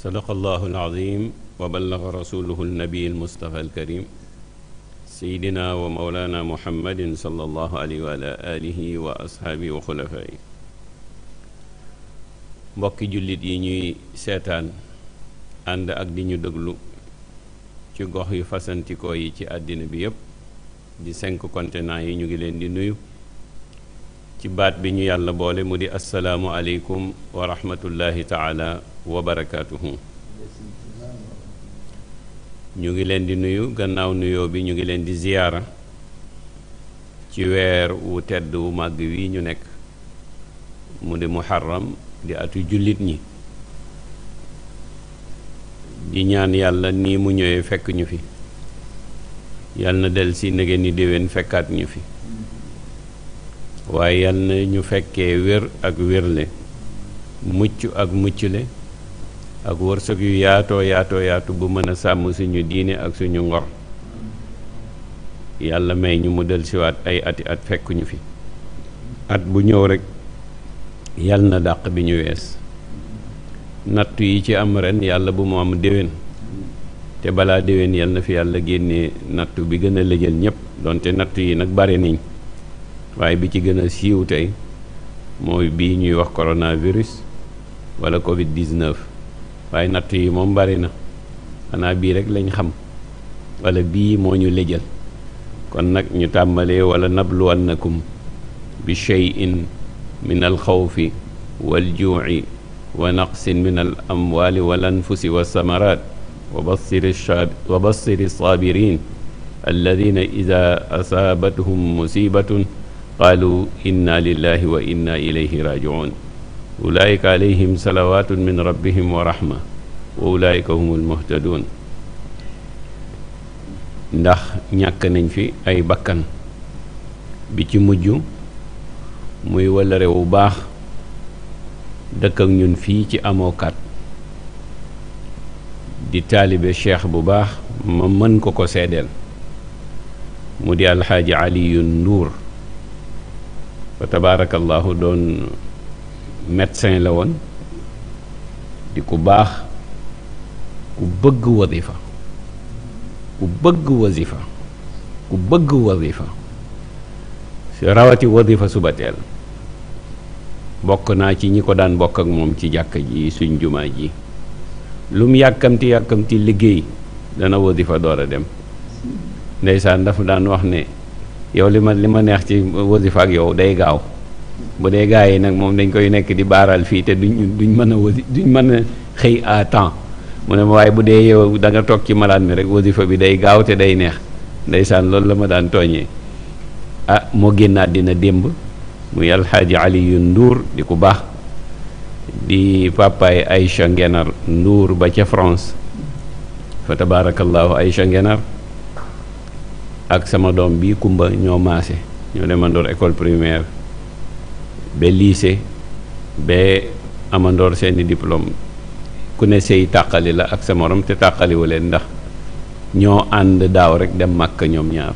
sadaqallahu alazim wa ballaga rasuluhu alnabi almustafa alkarim seydina wa mawlana muhammadin sallallahu alayhi wa ala alihi wa ashaabi wa xulafaayi mbokki jullit yi ñuy seetaan ànd ak di ñu déglu ci gox yu fasantikoo yi ci àddina bi yépp di cinq continents yi ñu ngi leen di nuyu ci baat bi ñu yàlla boole mu di asalaamu aleykum wa rahmatullahi taala wa barakaatuhu ñu ngi leen di nuyu gannaaw nuyoo bi ñu ngi leen di ziyaara ci weer wu tedd wu màgg wi ñu nekk mu di muharram di atu jullit ñi di ñaan yàlla nii mu ñëwee fekk ñu fi yàlla na del si ndege ni déwén fekkaat ñu fi waaye yàlla na ñu fekkee wér ak wérle mucc ak muccle ak wërsëg yu yaatoo yaatoo yaatu bu mën a sàmm suñu diine ak suñu ngor yàlla may ñu mu del siwaat ay ati at fekkuñu fi at bu ñëw rek yàlla na dàq bi ñu wees nattu yi ci am ren yàlla bu mu am déwén te balaa déwén yàlla na fi yàlla génne nattu bi gëna a lëjal ñëpp donte nattu yi nag bare niñ waaye bi ci gën a siiw tey mooy bii ñuy wax coronavirus wala covid 19 waaye natt yi moom bari na xanaa bii rek lañ xam wala bii moo ñu lëjal kon nag ñu tàmbalee wala nabluwannakum bi shay'in min al xawfi wal juuci wa naqsin min al amwaali wal anfusi wa samaraat wa bassiri wa bassiri saabiriin alladina ida asaabathum musibatun qaalu inna lillahi wa inna ilayhi raaji'uun ulaayika alayhim salawaatun min rabbihim wa rahma wa ulaayika humul muhtaduun ndax ñàkk nañ fi ay bakkan bi ci mujj muy wëllëre wu baax dëkk ak ñun fii ci amookat di taalibe cheikh bu baax ma mën ko ko seedeel mu di alxaaji aliyun nduur fa tabaarakallaahu doon médecin la woon di ku baax ku bëgg wasifa ku bëgg wasifa ku bëgg wasifa si rawati wasifa suba teel bokk naa ci ñi ko daan bokk ak moom ci jàkk ji suñ jumaa ji lu mu yàkkamti yàkkamti liggéey dana wasifa door a dem ndeysaan dafa daan wax ne yow li ma li ma neex ci wasifa ak yow day gaaw bu dee gars yi nag moom dañ koy nekk di baaral fii te duñ mën a wasi duñ mën a xëy à temps mu ne ma waaye bu dee yow da toog ci malaan bi rek wasifa bi day gaaw te day neex ndeysaan loolu la ma daan tooñee ah moo génnaat dina démb muy alxaaji Aliyu Nduur di ku baax di pàppaay Aïcha Ngenar Nduur ba ca France fa tabaarakallaahu Aïcha Ngenar ak sama doom bii Kumba ñoo maase ñoo demandoor école primaire ba lycée ba amandoor seeni diplôme ku ne sëy tàqali la ak sa morom te tàqaliwu leen ndax ñoo ànd daaw rek dem màkk ñoom ñaar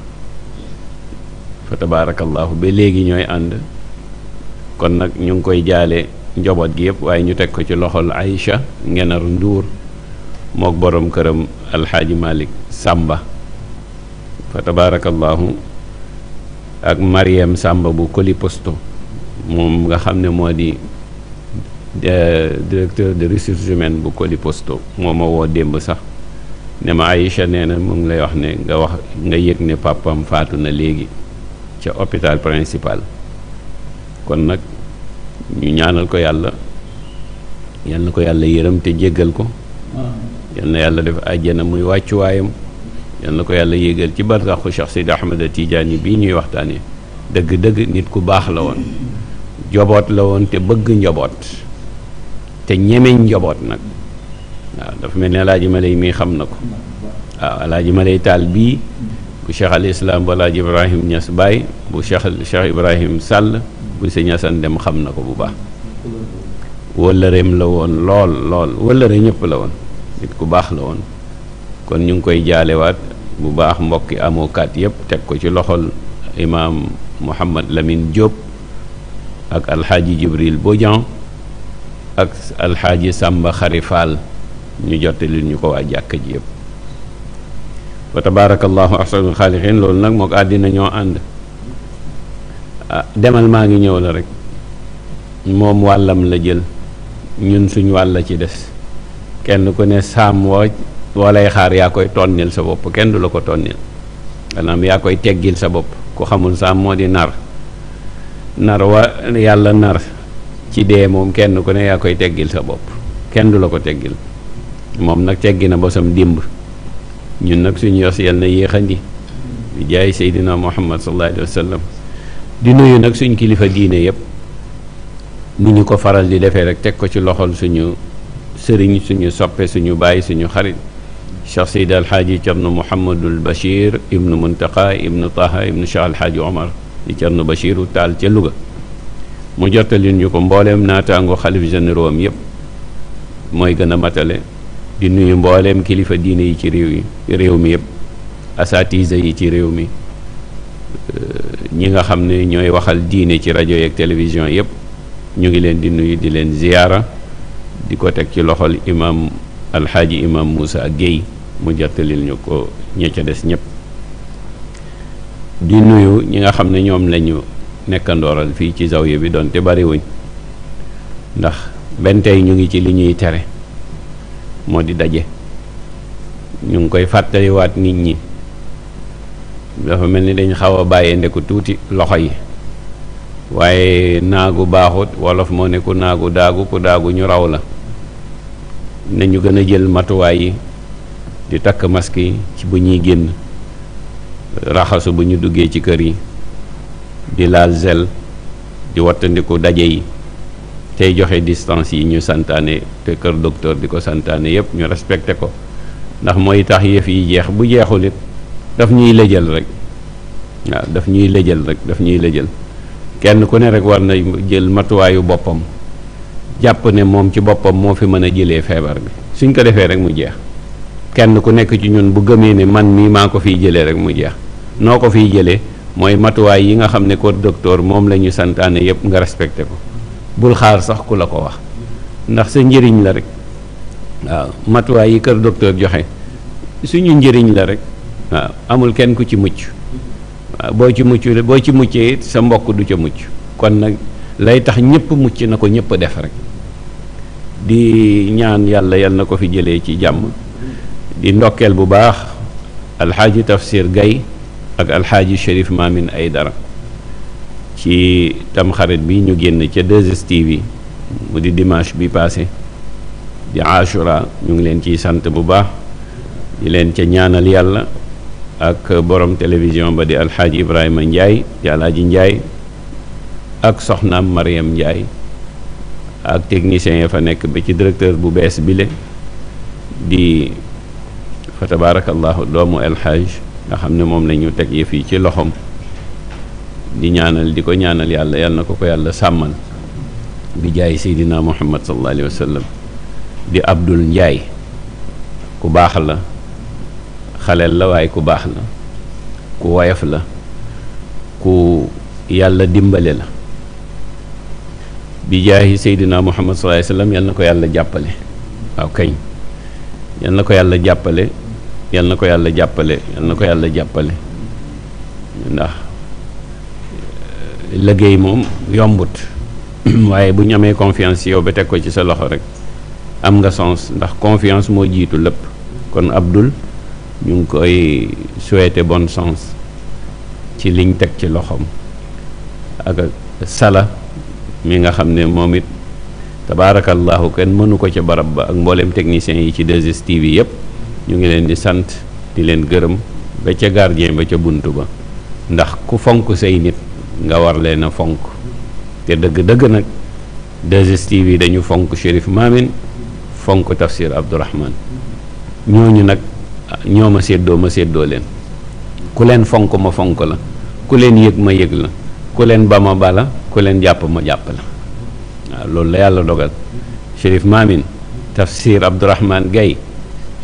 fa tabaarakallaahu ba léegi ñooy ànd kon nag ñu ngi koy jaale njaboot gi yëpp waaye ñu teg ko ci loxol Aïcha Ngenaru Nduur mook boroom këram alxaaji Malick Sàmba fa tabaarakallaahu ak mariyem Sàmba bu Koli Posto moom nga xam ne moo di euh, directeur de ressources humaines bu Coliposto moo ma woo démb sax ne ma Aïcha nee na mu ngi lay wax ne nga wax nga yëg ne papam faatu na léegi ca hôpital principal kon nag ñu ñaanal ko yàlla yal ko yàlla yërëm te jéggal ko yal na yàlla def àjjana muy wàccuwaayam yal ko yàlla yégal ci barsaxu Cheikh Sidi Ahmed Tidiane bii ñuy waxtaanee dëgg-dëgg nit ku baax la woon njoboot la woon te bëgg njoboot te ñemeñ njoboot nag waaw dafa mel ni alaaji Malay mii xam na ko waaw alaaji Malay taal bii bu cheikh al islam bu alaaji Ibrahim Niass Baye bu cheikh cheikh Ibrahim Sall bu sëñ Asan dem xam na ko bu baax wëllëreem la woon lool lool wëllëre ñëpp la woon nit ku baax la woon kon ñu ngi koy jaalewaat bu baax mbokki amookaat yëpp teg ko ci loxol imaam Mouhamad Lamine Diop ak alxaaji Jibril Bodian ak alxaaji Sàmba Xari Faal ñu jottali ñu ko waa jàkka ji yépp wa tabaarakallaahu ahsanul xaaliqiin loolu nag moo ko àddina ñoo ànd ah, demal maa ngi ñëw la rek moom wàllam la jël ñun suñ wàll la ci des kenn ku ne saam woo woo xaar yaa koy tonnil sa bopp kenn du la ko tonnil maanaam yaa koy teggil sa bopp ku xamul saam moo di nar nar wa yàlla nar ci dee moom kenn ku ne yaa koy teggil sa bopp kenn du la ko teggil moom nag teggi na bosam dimb ñun nag suñu yos yal na yéexandi di jaay seydina muhammad sallallahu alayhi wa di nag suñ kilifa diine yëpp ni ko faral di defee rek teg ko ci loxol suñu sëriñ suñu soppe suñu bàyyi suñu xarit cheikh seyd alxaaji carno muhammadul bashir ibnu muntaqa ibnu taha ibnu cheikh alxaaji omar di Cerno Bachiru Taal ca Louga mu jottali ñu ko mbooleem naataango xalif généraux am yëpp mooy gën a matale di nuyu mbooleem kilifa diine yi ci réew yi réew mi yëpp asatise yi ci réew mi euh, ñi nga xam ne ñooy waxal diine ci rajo yeeg télévision yëpp ñu ngi leen di nuyu di leen ziyaara di ko teg ci loxol imaam alxaaji imaam ak Guèye mu jottalil ñu ko ña ca des ñëpp di nuyu ñi nga xam ne ñoom lañu ñu nekkandooral fii ci zawiya bi doonte bariwuñ ndax benn tey ñu ngi ci li ñuy tere moo di daje ñu ngi koy fàttaliwaat nit ñi dafa mel ni dañ xaw a bàyyee ndeku tuuti loxo yi waaye naagu baaxut wolof moo ne ku naagu daagu ku daagu ñu raw la nañu gën a jël matuwaay yi di takk masque yi bu ñuy génn raxasu bu ñu duggee ci kër yi di laal zel di wattandiku daje yi tey joxe distance yi ñu santaane te kër docteur di ko santaane yëpp ñu respecté ko ndax mooy tax yëf yi jeex bu jeexul it daf ñuy lëjal rek waaw daf ñuy lëjal rek daf ñuy lëjal kenn ku ne rek war na jël matuwaayu boppam jàpp ne moom ci boppam moo fi mën a jëlee feebar bi suñ ko defee rek mu jeex kenn ku nekk ci ñun bu gëmee ni man mii maa ko fiy jëlee rek mu jeex noo ko fiy jëlee mooy matuwaay yi nga xam ne ko docteur moom la ñu santaane yëpp nga respecté ko bul xaar sax ku la ko wax ndax sa njëriñ la rek waaw matuwaay yi kër docteur joxe suñu njëriñ la rek waaw amul kenn ku ci mucc boo ci mucc boo ci muccee sa mbokk du ca mucc kon nag lay tax ñëpp mucc na ko ñëpp def rek di ñaan yàlla yal na ko fi jëlee ci jàmm di ndokkeel bu baax alxaaji tafsir gay ak alxaaji Chérif ay dara ci tamxarit bi ñu génn ca 2STV mu di dimanche bi passé di Ashura ñu ngi leen ciy sant bu baax di leen ca ñaanal yàlla ak boroom télévision ba di alxaaji Ibrahima Ndiaye di alxaaji Ndiaye ak soxnaam Mariam Ndiaye ak technicien ya fa nekk ba ci directeur bu bees bile di fa tabaarakallahu doomu alxaaj nga xam ne moom la ñu teg yëf yi ci loxoom di ñaanal di ko ñaanal yàlla yàlla na ko ko yàlla sàmmal bi jaay seydina muhammad sallallahu alayhi wa sallam di abdul njaay ku baax la xaleel la waaye ku baax la ku woyof la ku yàlla dimbale la bi jaahi seydina muhammad sallallahu alayhi wa sallam yal na ko yàlla jàppale waaw kañ yal na ko yàlla jàppale yal na ko yàlla jàppale yal na ko yàlla jàppale ndax eh, léggéey moom yombut waaye bu ñu amee confiance yow ba teg ko ci sa loxo rek am nga sens ndax confiance moo jiitu lépp kon Abdul ñu ngi koy souhaiter bon chance ci liñ teg ci loxoom ak sala mi nga xam ne moom it tabaarakallahu kenn mënu ko ca barab ba ak mbooleem techniciens yi ci 2STV yëpp ñu ngi leen di sant di leen gërëm ba ca gardien ba ca bunt ba ndax ku fonk say nit nga war leen a fonk te dëgg-dëgg nag 2STV yi dañu fonk Chérif Mamine fonk Tafsir Abdourahman ñooñu nag ñoo ma séddoo ma séddoo leen ku leen fonk ma fonk la ku leen yëg ma yëg la ku leen ba ma bala ku leen jàpp ma jàpp la waaw loolu la yàlla dogal Chérif Mamine Tafsir Abdourahman Gaye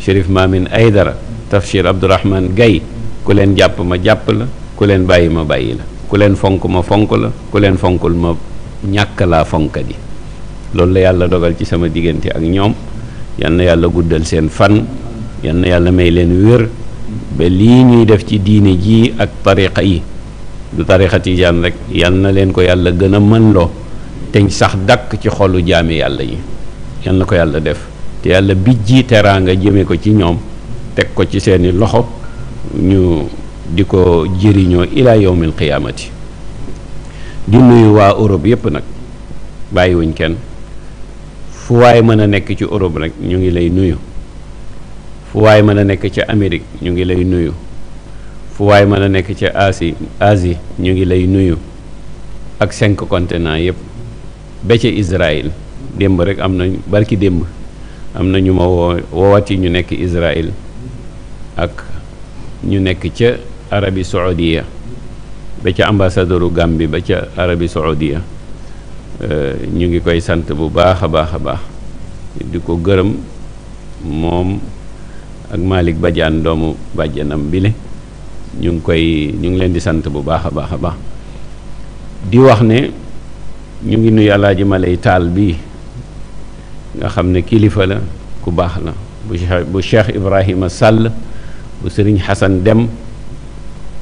Chérif Mamine Aydara Tafsir Abdourahman gay ku leen jàpp ma jàpp la ku leen bàyyi ma bàyyi la ku leen fonk ma fonk la ku leen fonkul ma ñàkk laa fonkat yi loolu la yàlla dogal ci sama diggante ak ñoom yal na yàlla guddal seen fan yal yàlla may leen wér ba lii ñuy def ci diine ji ak tariqa yi du tariqa tijaan rek yal na leen ko yàlla gën a mën loo teñ sax dàkk ci xolu jaami yàlla yi yal na ko yàlla def te yàlla bi ji teraanga jëme ko ci ñoom teg ko ci seeni loxo ñu di ko jëriñoo ila yawmil qiyaamati di nuyu waa Europe yépp nag bàyyi wuñ kenn fu waay mën a nekk ci Europe nag ñu ngi lay nuyu fu waay mën a nekk ci Amérique ñu ngi lay nuyu fu mën a nekk ca ñu ngi lay nuyu ak cinq continents yépp ba ca Israël démb rek am nañ barki démb am na ñu ma woo yi ñu nekk Israël ak ñu nekk ca Arabie Saoudia ba ca ambasadoru gam bi ba ca Arabie Saoudia euh, ñu ngi koy sant bu baax a baax a baax di ko gërëm moom ak Malick Badiane doomu bàjjanam bile ñu ngi koy ñu ngi leen di sant bu baax a baax a baax di wax ne ñu ngi nuyu Alaaji Malay Taal bii nga xam ne kilifa la ku baax la bu bu cheikh ibrahima sàll bu sëriñ xasan dem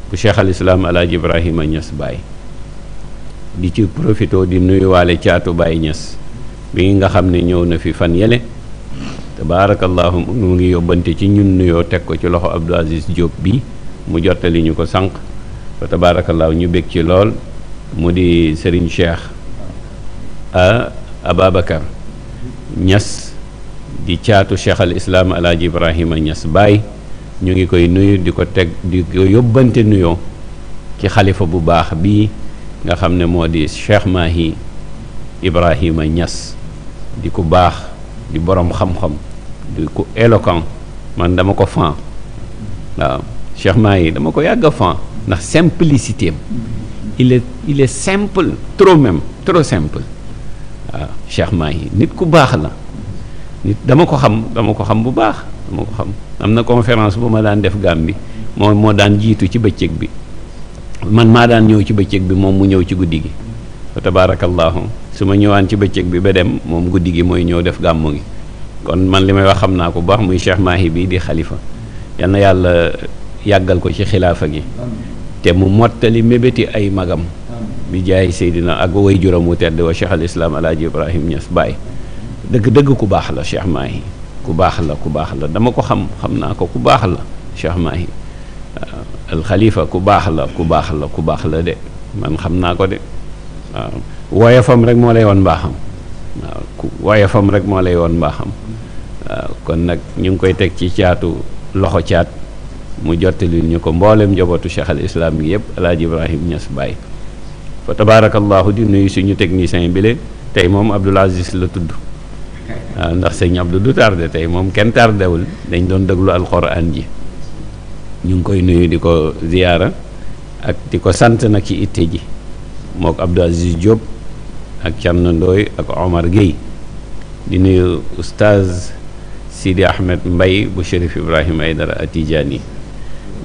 bu cheikh al islaam alaaji ibrahima ñas baay di ci profito di nuyuwaale caatu baay ñas bi nga xam ne ñëw na fi fan yele tabaarakallaahu mu ngi yóbbante ci ñun nuyoo teg ko ci loxo Abdou Aziz Diop bi mu jottali ñu ko sànq fa tabaarakallaahu ñu bég ci lool mu di Serigne Cheikh a ah, ñas di caatu cheikh al islaam alaaji ibrahima ñas baay ñu ngi koy nuyu di ko teg di ko yóbbante nuyoo ci xalifa bu baax bii nga xam ne moo di cheikh maahi ibrahima ñas di ku baax di boroom xam-xam di ku éloquent man dama ko fan waaw cheikh maahi dama ko yàgg a fan ndax simplicité am il est il est simple trop même trop simple waaw Cheikh Mahi nit ku baax la nit dama ko xam dama ko xam bu baax dama ko xam am na conférence bu ma daan def bi moom moo daan jiitu ci bëccëg bi man maa daan ñëw ci bëccëg bi moom mu ñëw ci guddi gi fa tabaarakallaahu su ma ñëwaan ci bëccëg bi ba dem moom guddi gi mooy ñëw def gàmmu gi kon man li may wax xam naa ko bu baax muy Cheikh Mahi bii di xalifa yal na yàlla yàggal ko ci xilaafa gi te mu mottali mébéti ay magam bi jaay Seydina ak way juróom wu tedd wa Cheikh al Islam Alaaji Ibrahim Niass Baye dëgg dëgg ku baax la Cheikh Mahi ku baax la ku baax la dama ko xam xam naa ko ku baax la Cheikh Mahi ah, alxalifa ku baax la ku baax la ku baax la de man xam naa ko de waaw ah, woyofam rek moo lay woon mbaaxam waaw ah, ku rek moo lay woon mbaaxam waaw kon nag ñu ngi koy teg ci caatu loxo caat mu jottali ñu ko mboolem njabootu Cheikh al Islam gi yëpp El Hadj Ibrahim Niass Baye. fa tabaarakallaahu di nuyu suñu technicien bi le tey moom Abdoul Aziz la tudd waaw ah, ndax sëñ Abdou du tardé tey moom kenn tardewul dañ doon déglu alxuraan ji ñu ngi koy nuyu di ko ziyaara ak di ko sant nag ci itte ji moo ko Abdou Aziz Diop ak Thierno Ndoye ak Omar Gueye di nuyu oustaz Sidi Ahmed Mbaye bu Chérif Ibrahima Aydara Atijaani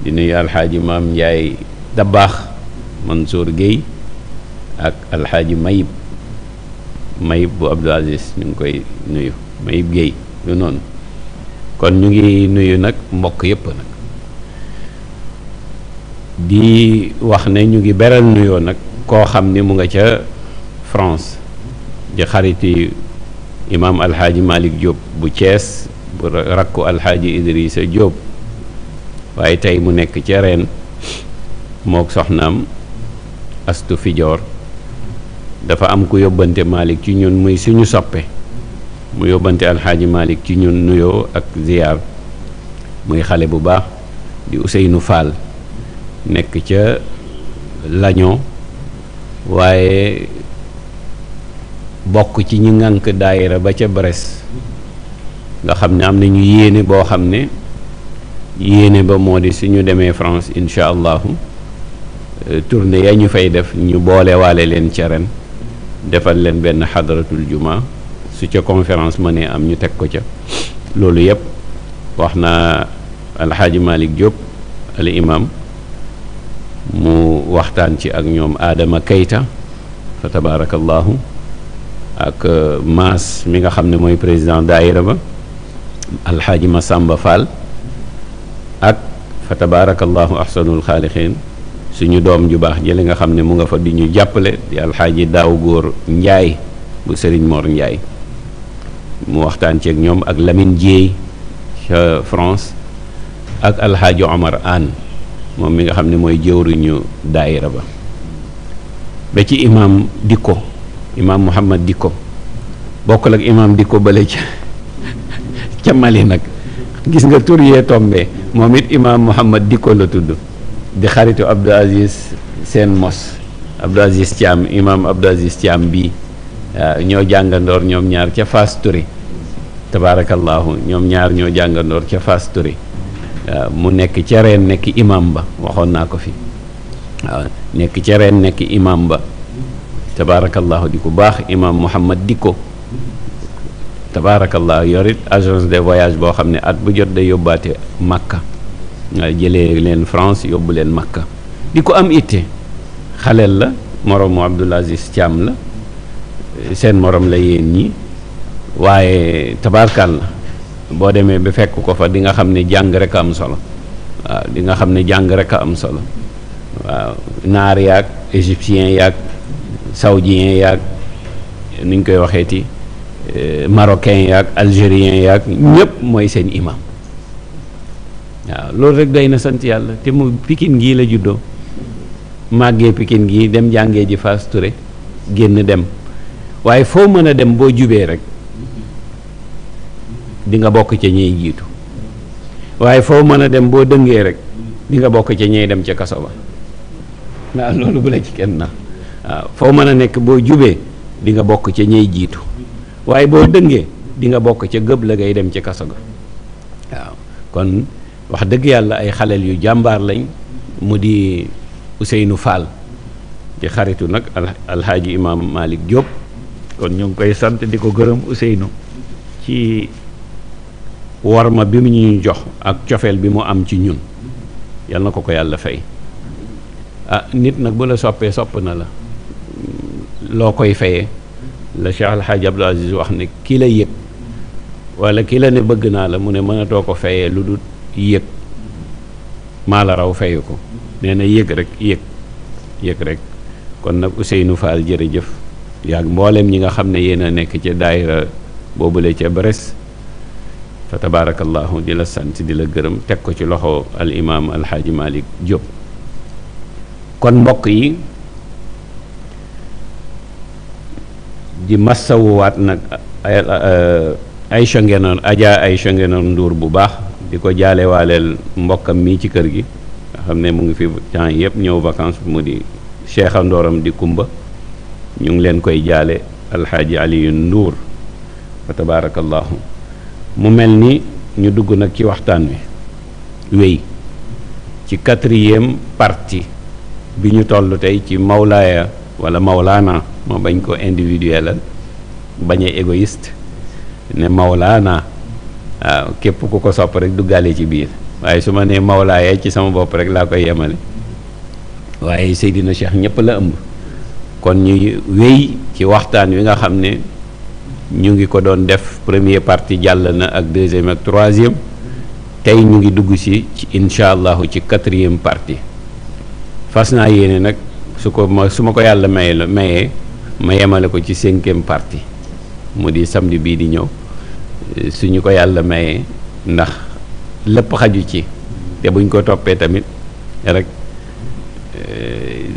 di nuyu alxaaji maam Ndiaye Dabaax Mansour Gueye ak alxaaji mayib mayib bu Abdou Aziz ñu ngi koy nuyu mayib géey lu noonu kon ñu ngi nuyu nag mbokk yëpp nag di wax ne ñu ngi beral nuyoo nag koo xam ni mu nga ca France di xariti imaam alxaaji Malick Diop bu Thiès bu rakku alxaaji Idrissa Diop waaye tey mu nekk ca reen mook soxnaam astu fijoor dafa am ku yóbbante Malick ci ñun muy suñu soppe mu yóbbante alxaaji Malick ci ñun nuyoo ak ziyaar muy xale bu baax di Ousseynou Fall nekk ca Lannion waaye bokk ci ñi ngànk daayira ba ca Brest nga xam ne am na nañu yéene boo xam ne yéene ba moo di suñu demee France incha allahu tournée ya ñu fay def ñu boolewaale leen ca ren defal leen benn xadaratul juma su ca conférence ma ne am ñu teg ko ca loolu yëpp wax naa alxaaji malik Diop al imam mu waxtaan ci ak ñoom Adama Keita fa tabaarakallaahu ak uh, maas mi nga xam ne mooy président daayira ba alxaaji Masamba Fall ak fa tabaarakallaahu ahsanul xaalixiin suñu doom ju baax jële nga xam ne mu nga fa di ñu jàppale di alxaaji daaw góor njaay bu sëriñ Mor Njaay mu waxtaan ceeg ñoom ak Lamine Dieye ca France ak alxaaji Omar Ann moom mi nga xam ne mooy jëwriñu daayira ba ba ci imaam Dikko imaam Mouhamad Dikko bokkul ak imaam Dikko bale ca Mali nag gis nga tur yee tombé moom it imaam Mouhamad Dikko la tudd di xaritu Abdou Aziz seen mos Abdou Aziz Thiam imam Abdou Aziz Thiam bii ñoo jàngandoor ñoom ñaar ca Fass Touré tabaarakallaahu ñoom ñaar ñoo jàngandoor ca Fass Touré mu nekk ca reen nekk imam ba waxoon naa ko fi waaw nekk ca reen nekk imam ba tabaarakallaahu di ku baax imam Mouhamad Dikko tabaarakallaahu yorit agence de voyage boo xam ne at bu jot day yóbbaate Makka. jële leen France yóbbu leen Makka di ko am itte xaleel la moroomu Abdoul Aziz Thiam la seen morom la yéen ñi waaye tabarkal la boo demee ba fekk ko fa di nga xam ne jàng rek am solo waaw di nga xam ne jàng rek a am solo waaw naar yaag égyptien yaag saoudien yaag ni ñu koy waxeeti eh, marocain yaag algérien yaag ñëpp mooy seen imam waaw loolu rek doy na sant yàlla te mu Pikine gii la juddoo màggee Pikine gii dem jàngee ji fasture génn dem waaye foo mën a dem boo jubee rek di nga bokk ca ñey jiitu waaye foo mën a dem boo dëngee rek di nga bokk ca ñey dem ca kaso ba waaw loolu bu la ci kenn na waaw foo mën a nekk boo jubee di nga bokk ca ñey jiitu waaye boo dëngee di nga bokk ca gëb la ngay dem ca kaso ga waaw kon wax dëgg yàlla ay xaleel yu jàmbaar lañ mu di Ousseynou Fall di xaritu nag alxaaji imaam Malick Diop kon ñu ngi koy sant di ko gërëm Ousseynou ci ma bi mu ñuy jox ak cofeel bi mu am ci ñun yal na ko ko yàlla fay a ah, nit nag bu la soppee sopp na la loo koy fayee la Cheikh alxaaji Abdou Aziz wax ne ki la yëg wala ki la ne bëgg naa la mu ne mënatoo ko fayee lu dul yëg maa la raw fayu ko nee na yëg rek yéeg yéeg rek kon nag Ousseynou Fall jërëjëf yaag mboolem ñi nga xam ne yéen a nekk ci daayira boobule ca Brest fa tabaarakallaahu di la sant di la gërëm teg ko ci loxo al imaam alxaaji Malick Diop kon mbokk yi di massawuwaat nag ay ay Aïcha Ngenor Adja Aïcha bu baax di ko jaale mbokkam mii ci kër gi nga xam ne mu ngi fi temps yëpp ñëw vacances mu di cheikh di kumba ñu ngi leen koy jaale alxaaji aliyu nduur fa tabaarakallaahu mu mel ni ñu dugg nag ci waxtaan wi wéy ci quatrième parti bi ñu toll tey ci mawlaaya wala mawlaana ma bañ ko individuelal bañ a ne mawlaana waaw képp ku ko sopp rek duggaale ci biir waaye su ma nee mawlaaya ci sama bopp rek laa koy yemale waaye Seydina Cheikh ñëpp la ëmb kon ñuy wéy ci waxtaan wi nga xam ne ñu ngi ko doon def première partie jàll na ak deuxième ak troisième tey ñu ngi dugg si ci incha allahu ci quatrième partie fas naa yéene nag su ko ma su ma ko yàlla maye la mayee ma yemale ko ci cinquième partie mu di samedi bii di ñëw suñu ko yàlla mayee ndax lépp xaju ci te buñ ko toppee tamit rek eh,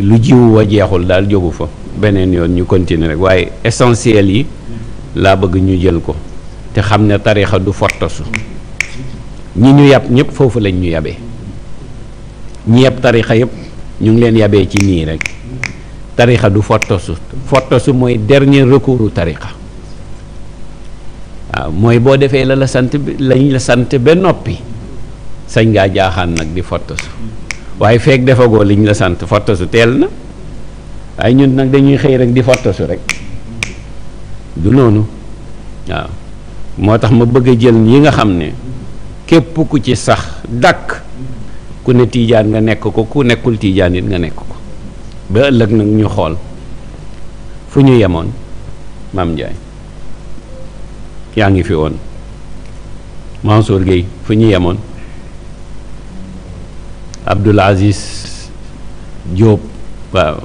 lu jiwu wa jeexul daal jógu fa beneen yoon ñu continuer rek waaye essentiel yi laa bëgg ñu jël ko te xam ne tarixa du fortasu ñi ñu yàpp ñëpp foofu lañ ñu yabee ñi yàpp tarixa yëpp ñu ngi leen yabee ci nii rek tarixa du fortasu fortasu mooy dernier recours u tarixa waaw mooy boo defee la la sant lañ la sant ba noppi sañ ngaa jaaxaan nag di fottasu waaye feek defagoo liñ la sant fottasu teel na waaye ñun nag dañuy xëy rek di fottasu rek du noonu waaw moo tax ma bëgg a jël yi nga xam ne képp ku ci sax dàkk ku ne tiijaan nga nekk ko ku nekkul tiijaan it nga nekk ko ba ëllëg nag ñu xool fu ñu yemoon maam Njaay yaa ngi fi woon Mansour Gueye fu ñu yemoon Abdoul Aziz Diop waaw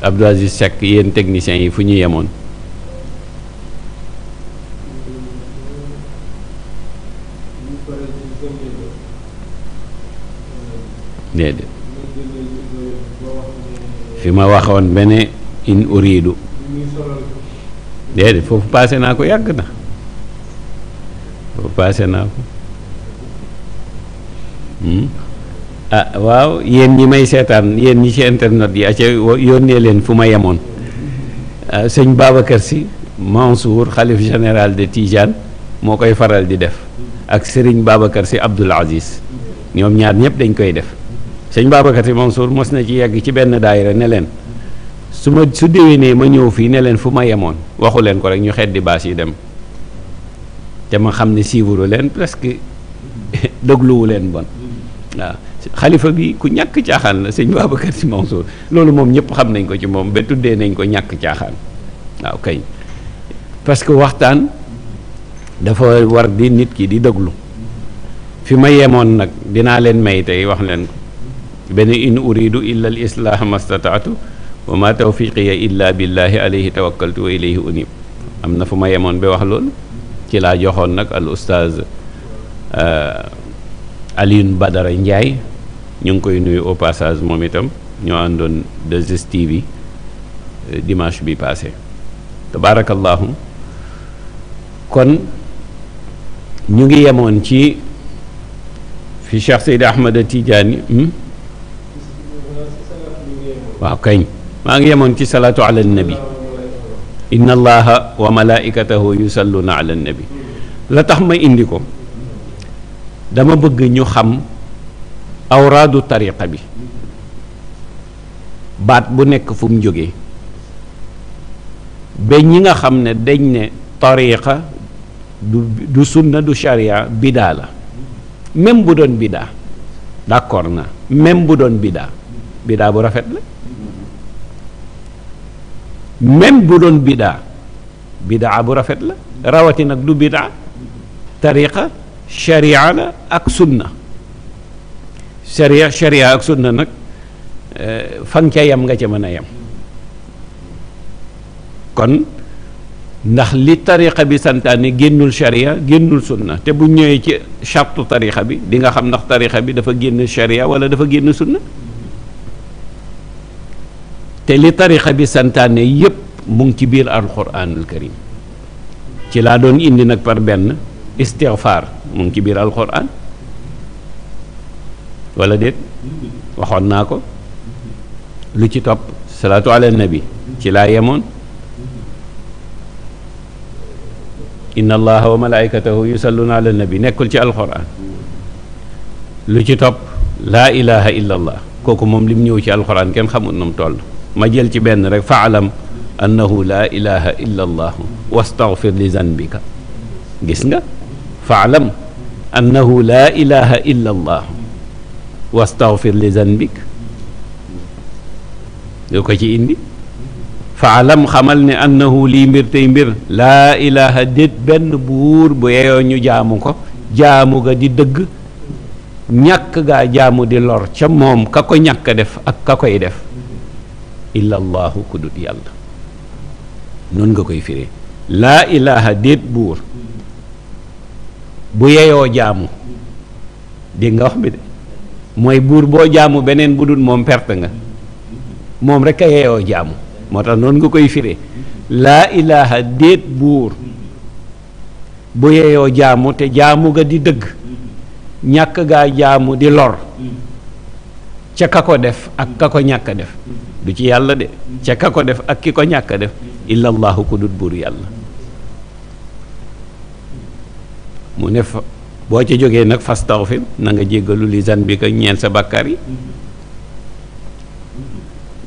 Abdoul Aziz Seck yéen techniciens yi fu ñu yemoon déedéet fi ma waxoon bene in uridu déedéet foofu passé naa ko yàgg na paase naa ko hmm? ah, waaw yéen ñi may seetaan yéen ñi ci internet yi aca yónnee leen fu ma yemoon ah, sëñ Babacar Sy Mansour xalif général de Tijane moo koy faral di def ak sëriñ Babacar Sy Abdoul Aziz ñoom ñaar ñëpp dañ koy def sëñ Babacar Sy Mansour mos na ci yegg ci benn daayira ne leen su ma su nee ma ñëw fii ne leen fu ma yemoon waxu leen ko rek ñu xeddi baas yi dem te ma xam ne siiwuru leen presque dégluwu leen bon waaw xalifa bi ku ñàkk caaxaan la sëñ Babacar Sy Mansour loolu moom ñëpp xam nañ ko ci moom ba tuddee nañ ko ñàkk caaxaan que waxtaan dafa war di nit ki di déglu fi ma yemoon nag dinaa leen may tey wax leen benn in uridu illa al islaha mastataatu wa ma tawfiqiya illa billahi alayhi tawakkaltu wa ilayhi unib am na fu ma yemoon ba wax loolu ci laa joxoon nag al oustaz euh, Alioune Badara Ndiaye ñu ngi koy nuyu au passage moom itam ñoo àndoon 2STV euh, dimanche bi passé tabaarakallaahu kon ñu ngi yemoon ci fi Cheikh Seydi Ahmad Tidiane hmm? waaw kañ maa ngi yemoon ci salaatu ala nabi inna allaha wa malaikatahu yusalluna ala nabi la tax ma indi ko dama bëgg ñu xam awraadu tariqa bi baat bu nekk fu mu jógee ba ñi nga xam ne dañ ne tariqa du du sunna du sharia bidaa la même bu doon bidaa d'accord na même bu doon bidaa bidaa bu rafet la même bu doon bidaa bidaa bu rafet la rawati nag du bidaa tariqa sharia la ak sunna sharia sharia ak sunna nag eh, fan ca yam nga ca mën a yam kon ndax li tariqa bi santaane génnul sharia génnul sunna te bu ñëwee ci chartu tariqa bi di nga xam ndax tariqa bi dafa génn sharia wala dafa génn sunna te li tarixa bi santaane yépp mu ngi ci biir alxuraanul ci laa doon indi nag par benn istighfar mu ngi ci biir alxuraan walla déet waxoon naa ko lu ci topp salaatu ala nabi ci laa yemoon inna allaha wa malaikatahu yusalluna ala nabi nekkul ci alxuraan lu ci topp laa ilaha illa allah kooku moom li mu ñëw ci alxuraan kenn xamul nu mu toll ma jël ci benn rek faalam annahu laa ilaha illa allahu wastaghfir li zanbika gis nga faalam annahu laa ilaha illa allahu wastaghfir li zanbika lu ko ci indi faalam xamal ne annahu lii mbir tey mbir laa ilaha déet benn buur bu yeyoo ñu jaamu ko jaamu ga di dëgg ñàkk gaa jaamu di lor ca moom ka ko ñàkk def ak ka koy def illallaahu ku dut yàlla noonu nga koy fire laa ilaha déet buur bu yeyoo jaamu dégg nga wax bi de mooy buur boo jaamu beneen bu dul moom perte nga moom rek a yeyoo jaamu moo tax noonu nga koy fire laa ilaha déet buur bu yeyoo jaamu te jaamu ga di dëgg ñàkk gaa jaamu di lor ca ka ko def ak ka ko ñàkk def du ci yàlla de ca ka ko def ak ki ko ñàkk a def illallahu ku dut buur yàlla mu ne fa boo ca jógee nag fastaxfir na nga jéggalu li zanbika ñeen sa bàkkaar yi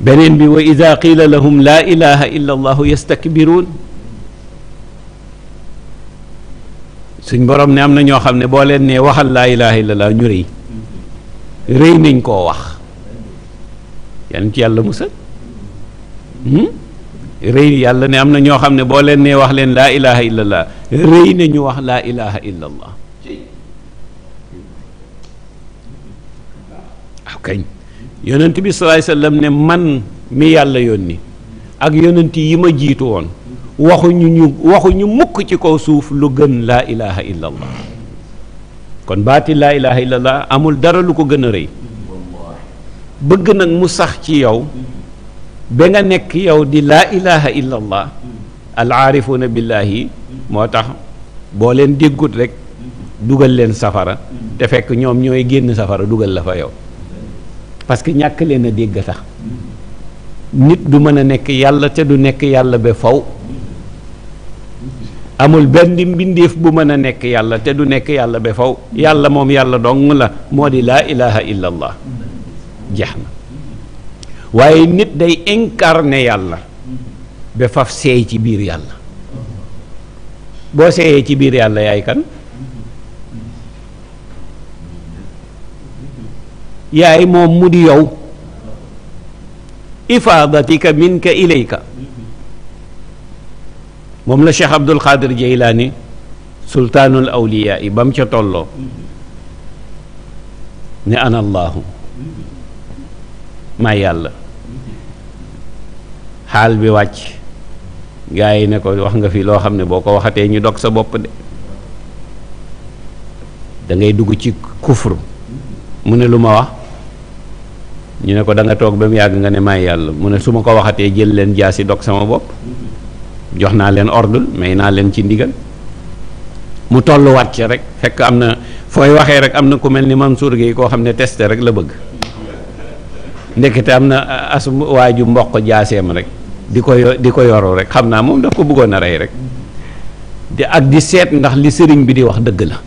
beneen bi wa ida qiila lahum laa ilaha illa suñ borom ne am na ñoo xam ne boo leen nee waxal laa ilaha illa allah ñu rëy rëy nañ koo wax yal yàlla musal hmm? rëy yàlla ne am na ñoo xam ne boo leen nee wax leen laa ilaha illallah rëy na ñu wax laa ilaha illallah waaw kañ yonent bi sallallahu alayhi ne man mi yàlla yónni ak yonent yi ma jiitu woon waxuñu ñu waxuñu mukk ci kaw suuf lu gën laa ilaha illallah kon baati laa ilaha illallah amul dara lu ko gën a rëy bëgg nag mu sax ci yow ba nga nekk yow di laa ilaha illa allah al aarifuuna billaahi moo tax boo leen déggut rek dugal leen safara te fekk ñoom ñooy génn safara dugal la fa yow parce que ñàkk leen a dégg tax nit du mën a nekk yàlla te du nekk yàlla ba faw amul benn mbindeef bu mën a nekk yàlla te du nekk yàlla ba faw yàlla moom yàlla dong la moo di laa ilaha illa jeex na waaye nit day incarné yàlla ba faf seey ci biir yàlla boo seeyee ci biir yàlla yaay kan yaay moom mu di yow ifaadatika minka ilayka moom la Cheikh Abdul Xaadir Jeylaani sultaanul awliyaa ba mu ca tolloo ne ana allahu may yàlla xaal bi wàcc gaa yi ne ko wax nga fi loo xam ne boo ko waxatee ñu dog sa bopp de da dugg ci kufru mu ne lu ma wax ñu ne ko danga toog ba mu yàgg nga ne may yàlla mu ne su ma ko waxatee jël leen jaasi dog sama bopp jox naa leen ordre may naa leen ci ndigal mu tolluwaat ci rek fekk am na fooy waxee rek am na ku mel ni Mansour Gueye koo xam ne testé rek la bëgg ndekete am na as ju mboq jaaseem rek di ko yo di ko yoru rek xam naa moom daf ko bëggoon a rey rek de ak di seet ndax li sëriñ bi di wax dëgg la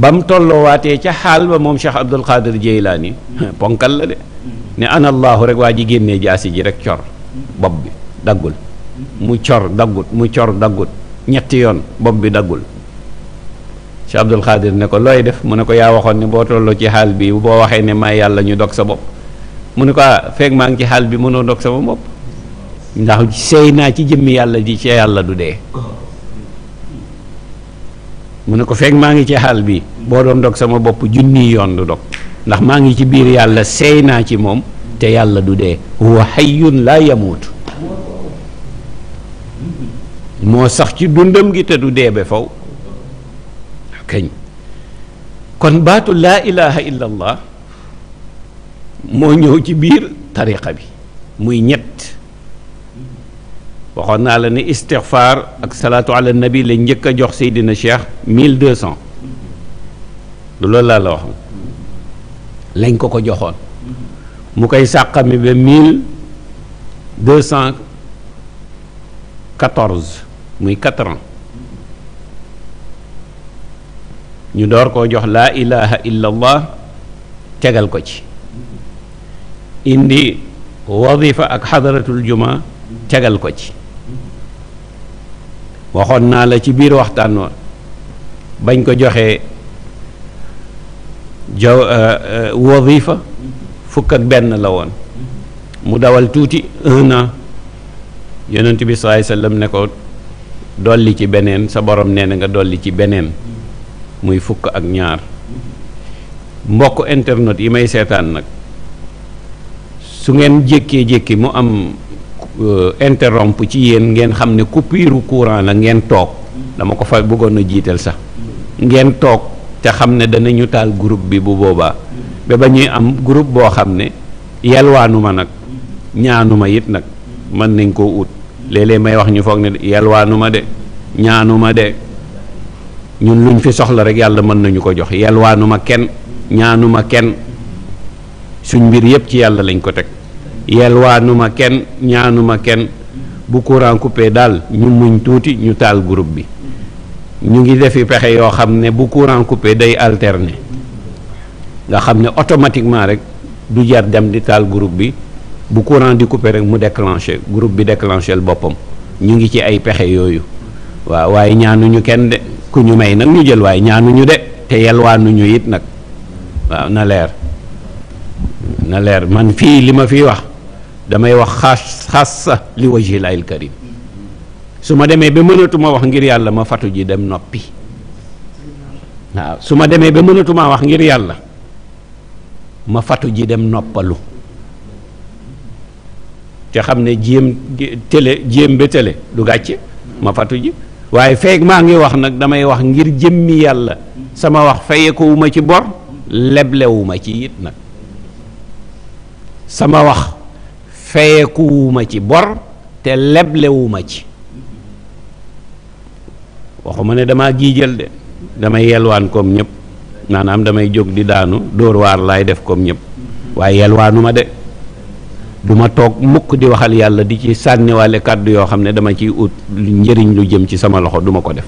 ba mu tolloowaatee ca xaal ba moom Cheikh Abdul Qadir Jeylaani ponkal la de ne ana allahu rek waa ji génnee jaasi ji rek cor bopp bi daggul mu cor daggut mu cor daggut ñetti yoon bopp bi daggul ci Abdul Xaadir ne ko looy def mu ne ko yaa waxoon ne boo tolloo ci xaal bi boo waxee ne may yàlla ñu dog sa bopp mu ne ko ah feeg maa ngi ci xaal bi mënoo dog sama bopp ndax seey naa ci jëmmi yàlla ji ci yàlla du dee mu ne ko feeg maa ngi ci xaal bi boo doon dog sama bopp junni yoon du dog ndax maa ngi ci biir yàlla seey naa ci moom te yàlla du dee huwa hayyun laa yamuutu moo sax ci dundam gi te du dee ba faw kañ kon baatu laa ilaha illa moo ñëw ci biir tariqa bi muy ñett waxoon naa la ne istixfaar ak salaatu ala nabi la njëkk a jox seydina cheikh 1200 du loolu laa la waxoon lañ ko ko joxoon mu koy sàqami ba 1214 muy 4 ñu door koo jox laa ilaha illa tegal ko ci indi wadifa ak xadaratul juma tegal ko ci waxoon naa la ci biir waxtaan wa bañ ko joxee jaw euh, euh, wadifa benn la woon mu dawal tuuti na an yonent bi saai sallam ne ko dolli ci beneen sa boroom nee na nga dolli ci beneen muy fukk ak ñaar mbokk internet yi may seetaan nag su ngeen jékkee-jékki mu am euh, interrompu ci yéen ngeen xam ne coupure courant la ngeen toog dama ko fa bëggoon a jiital sax ngeen toog te xam ne danañu taal groupe bi bu boobaa ba ba ñuy am groupe boo xam ne yalwaanu ma nag ñaanu ma it nag mën nañ koo ut léeg may wax ñu foog ne yalwaanu ma de ñaanu ma de ñun luñ fi soxla rek yàlla mën nañu ko jox yelwaanu ma kenn ñaanu ma kenn suñ mbir yëpp ci yàlla lañ ko teg yelwaanu ma kenn ñaanu ma kenn bu courant coupé daal ñu muñ tuuti ñu taal groupe bi ñu ngi defi pexe yoo xam ne bu courant coupé day alterner nga xam ne automatiquement rek du jar dem di taal groupe bi bu courant di coupé rek mu déclenché groupe bi déclenché boppam ñu ngi ci ay pexe yooyu waaw waaye ñaanuñu kenn de. ku ñu may nag ñu jël waaye ñaanu ñu de te ñu it nag waaw na leer na leer man fii li ma fi wax damay wax xaas xaas sa li wajhi laahil karim su ma demee ba mënatuma wax ngir yàlla ma fatu ji dem noppi waaw demee ba mënatuma wax ngir yàlla ma fatu ji dem noppalu te xam ne jéem télé jéem ba télé du gàcce ma fatu ji waaye feeg maa ngi wax nag damay wax ngir jëmmi yàlla sama wax fayekowu ma ci bor leblewuma ci it nag sama wax fayekuwuma ci bor te leblewuma ci waxuma ne damaa giijal de damay yelwaan koom ñëpp naanaam damay jóg di daanu dóor waar laay def comme ñépp waaye yelwaanu de du ma toog mukk di waxal yàlla di ci sànniwaale kàddu yoo xam ne dama ciy ut njëriñ lu jëm ci sama loxo duma ko def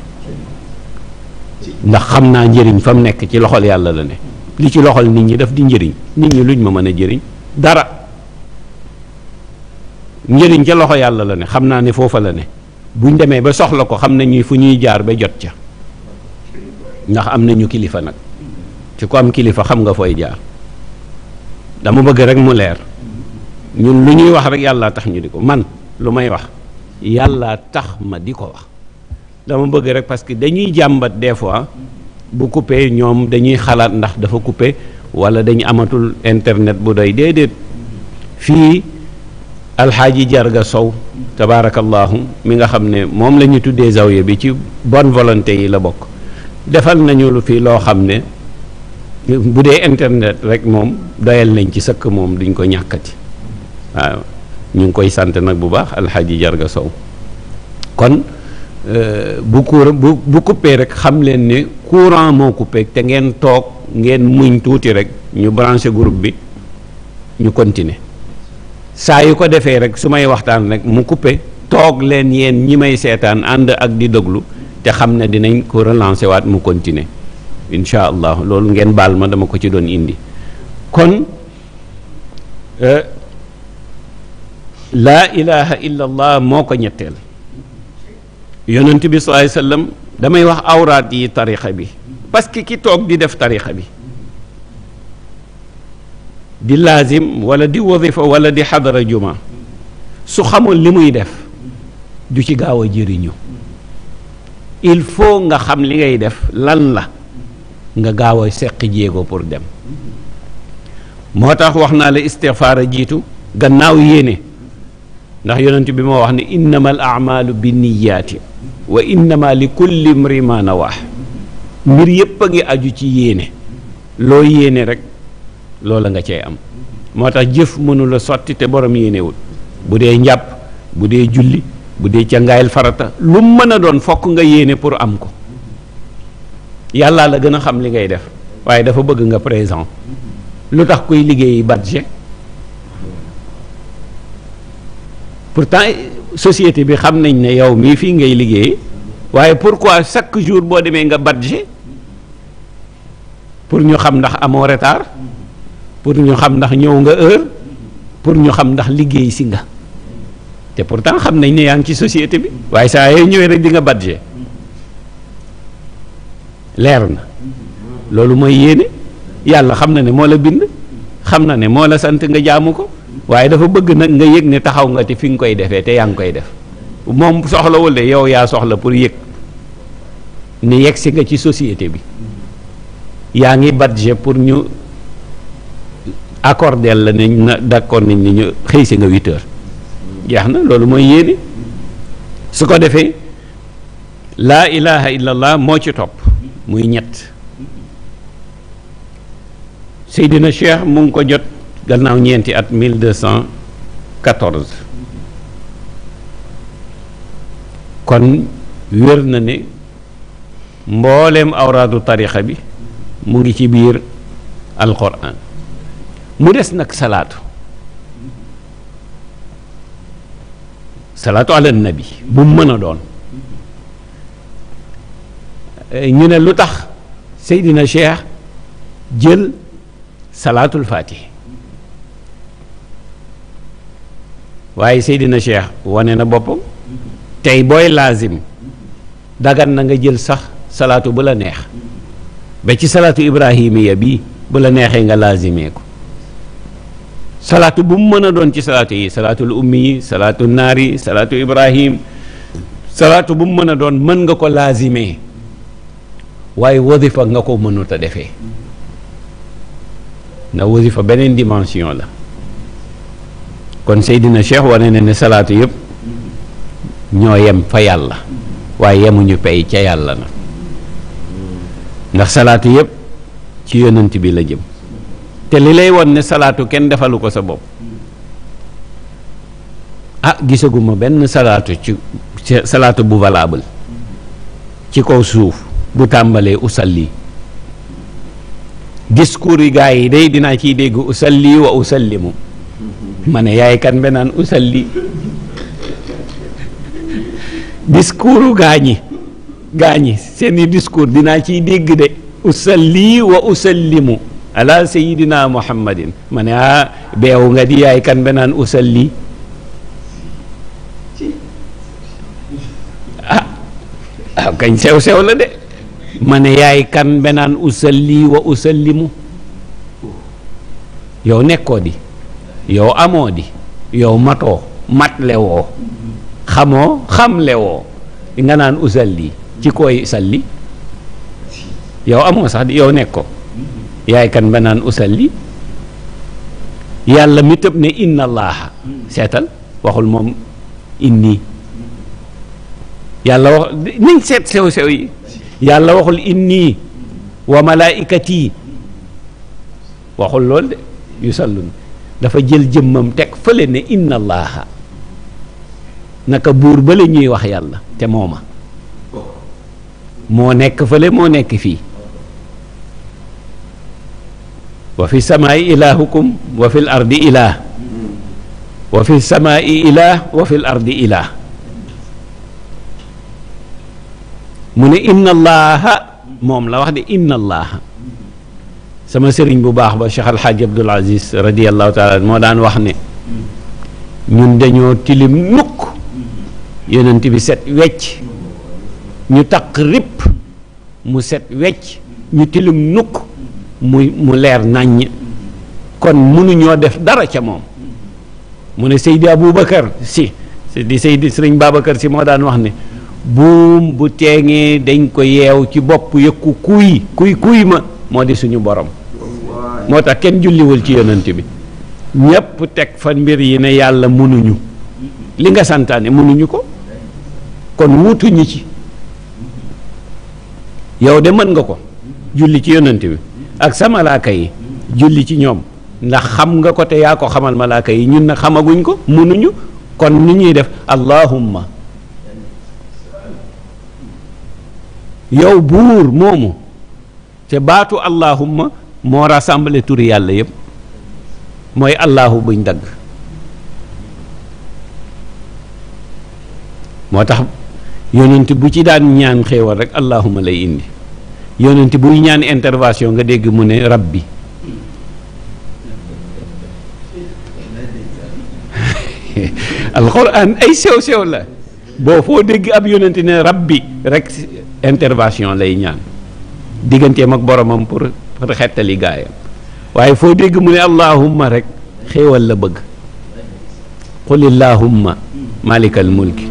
ndax xam naa njëriñ fa mu nekk ci loxol yàlla la ne li ci loxol nit ñi daf di njëriñ nit ma mën a jëriñ dara njëriñ ca loxo yàlla la ne xam naa ne foofa la ne buñ demee ba soxla ko xam nañu fu ñuy jaar ba jot ca ndax am nañu kilifa nag ci ko am kilifa xam nga fooy jaar dama bëgg rek mu leer ñun lu ñuy wax rek yàllaa tax ñu di ko man lu may wax yàlla tax ma di ko wax dama bëgg rek parce que dañuy jàmbat des fois bu kuppee ñoom dañuy xalaat ndax dafa coupé wala dañu amatul internet bu doy déedéet fii alxaaji jarga sow tabaarakallaahu mi nga xam ne moom la ñu tuddee zawiya bi ci bonne volonté yi la bokk defal nañu lu fii loo xam ne bu dee internet rek moom doyal nañ ci sëkk moom duñ ko ñàkkati waaw ñu ngi koy sant nag bu baax alxaaji Jarga Sow kon euh, bu courant bu bu kuppee rek xam leen ni courant moo coupé te ngeen toog ngeen muñ tuuti rek ñu branché groupe bi ñu continuer saa yu ko defee rek su may waxtaan rek mu coupé toog leen yéen ñi may seetaan ànd ak di déglu te xam ne dinañ ko relancer waat mu continuer incha allah loolu ngeen baal ma dama ko ci doon indi kon. Euh, laa ilaha illa allah moo ko ñetteel yonent bi sallallahu alayhi wasallam damay wax awraat yi tarixa bi parce que ki toog di def tarixa bi di laazim wala di wazifa wala di xadara juma su xamoon li muy def du ci gaaw a jëriñu il faut nga xam li ngay def lan la nga gaaw a seqi jéego pour dem moo tax wax naa la istixfaar a jiitu gannaaw yéene ndax yonent bi moo wax ne innama al amalu bi niyaati wa innama li kulli mri ma nawaa mbir yépp a ngi aju ci yéene loo yéene rek loola nga cay am moo tax jëf mënula sotti te borom yéenewul bu dee njàpp bu dee julli bu dee cangaayal farata lu mën a doon fokk nga yéene pour am ko yàllaa la gën a xam li ngay def waaye dafa bëgg nga présent lu tax kuy liggéeyi budget pourtant société bi xam nañ ne yow mii fii ngay liggéey waaye pourquoi chaque jour boo demee nga badge pour ñu xam ndax amoo pour ñu xam ndax ñëw nga heure pour ñu xam ndax liggéey si nga te pourtant xam nañ ne yaa ngi ci société bi waaye saa yooyu ñëwee rek di nga badge leer na loolu mooy yéene yàlla xam na ne moo la bind xam na ne moo la sant nga jaamu ko waaye dafa bëgg nag nga yëg ne taxaw nga te fi nga koy defee te yaa ngi koy def moom soxlawul de yow yaa soxla pour yëg ni yegg si nga ci société bi yaa ngi budget pour ñu accordé la ne na d'accord nañ ni ñu xëy si nga huit heures jeex na loolu mooy yéene su ko defee laa ilaha illallah moo ci topp muy ñett Seydina Cheikh mu ngi ko jot gannaaw ñeenti at 1214 kon wér na ne mboolem awraadu tarixa bi mu ngi ci biir alquran mu des nag salaatu salaatu ala nabi bu mu mën a doon ñu ne lu tax Seydina Cheikh jël salaatul fatih waaye Seydina Cheikh wane na bopp tey booy laazim dagan na nga jël sax salaatu bu la neex ba ci salaatu ibrahimiya bii bu la neexee nga laazimee ko salaatu bu mu mën a doon ci salaatu yi salaatul ummi yi salaatu yi salaatu ibrahim salaatu bu mu mën a doon mën nga ko laazimee waaye wasifa nga ko mënut a defee na wasifa beneen dimension la kon Seydina Cheikh wane na ne salaatu yëpp ñoo yem fa yàlla waaye yemuñu pay ca yàlla na ndax salaatu yëpp ci yonant bi la jëm te li lay won ne salaatu kenn defalu ko sa bopp a ah, gisaguma benn salaatu ci salaatu bu valable ci kaw suuf bu tàmbalee usalli discours yi gaa yi day dinaa ciy dégg usalli wa usallimu mane ne yaay kan be usalli discours gaañi gaañi seeni discours dinaa ciy dégg de usalli wa usallimu ala sayidina muhammadin ma ne ah nga di yaay kan be usalli ah ah kañ sew sew la de ma yaay kan be usalli wa usallimu yow nekkoo di yow amoo di yow matoo matle woo xamoo xamle nga naan usalli ci koy salli yow amoo sax di yow nekk ko yaay kan ba naan usalli yàlla mi tëb ne inna allaaha seetal waxul moom inni yàlla wax niñ seet sew sew yi yàlla waxul inni wa malaikati waxul lool de yu sallun dafa jël jëmmam teg fële ne inna allaha naka buur bale ñuy wax yàlla te mooma moo nekk fële moo nekk fii wa fi samaai ilaahukum wa fi l ardi ilaah wa fi samaai ilaah wa fi l ilaah mu ne inna allaha moom la wax de inna allaha sama sëriñ bu baax ba Cheikh Alxaaji Abdul Aziz radiyallahu taala moo daan wax ne ñun dañoo tilim nukk yonent bi set wecc ñu taq ripp mu set wecc ñu tilim nukk mu mu leer nàññ kon mënuñoo def dara ca moom mu ne Seydi Aboubacar si di Seydi sëriñ Babacar si moo daan wax ne buum bu teeŋee dañ ko yeew ci bopp yëkku kuy kuy kuy ma moo di suñu borom moo tax kenn julliwul ci yonent bi ñépp teg fan mbir yi ne yàlla mënuñu li nga santaane mënuñu ko kon wutuñu ci yow de mën nga ko julli ci yonent bi ak sa malaaka yi julli ci ñoom ndax xam nga ko te yaa ko xamal malaaka yi ñun na xamaguñ ko mënuñu kon ni ñuy def allahumma yow buur moomu te baatu allahumma moo rassemble turi yàlla yëpp mooy allahu buñ dagg moo tax yonent bu ci daan ñaan xéewal rek allahumma lay indi yonent buy ñaan intervention nga dégg mu ne rabbi alxuraan ay sew sew la boo foo dégg ab yonent ne rab rabbi rek intervention lay ñaan digganteem ak boromam pour xettali gaayam waaye foo dégg mu ne allahumma rek xéewal la bëgg qul illahumma malikal mulki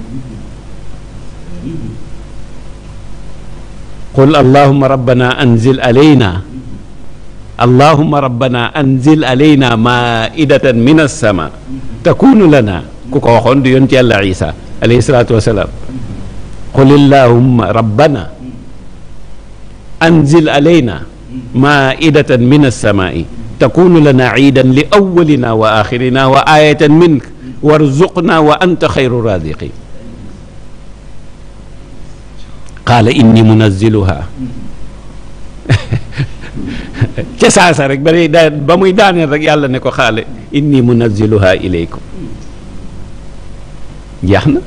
qul allahumma rabbana anzil alayna allahumma rabbana anzil alayna maidatan min as-sama takunu lana ku ko waxoon du yoon ci yàlla isa alayhi salaatu wasalaam qul illahumma rabbana anzil alayna maidatan min alsamai takunu lana iidan li awalina wa axirina wa ayatan mink warzuqna wa anta xayru raziqin qaala inni munazziluha ca saasa rek ba day ba muy daaneel rek yàlla ne ko xaale inni munazziluha ilaykum jeex na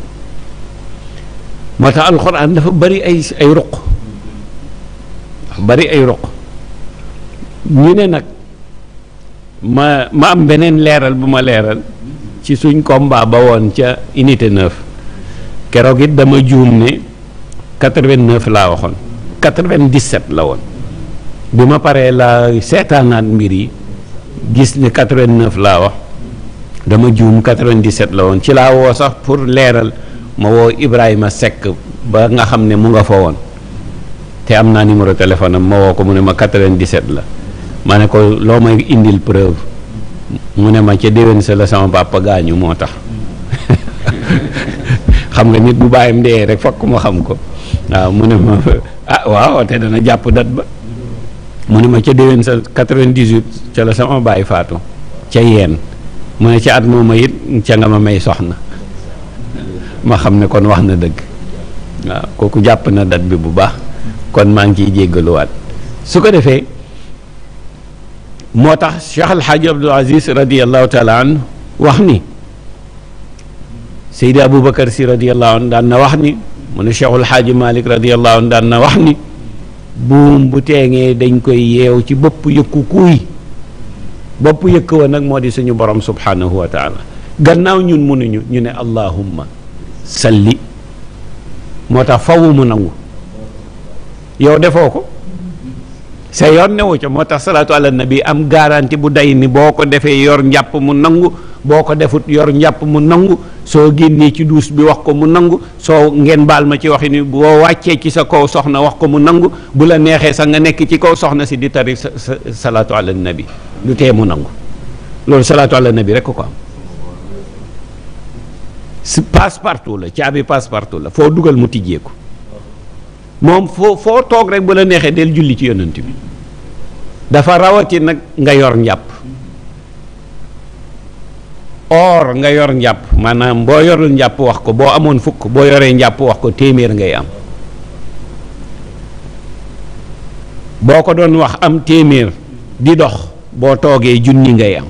moo tax alxuraan dafa bari ay ay ruq bari ay roq ñu ne nag ma ma am beneen leeral bu ma leeral ci suñ combat ba woon ca unité 9 keroog it dama juum ne 89 laa waxoon 97 la woon bi ma paree laa seetaanaat mbir yi gis ne 89 laa wax dama juum 97 la woon ci laa woo sax pour leeral ma woo Ibrahima Seck ba nga xam ne mu nga fa woon te am naa numéro téléphone am ma woo ko mu ne ma 97 la ma ne ko loo may indil preuve mu ne ma ca déwén sa la sama papa gaañu moo tax xam nga nit bu bàyyam dee rek fokk ma xam ko mu ne ma ah waaw te dana jàpp dat ba mu ne ma ca déwén sa 98 ca la sama baay faatu ca yeen mu ne ca at mooma it ca nga ma may soxna ma xam ne kon wax na dëgg waaw kooku jàpp na dat bi bu baax kon maa ngi ciy jéggaluwaat su ko defee moo tax Cheikh Al Hadj Abdoul Aziz radiyallahu taala an wax ni Seydi Aboubacar si radiyallahu an daan na wax ni mu ne Cheikhul Hadj Malick radiyallahu an daan na wax ni buum bu teengee dañ koy yeew ci bopp yëkku kuuy bopp yëkk wa nag moo di suñu borom subhanahu wa taala gannaaw ñun mënuñu ñu ne allahumma salli moo tax fawu mu nangu yow defoo ko sa yoon newu ca moo tax salaatu ala nabi am garanti bu day ni boo ko defee yor njàpp mu nangu boo ko defut yor njàpp mu nangu soo génnee ci duus bi wax ko mu nangu soo ngeen baal ma ci waxi boo wàccee ci sa kaw soxna wax ko mu nangu bu la neexee sax nga nekk ci kaw soxna si di tari sa salaatu ala nabi lu tee mu nangu loolu salaatu ala nabi rek ko am si passe partout la caabi passe partout la foo dugal mu tijjeeku moom foo foo toog rek bu la neexee del julli ci yonent bi dafa rawati nag nga yor njàpp or nga yor njàpp maanaam boo yorul njàpp wax ko boo amoon fukk boo yoree njàpp wax ko téeméer ngay am boo ko doon wax am téeméer di dox boo toogee junni ngay am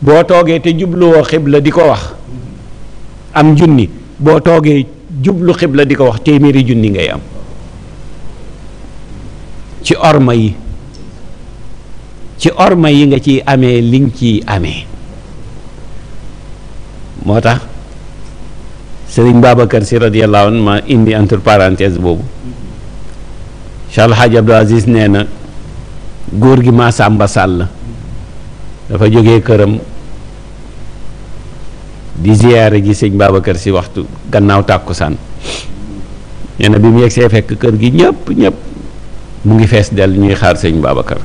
boo toogee te jubluwoo xibla di ko wax am junni boo toogee jublu xibla di ko wax téeméeri junni ngay am ci orma yi ci orma yi nga ciy amee liñ ciy amee moo tax sëriñ Babacar si radiyallahu anhu ma indi entre boobu Cheikh El Hadj Abdou Aziz nee na góor gi Massamba Sall dafa jógee këram di ziyaare ji sëñ Babacar si waxtu gannaaw tàkkusaan nee na bi mu yegsee fekk kër gi ñëpp ñëpp mu ngi fees dell ñuy xaar sëñ Babacar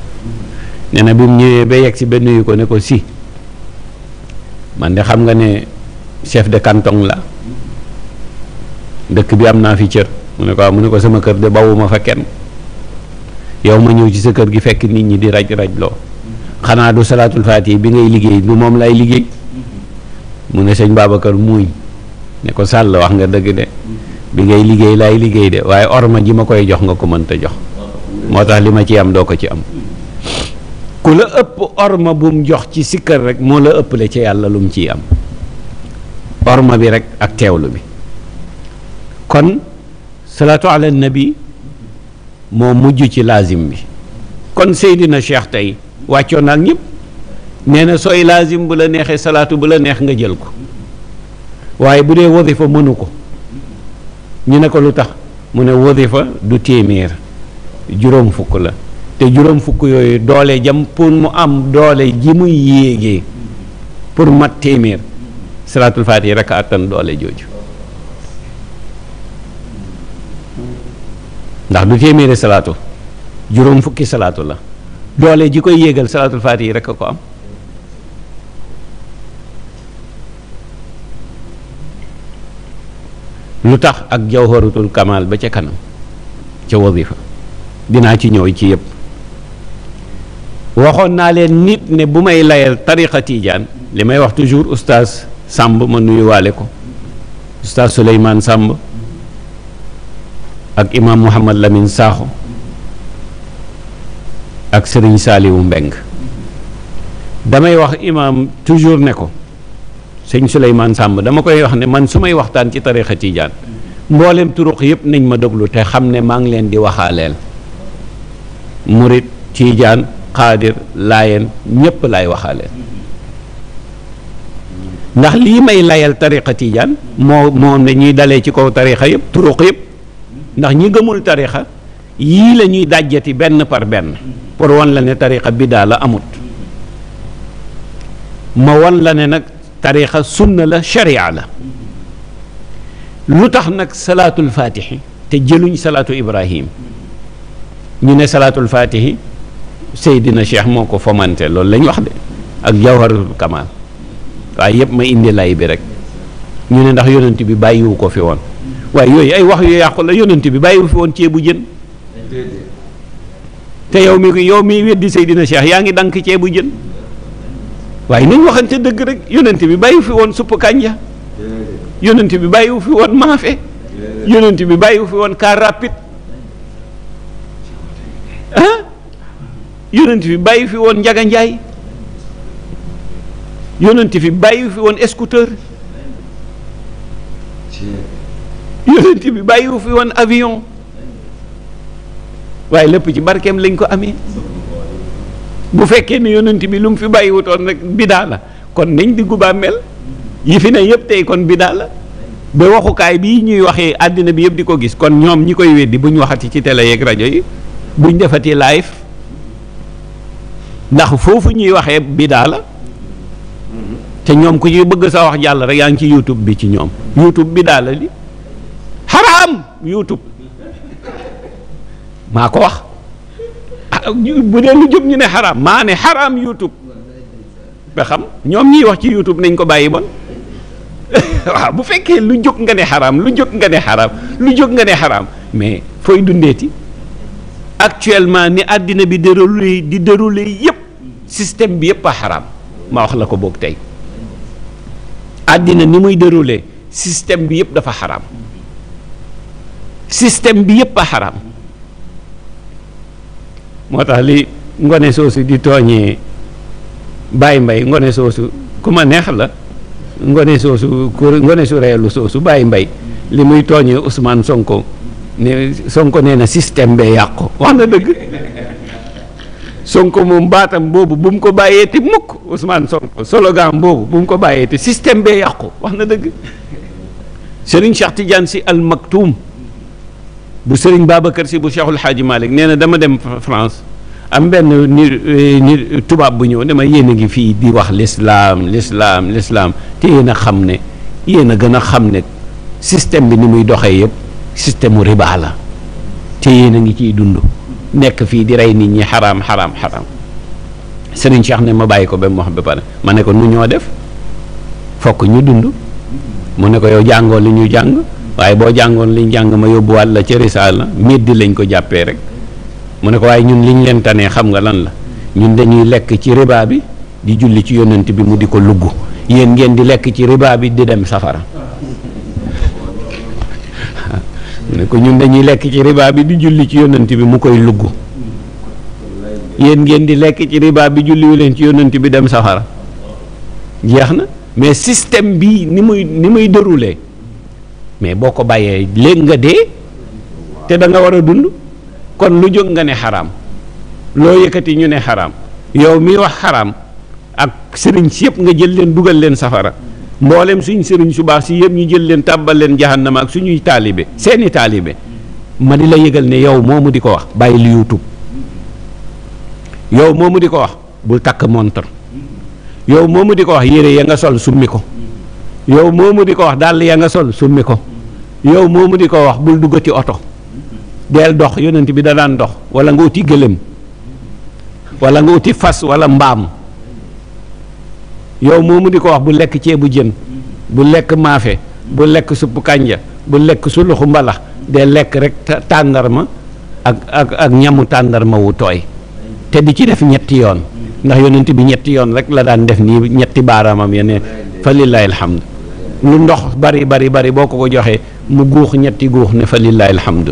nee na bi mu ñëwee ba yegg si ba nuyu ko ne ko si man de xam nga ne chef de canton la dëkk bi am naa fi cër mu ne ko waaw ah, mu ne ko sama kër de bawuma fa kenn yow ma ñëw ci sa kër gi fekk nit ñi di raj raj loo xanaa du salaatul faati bi ngay liggéey du moom lay liggéey mu ne sëñ Babacar muuñ ne ko sàll wax nga dëgg de bi ngay liggéey laay liggéey de waaye orma ji ma koy jox nga ko mënta jox moo tax li ma ci am doo ko ci am ku la ëpp orma jox ci sikkar rek moo la ëpple ci yàlla lu mu ciy am orma bi rek ak teewlu bi kon salaatu ala nabi moo mujj ci laazim bi kon Seydina Cheikh tey wàccoon ak ñëpp nee na sooy laazim bu la neexee salaatu bu la neex nga jël ko waaye bu dee wasifa mënu ko ñu ne ko lu tax mu ne wasifa du téeméer juróom fukk la te juróom fukk yooyu doole jam pour mu am doole ji muy yéegee pour mat téeméer salaatul faatiha rek àttan doole jooju ndax du téeméeri salaatu juróom fukki salaatu la doole ji koy yéegal salaatul yi rek a ko am lu tax ak jawharatul kamal ba ca kanam ca wazifa dinaa ci ñëw ci yëpp waxoon naa leen nit ne bu may layal tariqa tijaan li may wax toujours oustaz Samb ma nuyuwaale ko oustaz Souleymane sàmb ak imam Mouhamad Lamine Sakho ak Serigne Saliou Mbeng damay wax imam toujours ne ko sëñ Souleymane Samb dama koy wax ne man su may waxtaan ci tarixa tiijaan mboolem turuq yépp nañ ma déglu te xam ne maa ngi leen di waxaaleel murit tiijaan xaadir laayeen ñépp laay waxaaleel ndax lii may layal tarixa Tijaan moo moom ne ñuy dalee ci kaw tarixa yëpp turuq yëpp ndax ñi gëmul tarixa yii la ñuy dàjjati benn par benn pour wan la ne tarixa bi daa la amut ma wan la ne nag tariixa sunna la sharia la lu tax nag salaatul faatixi te jëluñ salaatu ibrahim ñu ne salaatul faatixi Seydina Cheikh moo ko fomante loolu lañ wax de ak jawharatul kamal waaye yëpp ma indi lay bi rek ñu ne ndax yonent bi bàyyiwu ko fi woon waaye yooyu ay wax yu yàqu la yonent bi bàyyiwu fi woon ceebu jën te yow mi yow mi weddi Seydina Cheikh yaa ngi dank ceebu jën waaye nañ waxante dëgg rek yonent bi bàyyi fi woon supp kànja yonent bi bàyyiwu fi woon maafe yonent bi bàyyiwu fi woon car rapide ah bi bàyyi fi woon njaga njaay yonent bi bàyyi fi woon scooter yonent bi bàyyiwu fi woon avion waaye lépp ci barkeem lañ ko amee bu fekkee ne yonent bi lu mu fi bàyyi bàyyiwutoon rek bidaa la kon nañ diggu bàmmeel yi fi ne yëpp tey kon bidaa la ba waxukaay bii ñuy waxee àddina bi yëpp di ko gis kon ñoom ñi koy weddi bu ñu waxati ci télé yeeg rajo yi buñ defati live ndax foofu ñuy waxee bidaa la te ñoom ku ci bëgg sa wax jàll rek yaa ngi ci youtube bi ci ñoom youtube bi la li xaraam youtube maa ko wax bu dee lu jub ñu ne xaraam maa ne xaraam youtube ba xam ñoom ñiy wax ci youtube nañ ko bàyyi bon waaw bu fekkee lu jóg nga ne xaraam lu jóg nga ne xaraam lu jóg nga xaraam mais fooy dundeeti actuellement ni àddina bi déroulé di déroulé yépp système bi yépp a xaraam ma wax la ko boog tey àddina ni muy déroulé système bi yépp dafa xaraam système bi yépp a xaraam moo tax li ngone soosu di tooñee bàyyi mbay ngone soosu ku ma neex la ngone soosu ku ngone su reelu soosu bàyyi mbay li muy tooñee Ousmane Sonko ne Sonko nee na système bee yàqu wax na dëgg Sonko moom baatam boobu bu mu ko bàyyee te mukk Ousmane Sonko slogan boobu bu mu ko bàyyee te système bee yàqu wax na dëgg Serigne Cheikh Tidiane si Al Maktoum bu sëriñ Babacar si bu Cheikhul Xaaji Malick nee na dama dem France am benn ni eh, tubaab bu ñëw dama yéen a ngi fii di wax lislaam lislaam lislaam te yéen a xam ne yéen a gën a xam ne système bi ni muy doxee yëpp système mu riba la te yéen a ngi ciy dund nekk fii di rey nit ñi xaraam xaraam xaraam sëriñ Cheikh ne ma bàyyi ko ba mu wax ba pare ma ne ko nu ñoo def fokk ñu dund mu ne ko yow jàngoo li ñu jàng waaye boo jàngoon liñ jàng ma yóbbuwaat la ci risaala meddi lañ ko jàppee rek mu ne ko waaye ñun liñ leen tanee xam nga lan la ñun dañuy lekk ci riba bi di julli ci yonent bi mu di ko lugg yéen ngeen di lekk ci riba bi di dem safara mu ne ko ñun dañuy lekk ci riba bi di julli ci yonent bi mu koy lugg yéen ngeen di lekk ci riba bi julliwu leen ci yonent bi dem safara jeex na mais système bi ni muy ni muy déroulé mais boo ko bàyyee léegi nga dee te danga nga war a dund kon lu jóg nga ne xaraam loo yëkkati ñu ne xaraam yow mi wax xaraam ak sëriñ si yëpp nga jël leen dugal leen safara mboolem suñ sëriñ su baax si yëpp ñu jël leen tàbbal leen jahannama ak suñuy taalibe seeni taalibe ma di la yëgal ne yow moomu di ko wax bàyyi lu youtube yow moomu di ko wax bul takk montre yow moomu di ko wax yére ya nga sol summi ko yow moomu di ko wax dàll yaa nga sol summi ko yow moomu di ko wax bul duggati oto deel dox yonent bi da daan dox wala nga uti gëlëm wala nga uti fas wala mbaam yow moomu di ko wax bu lekk ceebu jën bu lekk maafe bu lekk suppu kànja bu lekk suluxu mbala de lekk rek tàndarma ak ak ak ñamu tàndarma wu tooy te di ci def ñetti yoon ndax yonent bi ñetti yoon rek la daan def nii ñetti baaraamam yeneen fa lillahi alhamdu lu ndox bari bari bari boo ko ko joxee mu guux ñetti guux ne fa lillahi alhamdu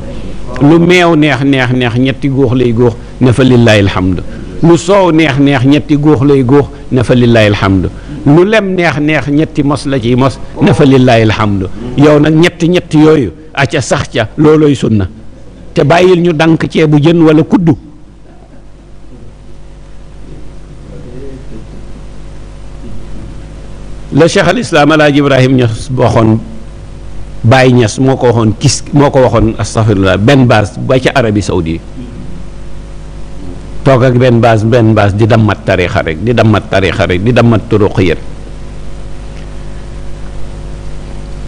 lu meew neex neex neex ñetti guux lay guux ne fa lillahi alhamdu lu soow neex neex ñetti guux lay guux ne fa lillahi alhamdu lu lem neex neex ñetti mos la ciy mos ne fa lillahi yow nag ñett ñetti yooyu aca sax ca loolooy sunna te bàyyil ñu dànk ceebu jën wala kuddu la cheikh al islam ibrahim ñas waxoon Baye Ñas moo ko waxoon kis moo ko waxoon astaghfirullah benn baas ba ca Arabie Saoudi toog ak benn baas benn baas di dammat tarixa rek di dammat tarixa rek di dammat turuqiyat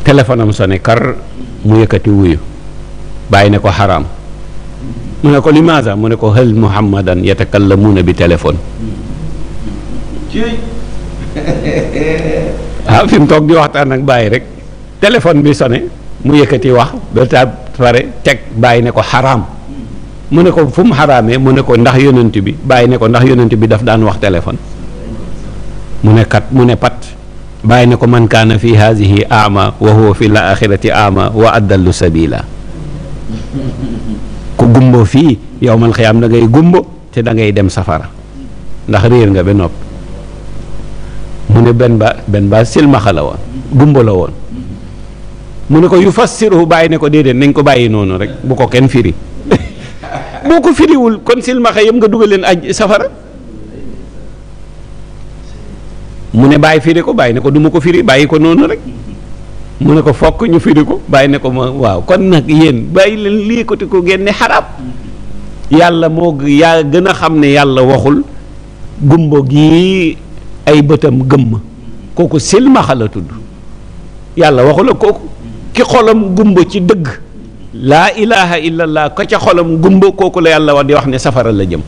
téléphone am sone kar mu yëkkati wuyu bàyyi ne ko xaraam mu ne ko limaasa mu ne ko hël muhammadan yatakallamuuna bi téléphone ah fi toog di waxtaan ak bàyyi rek téléphone bi sone mu yëkkati wax ba taa pare teg bàyyi ne ko xaraam mu ne ko fu mu xaraamee mu ne ko ndax yonent bi bàyyi ne ko ndax yonent bi daf daan wax téléphone mu ne kat mu ne pat bàyyi ne ko man kaana fi haadihi ama wa huwa fi la axirati ama wa addallu sabila ku gumbo fii yowmal xiyaam da ngay gumbo te dangay dem safara ndax réer nga bi nopp mu ne benn ba benn ba silmaxa la woon gumbo la woon mu ne ko yu fassiruhu bàyyi ne ko déedéet nañ ko bàyyi noonu rek bu ko kenn firi boo ko firiwul kon silmaxa yëpp nga dugal leen aj safara mu ne bàyyi firi ko bàyyi ne ko du ma ko firi noonu rek mu ne ko fokk ñu firi ko bàyyi ne ko ma waaw kon nag yéen bàyyi leen lii ko te ko génne xaraam yàlla moo yaa gën a xam ne yàlla waxul gumbo gi ay bëtam gëmm kooku silmaxa la tudd yàlla waxu la kooku ki xolam gumba ci dëgg laa ilaha illallah ka ca xolam gumba kooku la yàlla wax di wax ne safara la jëm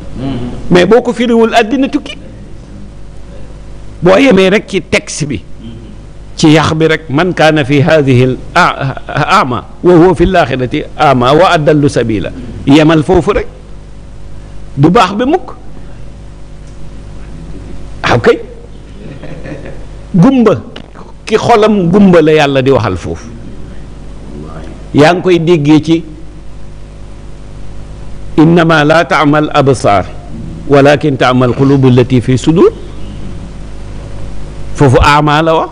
mais boo ko firiwul àddina tukki boo yemee rek ci texte bi ci yax bi rek man kaana fi hadihi ama wa huwa fi laaxirati ama wa addallu sabila yemal foofu rek du baax bi mukk waaw ah, kay gumba ki xolam gumba la yàlla di waxal foofu yaa ngi koy déggee ci innama la taamal absaar walakin taamal xulubu lati fi foofu ama la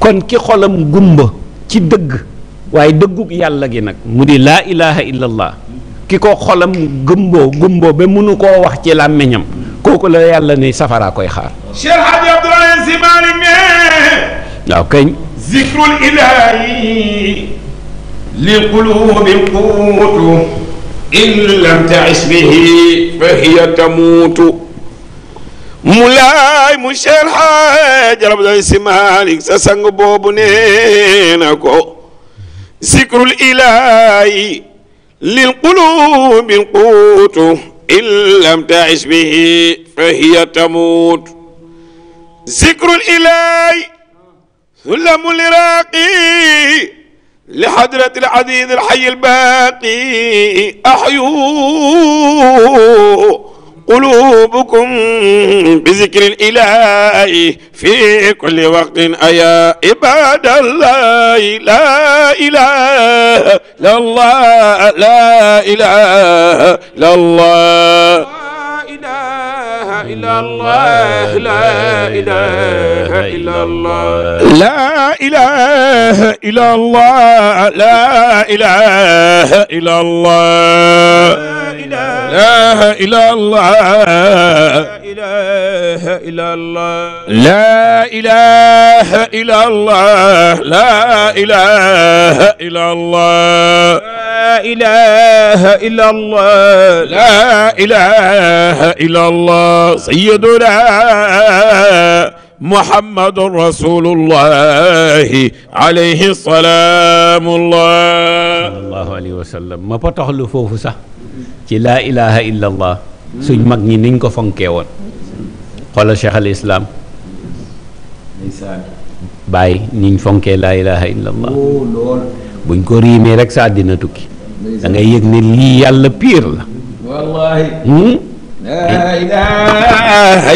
kon ki xolam gumba ci dëgg waaye dëggug yàlla gi nag mu di laa ilaha illallah ki ko xolam gumboo gumboo ba mënu koo wax ci làmmiñam kooku la yàlla ni safaraa koy xaar. Cheikh Hadj Abdoulaye Sy Malick ne. waaw kañ. zikrul ilaahi li qulubi quutu in lam ta'is bihi fa hiya tamuutu mu laay mu Cheikh Hadj Abdoulaye Sy Malick sa sang boobu nee na ko zikrul ilaahi lil qulubi quutu إن لم تعش به فهي تموت ذكر الإله سلم لراقي لحضرة العزيز الحي الباقي أحيوه قلوبكم بذكر الإله في كل وقت أيا عباد الله لا إله لا الله لا إله لا الله لا إله إلا الله لا إله إلا الله لا إله إلا الله لا إله إلا الله لا إله إلا الله لا إله إلا الله لا إله إلا الله لا إله إلا الله لا إله إلا الله سيدنا محمد رسول الله عليه السلام الله الله عليه وسلم ما بتخلو فوفو صح ci laa ilaha illa suñ mag ñi niñ ko fonkee woon xoolal cheikh al islaam bàyyi niñ fonkee laa ilaha illa buñ ko riimee rek sa àddina tukki da yëg ne lii yàlla piir la laa hmm? ilaaha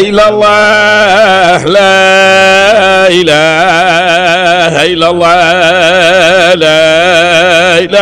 illallah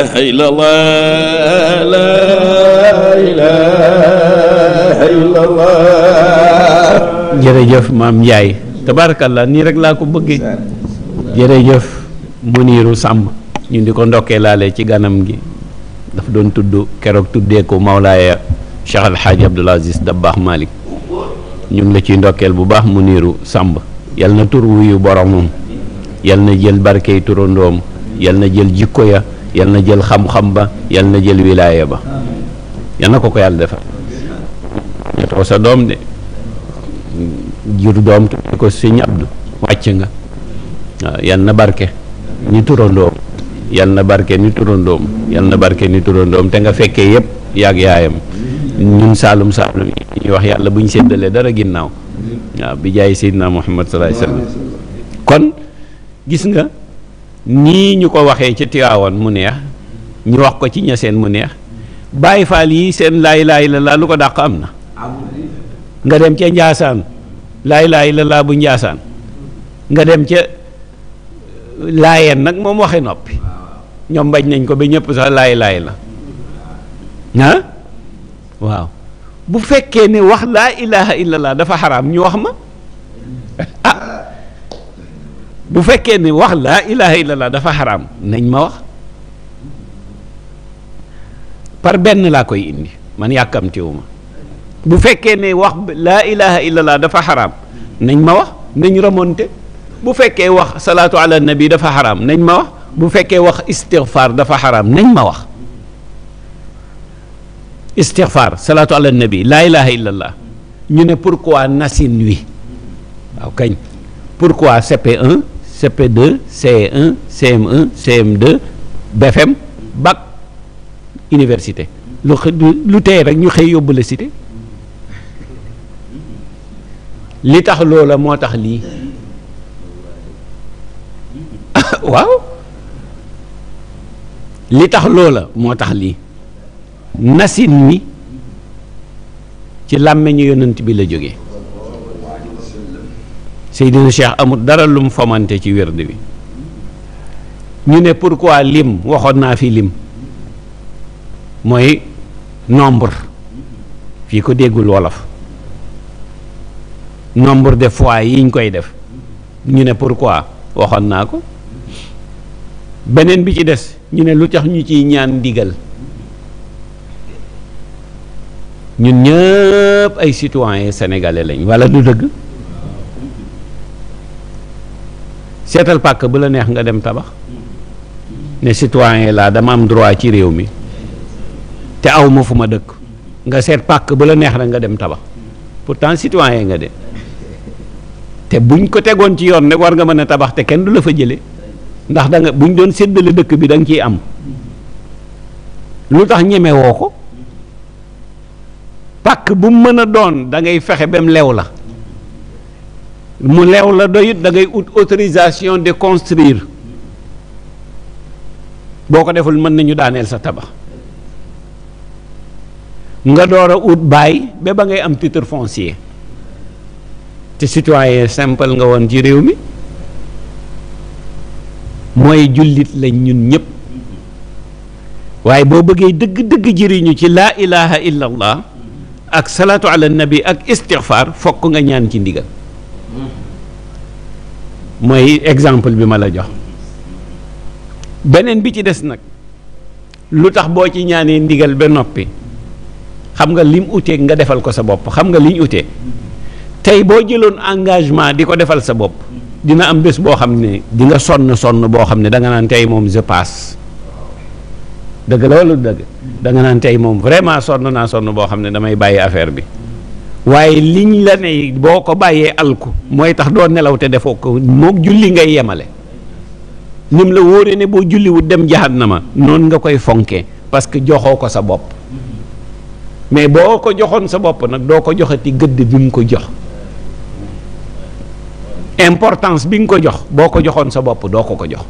ilaha illallah la ilaha illallah maam Ndiaye tabaarakallah nii rek laa ko bëggee mu Muniru Sàmm ñu di ko ndokkee laale ci ganam gi daf doon tudd keroog tuddee ko Mawlaaya Cheikh Al Hadj Abdoul Aziz Dabakh Malick ñu ngi la ciy ndokkeel bu baax mu Muniru Sàmb yal na tur wuyu boromam yal na jël barkey turandoom yal na jël jikko ya yal na jël xam-xam ba yal na jël wilaaya ba yal na ko ko yàlla defal ñetoo sa doom de jur doom tudde ko sëñ Abdu wàcc nga waaw yal na barke ni turandoom yal na barke ni turandoom yal na barke ni turandoom te nga fekkee yëpp yàgg yaayam ñun saalum saalum yi ñuy wax yàlla bu ñu seddalee dara ginnaaw waaw bi jaay Seydina Muhammad sallallahu alayhi wasallam kon gis nga nii ñu ko waxee ci Tiwaawan mu neex ñu wax ko ci ña seen mu neex Baay Faal yi seen laay laay la laa lu ko dàq am na nga dem ca Njaasaan laay laay la laa bu Njaasaan nga dem ca laayeen nag moom waxe noppi ñoom bañ nañ ko ba ñëpp sax laay laay la ah waaw bu fekkee ne wax laa ilaaha illallah dafa xaraam ñu wax ma bu fekkee ni wax laa ilaha illallah dafa xaraam nañ ma wax par benn laa koy indi man yàkkamtiwu ma bu fekkee ne wax laa ilaha illallah dafa xaraam nañ ma wax nañ remonté bu fekkee wax salaatu ala nabi dafa xaraam nañ ma wax bu fekkee wax istighfar dafa xaraam nañ ma wax istighfar salaatu ala nabi laa ilaha illallah ñu ne pour pourquoi nasin wi waaw kañ pourquoi CP1 CP2 CE1 cm CM2 BFM bac université lu xë lu tey rek ñu xëy yóbbu la cité li tax loola moo tax lii waaw li tax loola moo tax lii nasin mi ci làmmeñu yonent bi la jóge Seydina Cheikh amul dara lu mu fomante ci wird bi ñu ne pour pourquoi lim waxoon naa fi lim mooy nombre fii ko déggul wolof nombre de fois yi ñu koy def ñu ne pour pourquoi waxoon naa ko beneen bi ci des ñu ne lu tax ñu ciy ñaan ndigal ñun ñëpp ay citoyens sénégalais lañ walla du dëgg seetal pàkk bu la neex nga dem tabax ne citoyen laa dama am droit ci réew mi te awma fu ma dëkk nga seet pàkk bu la neex rek nga dem tabax pourtant citoyen nga de te buñ ko tegoon ci yoon ne war nga mën a tabax te kenn du la fa jële ndax da nga buñ doon séddale dëkk bi danga nga ciy am lu tax ñemewoo ko pàkk bu mu mën a doon da ngay fexe ba mu lew la mu leew la doyut da ngay ut autorisation de construire boo ko deful mën nañu daaneel sa tabax nga door a ut baay ba ba ngay am titre foncier te citoyen simple nga woon ci réew mi mooy jullit lañ ñun ñëpp waaye boo bëggee dëgg-dëgg jëriñu ci laa ilaha illallah ak salaatu ala nabi ak istighfar fokk nga ñaan ci ndigal mooy exemple bi ma la jox beneen bi ci des nag lu tax boo ci ñaanee ndigal ba noppi xam nga lim ute nga defal ko sa bopp xam nga liñ utee tey boo jëloon engagement di ko defal sa bopp dina am bés boo xam ne di nga sonn sonn boo xam ne da nga naan tey moom je passe dëgg la wala dëgg da nga naan tey moom vraiment sonn naa sonn boo xam ne damay bàyyi affaire bi waaye liñ la ne boo ko bàyyee alku mooy tax doo nelaw te defoo ko moo julli ngay yemale nim la wóoree ne boo julliwut dem jahannama noonu nga koy fonkee parce que joxoo ko sa bopp mais boo ko joxoon sa bopp nag doo ko joxati gëdd bi ko jox importance bi nga ko jox boo ko joxoon sa bopp doo ko ko jox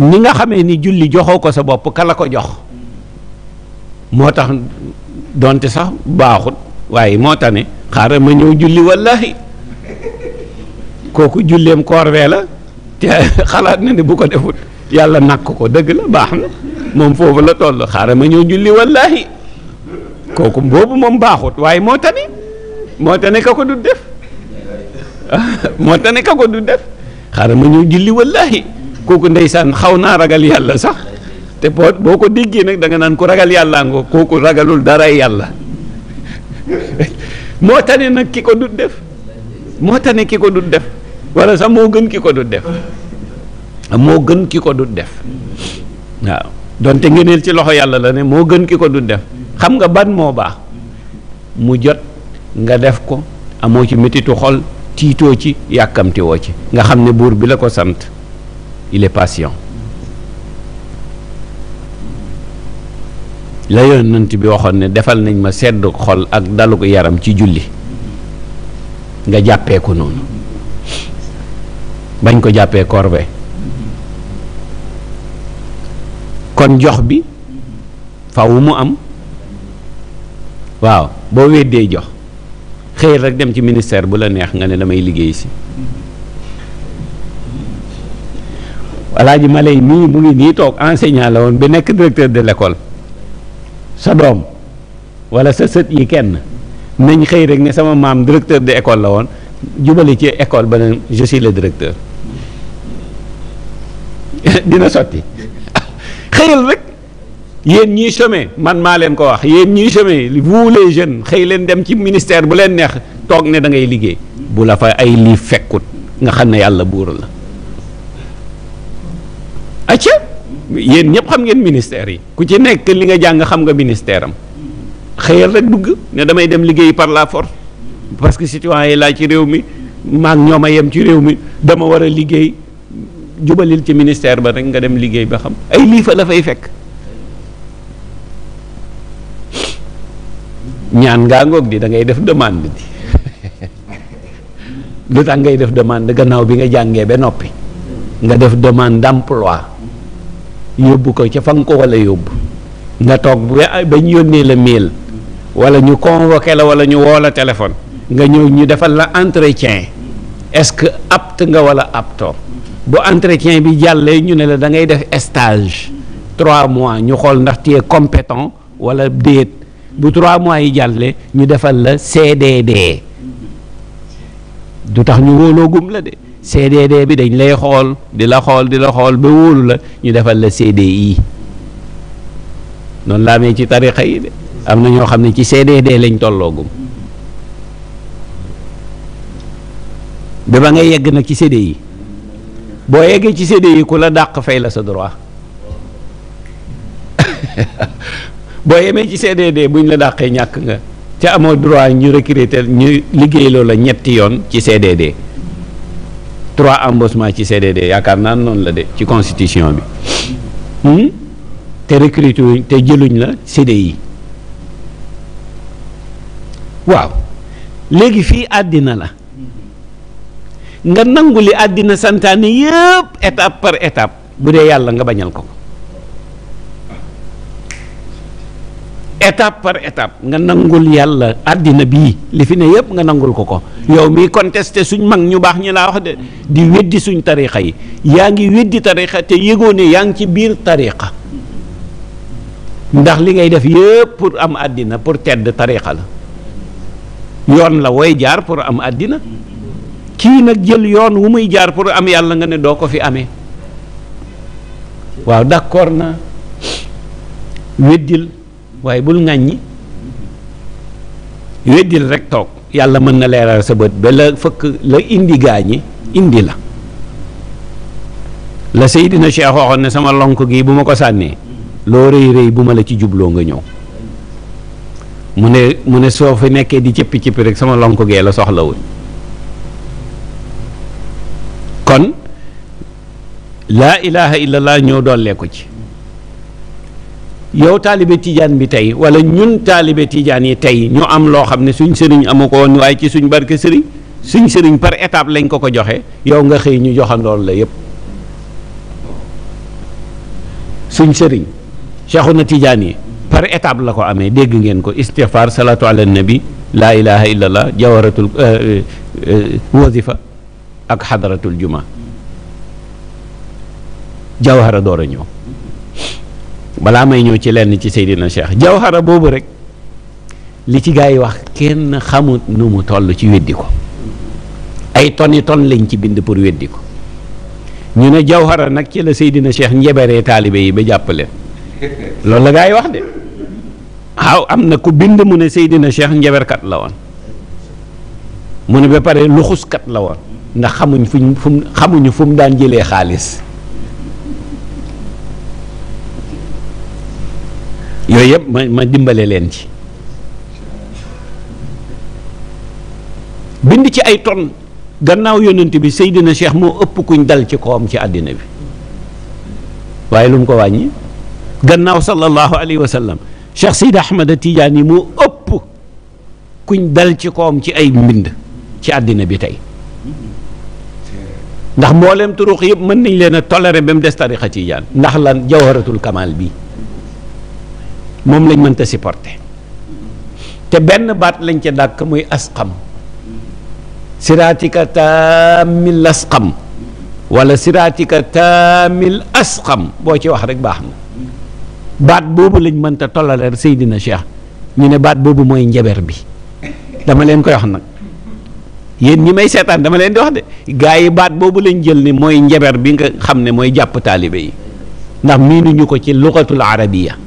ni nga xamee ni julli joxoo ko sa bopp ka la ko jox moo tax donte sax baaxut waaye moo tax ne xaaral ma ñëw julli wallahi kooku julleem koorwee la te xalaat na ne bu ko defut yàlla nakk ko dëgg la baax na moom foofu la toll xaaral ma ñëw julli wallahi kooku waaye moo tax ne moo tax ne ma ñëw julli kooku ndeysaan xaw naa ragal yàlla sax te boo boo ko déggee nag danga naan ku ragal yàllaa nga kooku ragalul daray yàlla moo tane nag ki ko dut def moo tane ki ko dut def wala sax moo gën ki ko dut def moo gën ki ko dut def waaw donte ci loxo yàlla la ne moo gën ki ko dut def xam nga ban moo baax mu jot nga def ko amoo ci métitu xol tiitoo ci yàkkamtiwoo ci nga xam ne buur bi la ko sant il est patient la yonent bi waxoon ne defal nañ ma sedd xol ak dalug yaram ci julli nga jàppee ko noonu bañ ko jàppee corvée kon jox bi fawu mu am waaw boo weddee jox xëy rek dem ci ministère bu la neex nga ne damay liggéey si Alaaji Malay mii mu ngi nii toog enseignant la woon bi nekk directeur de lekkool sa doom walla sa sët yi kenn nañ xëy rek ne sama maam directeur de école la woon jubali ci école ba ne je suis le directeur dina sotti xëyal rek yéen ñuy chômer man maa leen ko wax yéen ñuy chômer vous les jeunes xëy leen dem ci ministère bu leen neex toog ne da ngay liggéey bu la fa ay lii fekkut nga xam ne yàlla buur la yéen ñëpp xam ngeen ministère yi ku ci nekk li nga jàng xam nga ministère am xëyal rek dugg ne damay dem liggéey par la force parce que citoyen yi laa ci réew mi maak ñoo ma yem ci réew mi dama war a liggéey jubalil ci ministère ba rek nga dem liggéey ba xam ay lii fa la fay fekk ñaan ngaa ngoog di da ngay def demande di lu tax ngay def demande gannaaw bi nga jàngee ba noppi nga def demande d'emploi yóbbu ko ca fa nga ko wala yóbbu nga toog ba ñu yónnee la mail wala ñu convoqué la wala ñu woo la téléphone nga ñëw ñu defal la entretien est-ce que apte nga wala apto bu entretien bi jàllee ñu ne la da ngay def stage trois mois ñu xool ndax tu es compétent wala déet bu trois mois yi jàlle ñu defal la CDD du tax ñu wóoloogum la de. CDD bi dañ lay xool di la xool di la xool ba wóolu la ñu defal la CDI noonu la amee ci tarixa yi de am na ñoo xam ne ci CDD lañ tolloogum ba ba nga yegg nag ci CDI boo yeggee ci CDI ku la dàq fay la sa droit boo yemee ci CDD buñ la dàqee ñàkk nga te amoo droit ñu recruter ñu liggéey loola ñetti yoon ci CDD. trois embauchements ci CDD yaakaar naa noonu la de ci constitution bi hmm? te recruté wuñ te jëluñ la CDI waaw léegi fii àddina la nga nangu li àddina santaane yëpp étape par étape bu dee yàlla nga bañal ko. étape par étape nga nangul yàlla àddina bii li fi ne yëpp nga nangul ko ko yow mi contesté suñ mag ñu baax ñi laa wax di weddi suñ tarixa yi yaa ngi weddi tarixa te yëgoo yaa ngi ci biir tarixa ndax li ngay def yëpp am àddina pour tedd tarixa la yoon la woy jaar pour am àddina kii nag jël yoon wu muy jaar pour am yàlla nga ne doo ko fi amee waaw d'accord na weddil waaye bul ŋàññi weddil rek toog yàlla mën na leeral sa bët ba la fëkk la indi gaañi indi la la Seydina Cheikh waxoon ne sama lonk gi bu ma ko sànnee loo rëy rëy bu ma la ci jubloo nga ñëw mu ne mu ne soo fi nekkee di cëppi cëppi rek sama lonk gee la soxlawul kon laa ilaha laa ñëw dollee ko ci yow taalibe tijaan bi tey wala ñun taalibe tijaan yi tey ñu am loo xam ne suñ sëriñ amu ko woon waaye ci suñ barke sëriñ suñ sëriñ par étape lañ ko ko joxe yow nga xëy ñu joxandoon la yépp suñ sëriñ Seexuna Tijaan yi par étape la ko amee dégg ngeen ko istighfar salaatu ala nabi laa ilaha illallah jawaratul euh, euh, wazifa ak xadaratul juma jawhara door a ñëw balaa may ñëw ci lenn ci Seydina Cheikh jawhara boobu rek li ci gaa yi wax kenn xamut nu mu toll ci weddi ko ay toni ton lañ ci bind pour weddi ko ñu ne jawhara nag ci la Seydina Cheikh njeberee taalibe yi ba jàpp leen loolu la gaa yi wax de waaw am na ku bind mu ne Seydina Cheikh njeberkat la woon mu ne ba pare luxuskat la woon ndax xamuñ fuñ fu mu xamuñu fu daan jëlee xaalis yooyu yëpp ma ma dimbale leen ci bind ci ay ton gannaaw yonent bi Seydina Cheikh moo ëpp kuñ dal ci kawam ci àddina bi waaye lu mu ko wàññi gannaaw sallallahu alayhi wa sallam Cheikh Seydi tiijaan yi moo ëpp kuñ dal ci kawam ci ay mbind ci àddina bi tey ndax moo leen turuq yëpp mën nañ leen a toléré ba mu des tariqa Tidiane ndax lan jawharatul kamal bii moom lañ mënta supporter te benn baat lañ ca dàkk muy asqam siraatika taamil asqam wala siraatika taamil asqam boo ci wax rek baax na baat boobu lañ mënta tollaleer Seydina Cheikh ñu ne baat boobu mooy njaber bi dama leen koy wax nag yéen ñi may seetaan dama leen di wax de gaa yi baat boobu lañ jël ni mooy njaber bi nga xam ne mooy jàpp taalibe yi ndax miinuñu ko ci lugatul arabiya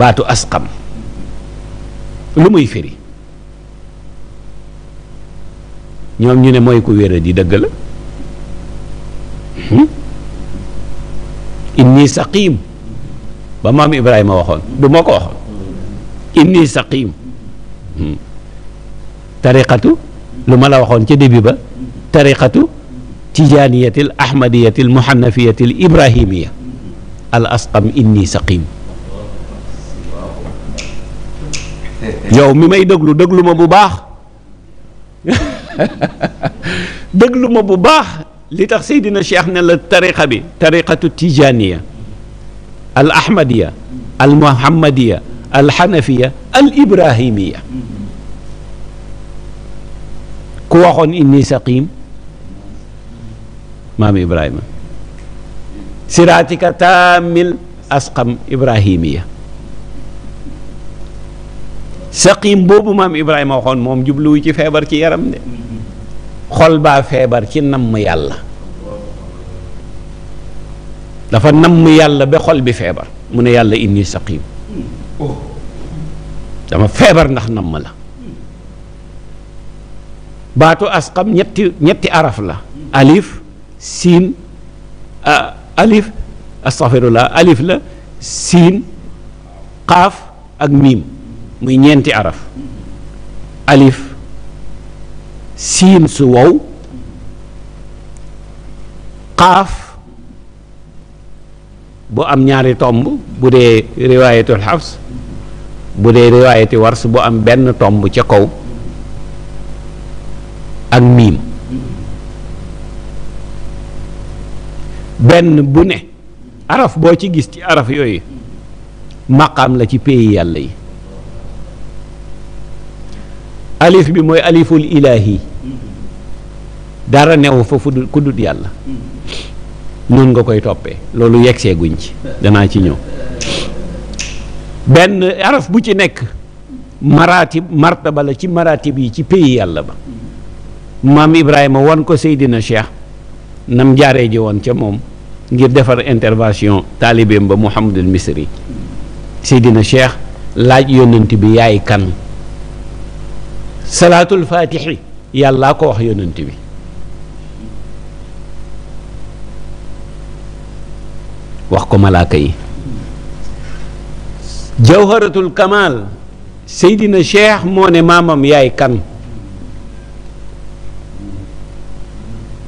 baatu asqam lu muy firi ñoom ñu ne mooy ku wéra di dëgg la hmm? inni saqim ba maam Ibrahima waxoon du moo ko waxoon inni saqim hmm? tariqatu lu ma la waxoon ca début ba tariqatu tijaaniyatil ahmadiyatil muhannafiyatil ibrahimiya al asqam inni saqim yow mi may déglu déglu ma bu baax déglu ma bu baax li tax Seydina Cheikh ne la tariqa bi tariqatu tijaniya al ahmadiya al muhammadiya al xanafiya al ibrahimiya ku waxoon inni saqim maam ibrahima siraatika taamil asqam ibrahimiya saqim boobu maam Ibrahima waxoon moom jubluwu ci feebar ci yaram de xol baa feebar ci namm yàlla dafa namm yàlla ba xol bi feebar mu ne yàlla indi saqim dama feebar ndax namm la baatu asqam ñetti ñetti araf la alif siin alif astaghfirullah alif la siin xaaf ak miim muy ñeenti araf alif siin su wow xaaf bu am ñaari tomb bu dee riwaayatul xafs bu dee riwaayati wars bu am benn tomb ca kaw ak miim benn bu ne araf boo ci gis ci araf yooyu maqaam la ci pays yàlla yi alif bi mooy aliful ilaahi dara newu fa fu dul ku dut yàlla noonu nga koy toppee loolu yegsee guñ ci danaa ci ñëw benn araf bu ci nekk maraatib martaba la ci maraatib yi ci pays yàlla ba maam Ibrahima wan ko Seydina Cheikh nam jaaree ji woon ca moom ngir defar intervention taalibeem ba Mouhamadul Misri Seydina Cheikh laaj yónnent bi yaay kan salaatul faatixi yàllaa ko wax yonent bi wax ko malaaka yi jawharatul kamal seydina cheikh moo ne maamam yaay kan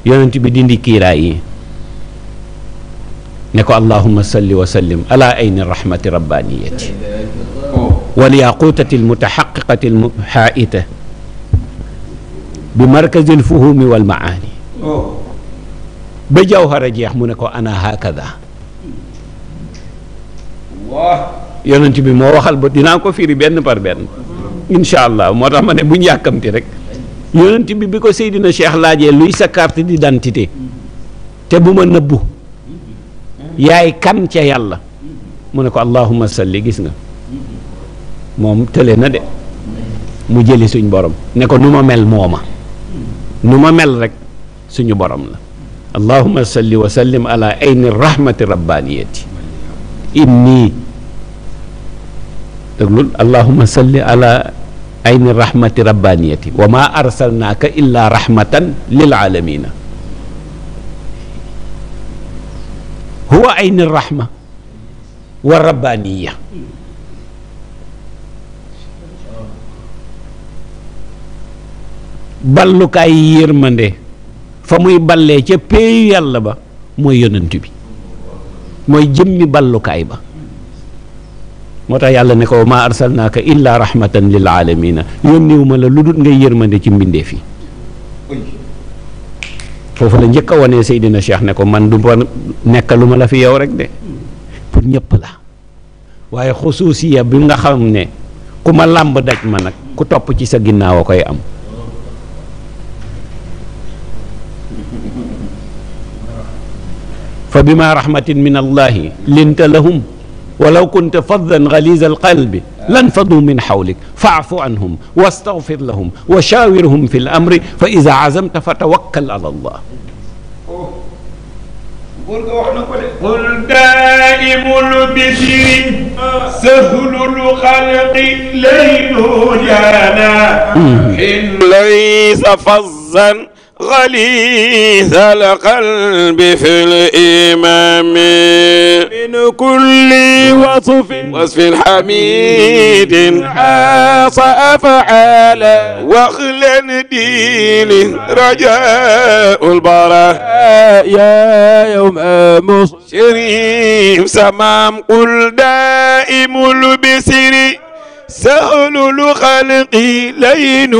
yonent bi dindi kiiraay yi ne ko allahuma salli wa sallim ala ayni rahmati rabbaniyati wal yaquutati almutaxaqiqati almuxaa'ita bi markazil fuhumi wal maani oh. ba jawhara jeex mu ne ko ana hakada yonent bi moo waxal ba dinaa ko firi benn par benn incha allah moo tax ma ne buñ yàkkamti rek yonent bi bi ko Seydina Cheikh laajee luy sa carte d'identité te bu ma nëbbu yaay kan ca yàlla mu ne ko allahumma salli gis nga moom tële na de mu jëli suñ borom ne ko nu ma mel mooma nu ma mel rek suñu borom la allahuma salli wa sallim ala ayni rahmati rabbaniyati inni déglul allahuma salli ala ayni rahmati rabbaniyati wa ma arsalnaaka illa rahmatan lil alamina huwa ayni rahma wa rabbaniya ballukaay yërmande fa muy ballee ca péeyu yàlla ba mooy yonant bi mooy jëmmi ballukaay ba moo tax yàlla ne ko maa arsalnaaka illaa rahmatan lil aalamiina yónniwuma la lu dut ngay yërmande ci mbindeef yi foofu la njëkk a wonee Seydina Cheikh ne ko man du ma nekkaluma la fi yow rek de pour ñëpp la waaye xusuusiya bi nga xam ne ku ma làmb daj ma nag ku topp ci sa ginnaaw a koy am fa bima rahmatin min allahi linta lahum walaw kunta faddan galiza alqalbi lan fadu min hawlik faafu anhum wastaghfir lahum wa shawirhum fi l amri fa ida azamta fa tawakkal ala allah góor ga wax na ko de qul daa'imul bisri sahlul xalqi laylu jaana xillay mm. sa fazzan غليظ القلب في الإمام من كل وصف وصف حميد عاص أفعال وخلا دين رجاء البراء يا يوم مصر شريف سمام قل دائم البسري سهل الخلق لين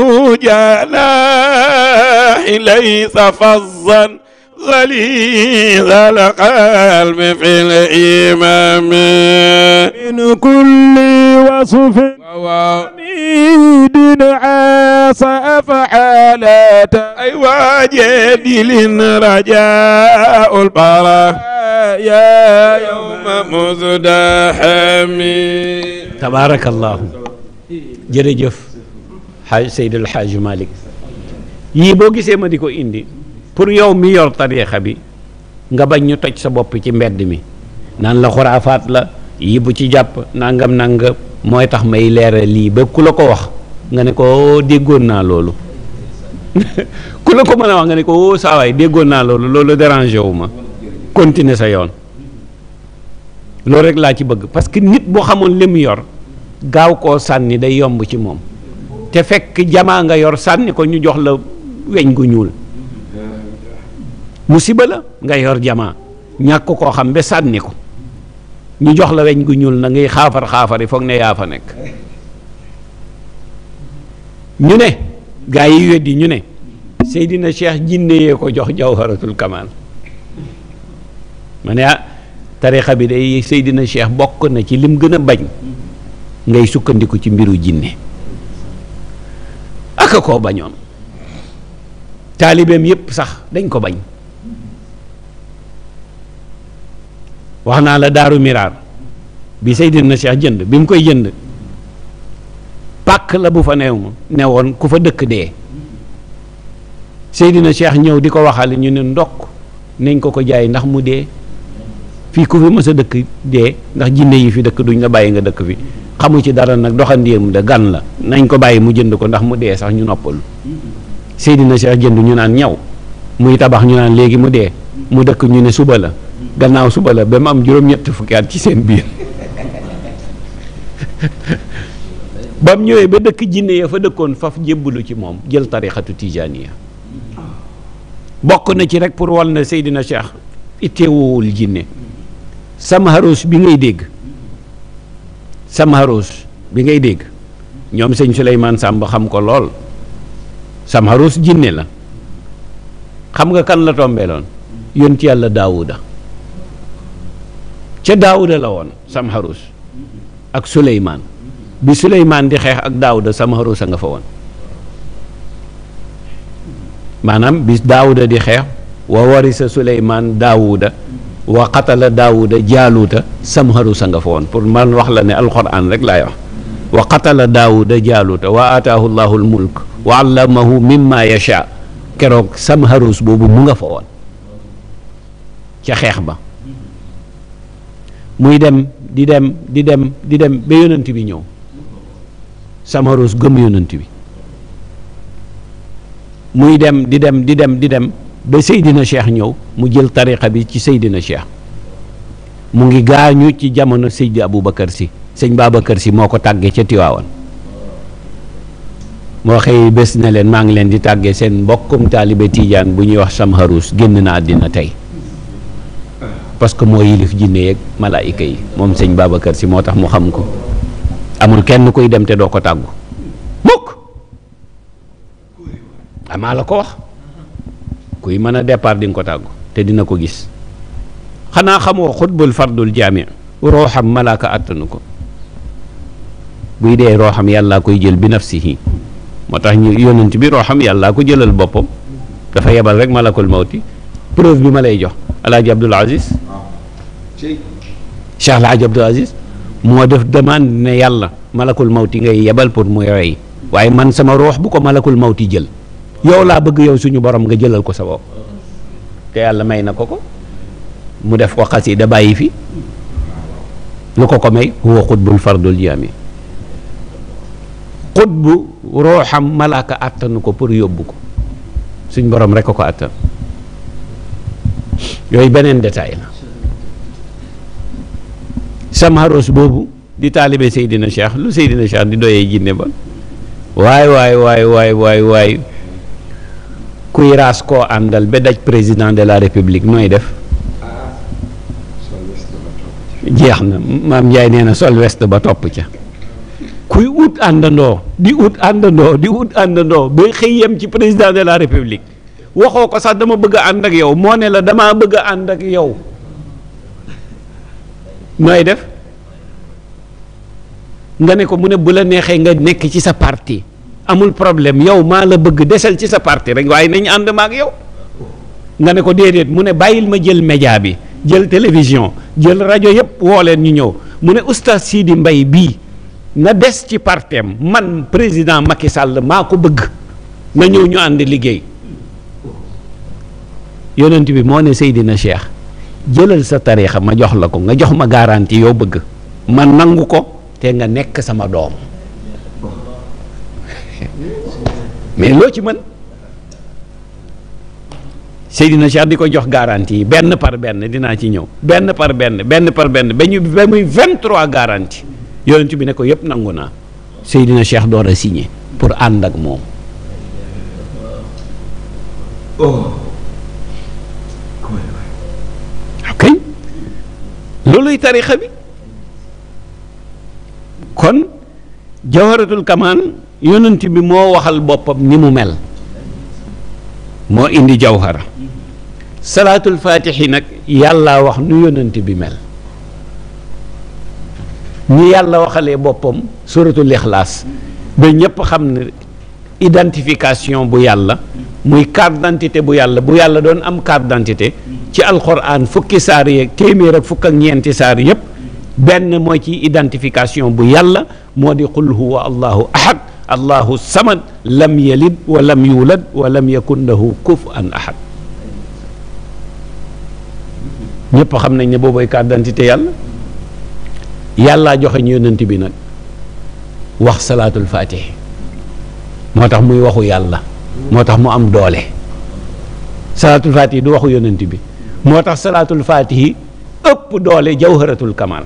جناح ليس فظا غليظ القلب في الإمام من كل وصف حميد عاص أفعالات أي أيوة وجدل رجاء البراء يا يوم مزدحمي تبارك الله jërëjëf xaaj Seydil Xaaj Malick yii boo gisee ma di ko indi pour yow mi yor tariixa bi nga bañ ñu toj sa bopp ci mbedd mi naan la xuraafaat la yi bu ci jàpp nangam nangam mooy tax may leeral lii ba ku la ko wax nga ne ko oh, déggoon naa loolu ku la ko mën a wax nga ne ko oh, saawaay déggoon naa loolu loolu dérangé wu ma continuer sa yoon loolu rek laa ci bëgg parce que nit boo xamoon li mu yor gaaw koo sànni day yomb ci moom te fekk jamaa nga yor sànni ko ñu jox la weñ gu ñuul musiba la nga yor jamaa ñàkk koo xam sànni ko ñu jox la weñ gu ñuul na ngay xaafar xaafari foog ne yaa fa nekk ñu ne gaa yi weddi ñu ne dina Cheikh jinne yee ko jox jawharatul kamal ma ne ah tarixa bi day Seydina Cheikh bokk na ci lim gën a bañ ngay sukkandiku ci mbiru jinne aka koo bañoon taalibeem yépp sax dañ ko bañ wax naa la daaru miraar bi Seydina Cheikh jënd bi mu koy jënd pàkk la bu fa neew ne ku fa dëkk dee Seydina Cheikh ñëw di ko waxal ñu ne ndokk nañ ko ko jaay ndax mu dee fii ku fi mës dëkk dee ndax jinne yi fi dëkk duñ la bàyyi nga dëkk fi xamu ci dara nag doxandéem de gan la nañ ko bàyyi mu jënd ko ndax mu dee sax ñu noppalu Seydina Cheikh jënd ñu naan ñaw muy tabax ñu naan léegi mu dee mu dëkk ñu ne suba la gannaaw suba la ba mu am juróom-ñetti fukki at ci seen biir ba mu ñëwee ba dëkk jinne ya fa dëkkoon faf jébbalu ci moom jël tarixatu tijaaniya bokk na ci rek pour wal na Seydina Cheikh itteewul jinne samaharos bi ngay dégg samaharos bi ngay dégg ñoom sëñ Souleymane Samb xam ko lool samaharos jinne la xam nga kan la tombeeloon yoon ci yàlla daawuda ca daawuda la woon samaharos ak Souleymane bi Souleymane di xeex ak daawuda samaharos a nga fa woon maanaam bis daawuda di xeex wa warisa Souleymane daawuda wa qatala daawuda jaaluuta samharusa nga fa woon pour man wax la ne alxuraan rek laay wax wa qatala daawuda jaaluuta wa ataahu llahu l mulk wa allamahu mimma yasha keroog samharus boobu mu nga fa woon ca xeex ba muy dem di dem di dem di dem ba bi ñëw samharus gëm yonent bi muy dem di dem di dem di dem ba Seydina Cheikh ñëw mu jël tariqa bi ci Seydina Cheikh mu ngi gaañu ci jamono Seydi Aboubacar si sëñ Babacar si moo ko tàggee ca Tiwaawan moo xëy bés na leen maa ngi leen di tàggee seen mbokkum taalibe Tidiane bu ñuy wax Samharous génn na àddina tey parce que moo yilif jinne yeeg malaayika yi moom sëñ Babacar si moo tax mu xam ko amul kenn kuy dem te doo ko tàggu mukk amaa ah, la ko wax kuy mën a départ di ko tàggu te dina ko gis xanaa xamoo xutbul fardul jaami rooxam malaaka àttanu ko buy dee rooxam yàllaa koy jël bi nafsihi moo tax ñu yonent bi rooxam yàllaa ko jëlal boppam dafa yebal rek malakul mawti preuve bi ma lay jox alaaji abdul aziz cheikh alaaji abdul aziz moo def demande ne yàlla malakul mawti ngay yebal pour muy rey waaye man sama roox bu ko malakul mawti jël yow laa bëgg yow suñu borom nga jëlal ko sa bopp te yàlla may na ko ko mu def ko xasida bàyyi fi lu ko ko may huwa xutbul fardul jaami xutbu xam malaaka àttanu ko pour yóbbu ko suñ borom rek a ko àttan yooyu beneen détail la samaros boobu di taalibe Seydina Cheikh lu Seydina Cheikh di doyee jinne ba waay waay waay waay waay kuy raas koo àndal ba daj président de la république nooy def jeex na maam njaay nee na sol west ba topp ca kuy ut àndandoo di ut àndandoo di ut àndandoo ba xëy yem ci président de la république waxoo ko sax dama bëgg ànd ak yow moo ne la damaa bëgg a ànd ak yow nooy def nga ne ko mu ne bu la neexee nga nekk ci sa parti amul problème yow maa la bëgg desal ci sa parti rek waaye nañu ànd ma ak yow nga ne ko déedéet mu ne bàyyil ma jël média bi jël télévision jël rajo yëpp woo leen ñu ñëw mu ne oustaz Sidi mbay bii na des ci partem man président Macky Sall maa ko bëgg na ñëw ñu ànd liggéey yonent bi moo ne Seydina Cheikh jëlal sa tariixa ma jox la ko nga jox ma garantie yow bëgg ma nangu ko te nga nekk sama doom mais loo ci mën Seydina Cheikh di ko jox garantie benn par benn dinaa ci ñëw benn par benn benn par benn ba ñu muy 23 garantie yonent bi ne ko yëpp nangu naa Seydina Cheikh door a signé pour ànd ak moom. Oh. ok looluy tarixa bi kon jawharatul kamaan. yonent bi moo waxal boppam ni mu mel moo indi jawhara salaatul faatixi nag yàlla wax nu yonent bi mel ni yàlla waxalee boppam suratul ixlaas ba ñépp xam ne identification bu yàlla muy carte bu yàlla bu yàlla doon am carte d'identité ci alxuraan fukki saar yeeg téeméer ak fukk ak ñeenti saar yépp benn mooy ci identification bu yàlla moo di qul huwa allahu ahad allahu samad lam yalid wa lam yulad wa lam yakun lahu kufuwan ahad ñëpp xam nañ ne boobay carte d'identité yàlla yàllaa joxe ñu yonent bi nag wax salaatul faatihi moo tax muy waxu yàlla moo tax mu am doole salaatul faatihi du waxu yonent bi moo tax salaatul faatihi ëpp doole jawharatul kamal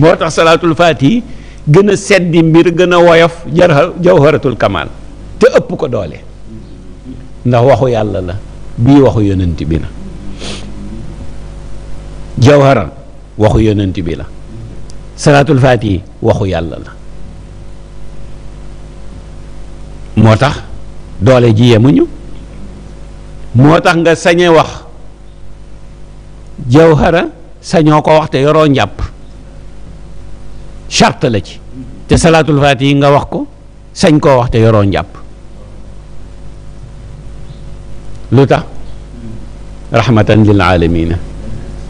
moo tax salaatul faatihi gën a seddi mbir gën a woyof jarha jawharatul kamal te ëpp ko doole ndax waxu yàlla la bii waxu yonent bi la jawharan waxu yonent bi la salaatul waxu yàlla la moo tax doole ji yemuñu moo tax nga sañe wax jawhara sañoo ko wax te yoroo njàpp charte la ci te salaatul faati yi nga wax ko sañ koo wax te yoroo njàpp lu tax rahmatan lil aalamiina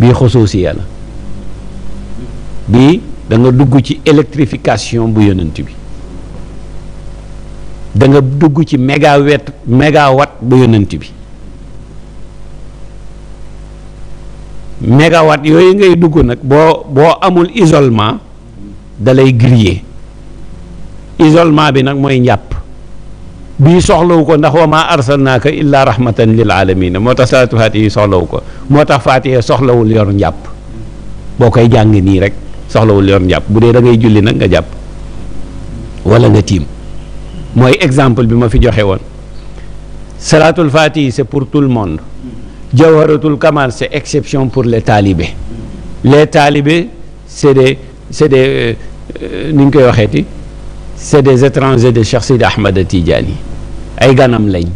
bii xusuusiya la bii da dugg ci électrification bu yonent bi danga nga dugg ci mégawet mégawatt bu yonent bi mégawatt yooyu ngay dugg nag boo boo amul isolement dalay griller isolement bi nag mooy njàpp bii soxlawu ko ndax wa maa arsalnaaka illaa rahmatan lil aalamiina moo tax salaatu faatiha yi soxlawu ko moo tax faatiha soxlawul yor njàpp boo koy jàng nii rek soxlawul yor njàpp bu dee da ngay julli nag nga jàpp wala nga tiim mooy exemple bi ma fi joxe woon salaatul faatihi c'est pour tout le monde jawharatul kamal c'est exception pour le talibés les talibés c'est des c'est des euh, euh, nu ñu koy waxee waxeeti c'est des étrangers de Cheikh Sidi Ahmad Tidiane ay ganam lañ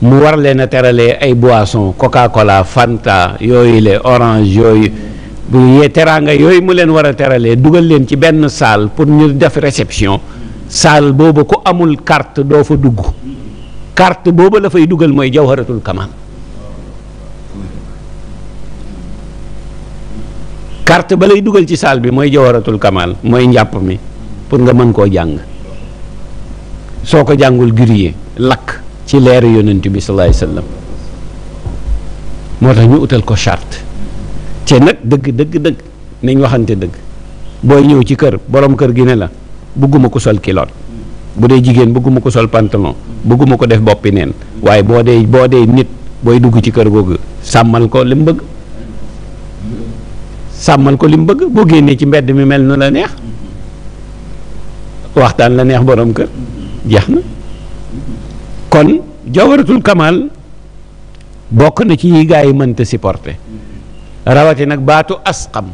mu war leen a teralee ay boissons Coca-Cola Fanta yooyu le orange yooyu bu yee teraanga yooyu mu leen war a teralee dugal leen ci benn salle pour ñu def réception salle boobu ku amul carte doo fa dugg carte boobu la fay dugal mooy jawharatul kamal carte ba lay dugal ci saal bi mooy jawaratul kamal mooy njàpp mi pour nga mën koo jàng soo ko jàngul grillé lakk ci leeru yonent bi sallallahu alayhi wasallam moo tax ñu utal ko charte te nag dëgg dëgg dëgg nañ waxante dëgg booy ñëw ci kër boroom kër gi ne la bëgguma ko sol kiloot bu dee jigéen bëgguma ko sol pantalon bëgguma ko def boppi neen waaye boo dee boo dee nit booy dugg ci kër googu sàmmal ko li mu bëgg sàmmal ko li mu bëgg boo génnee ci mbedd mi mel nu la neex waxtaan la neex borom kër jeex na kon jawaratul kamal bokk na ci yi gaa yi mënta supporter rawati nag baatu asqam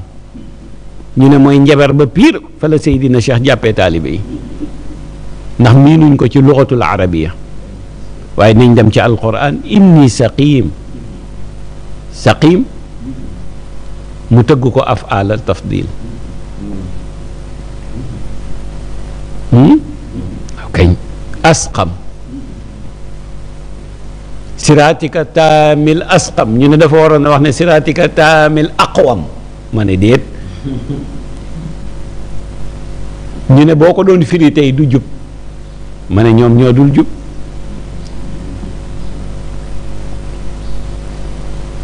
ñu ne mooy njabar ba piir fa la Seydina Cheikh jàppee taalibe ndax miinuñ ko ci luxatul arabiya waaye nañ dem ci alquran inni saqim saqim mu tëgg ko af alal tafdil hmm? kañ hmm. asqam siraatika taamil asqam ñu ne dafa waroon a wax ne siraatika taamil aqwam ma ne déet ñu ne boo ko doon firi tey du jub ma ne ñoom ñoo dul jub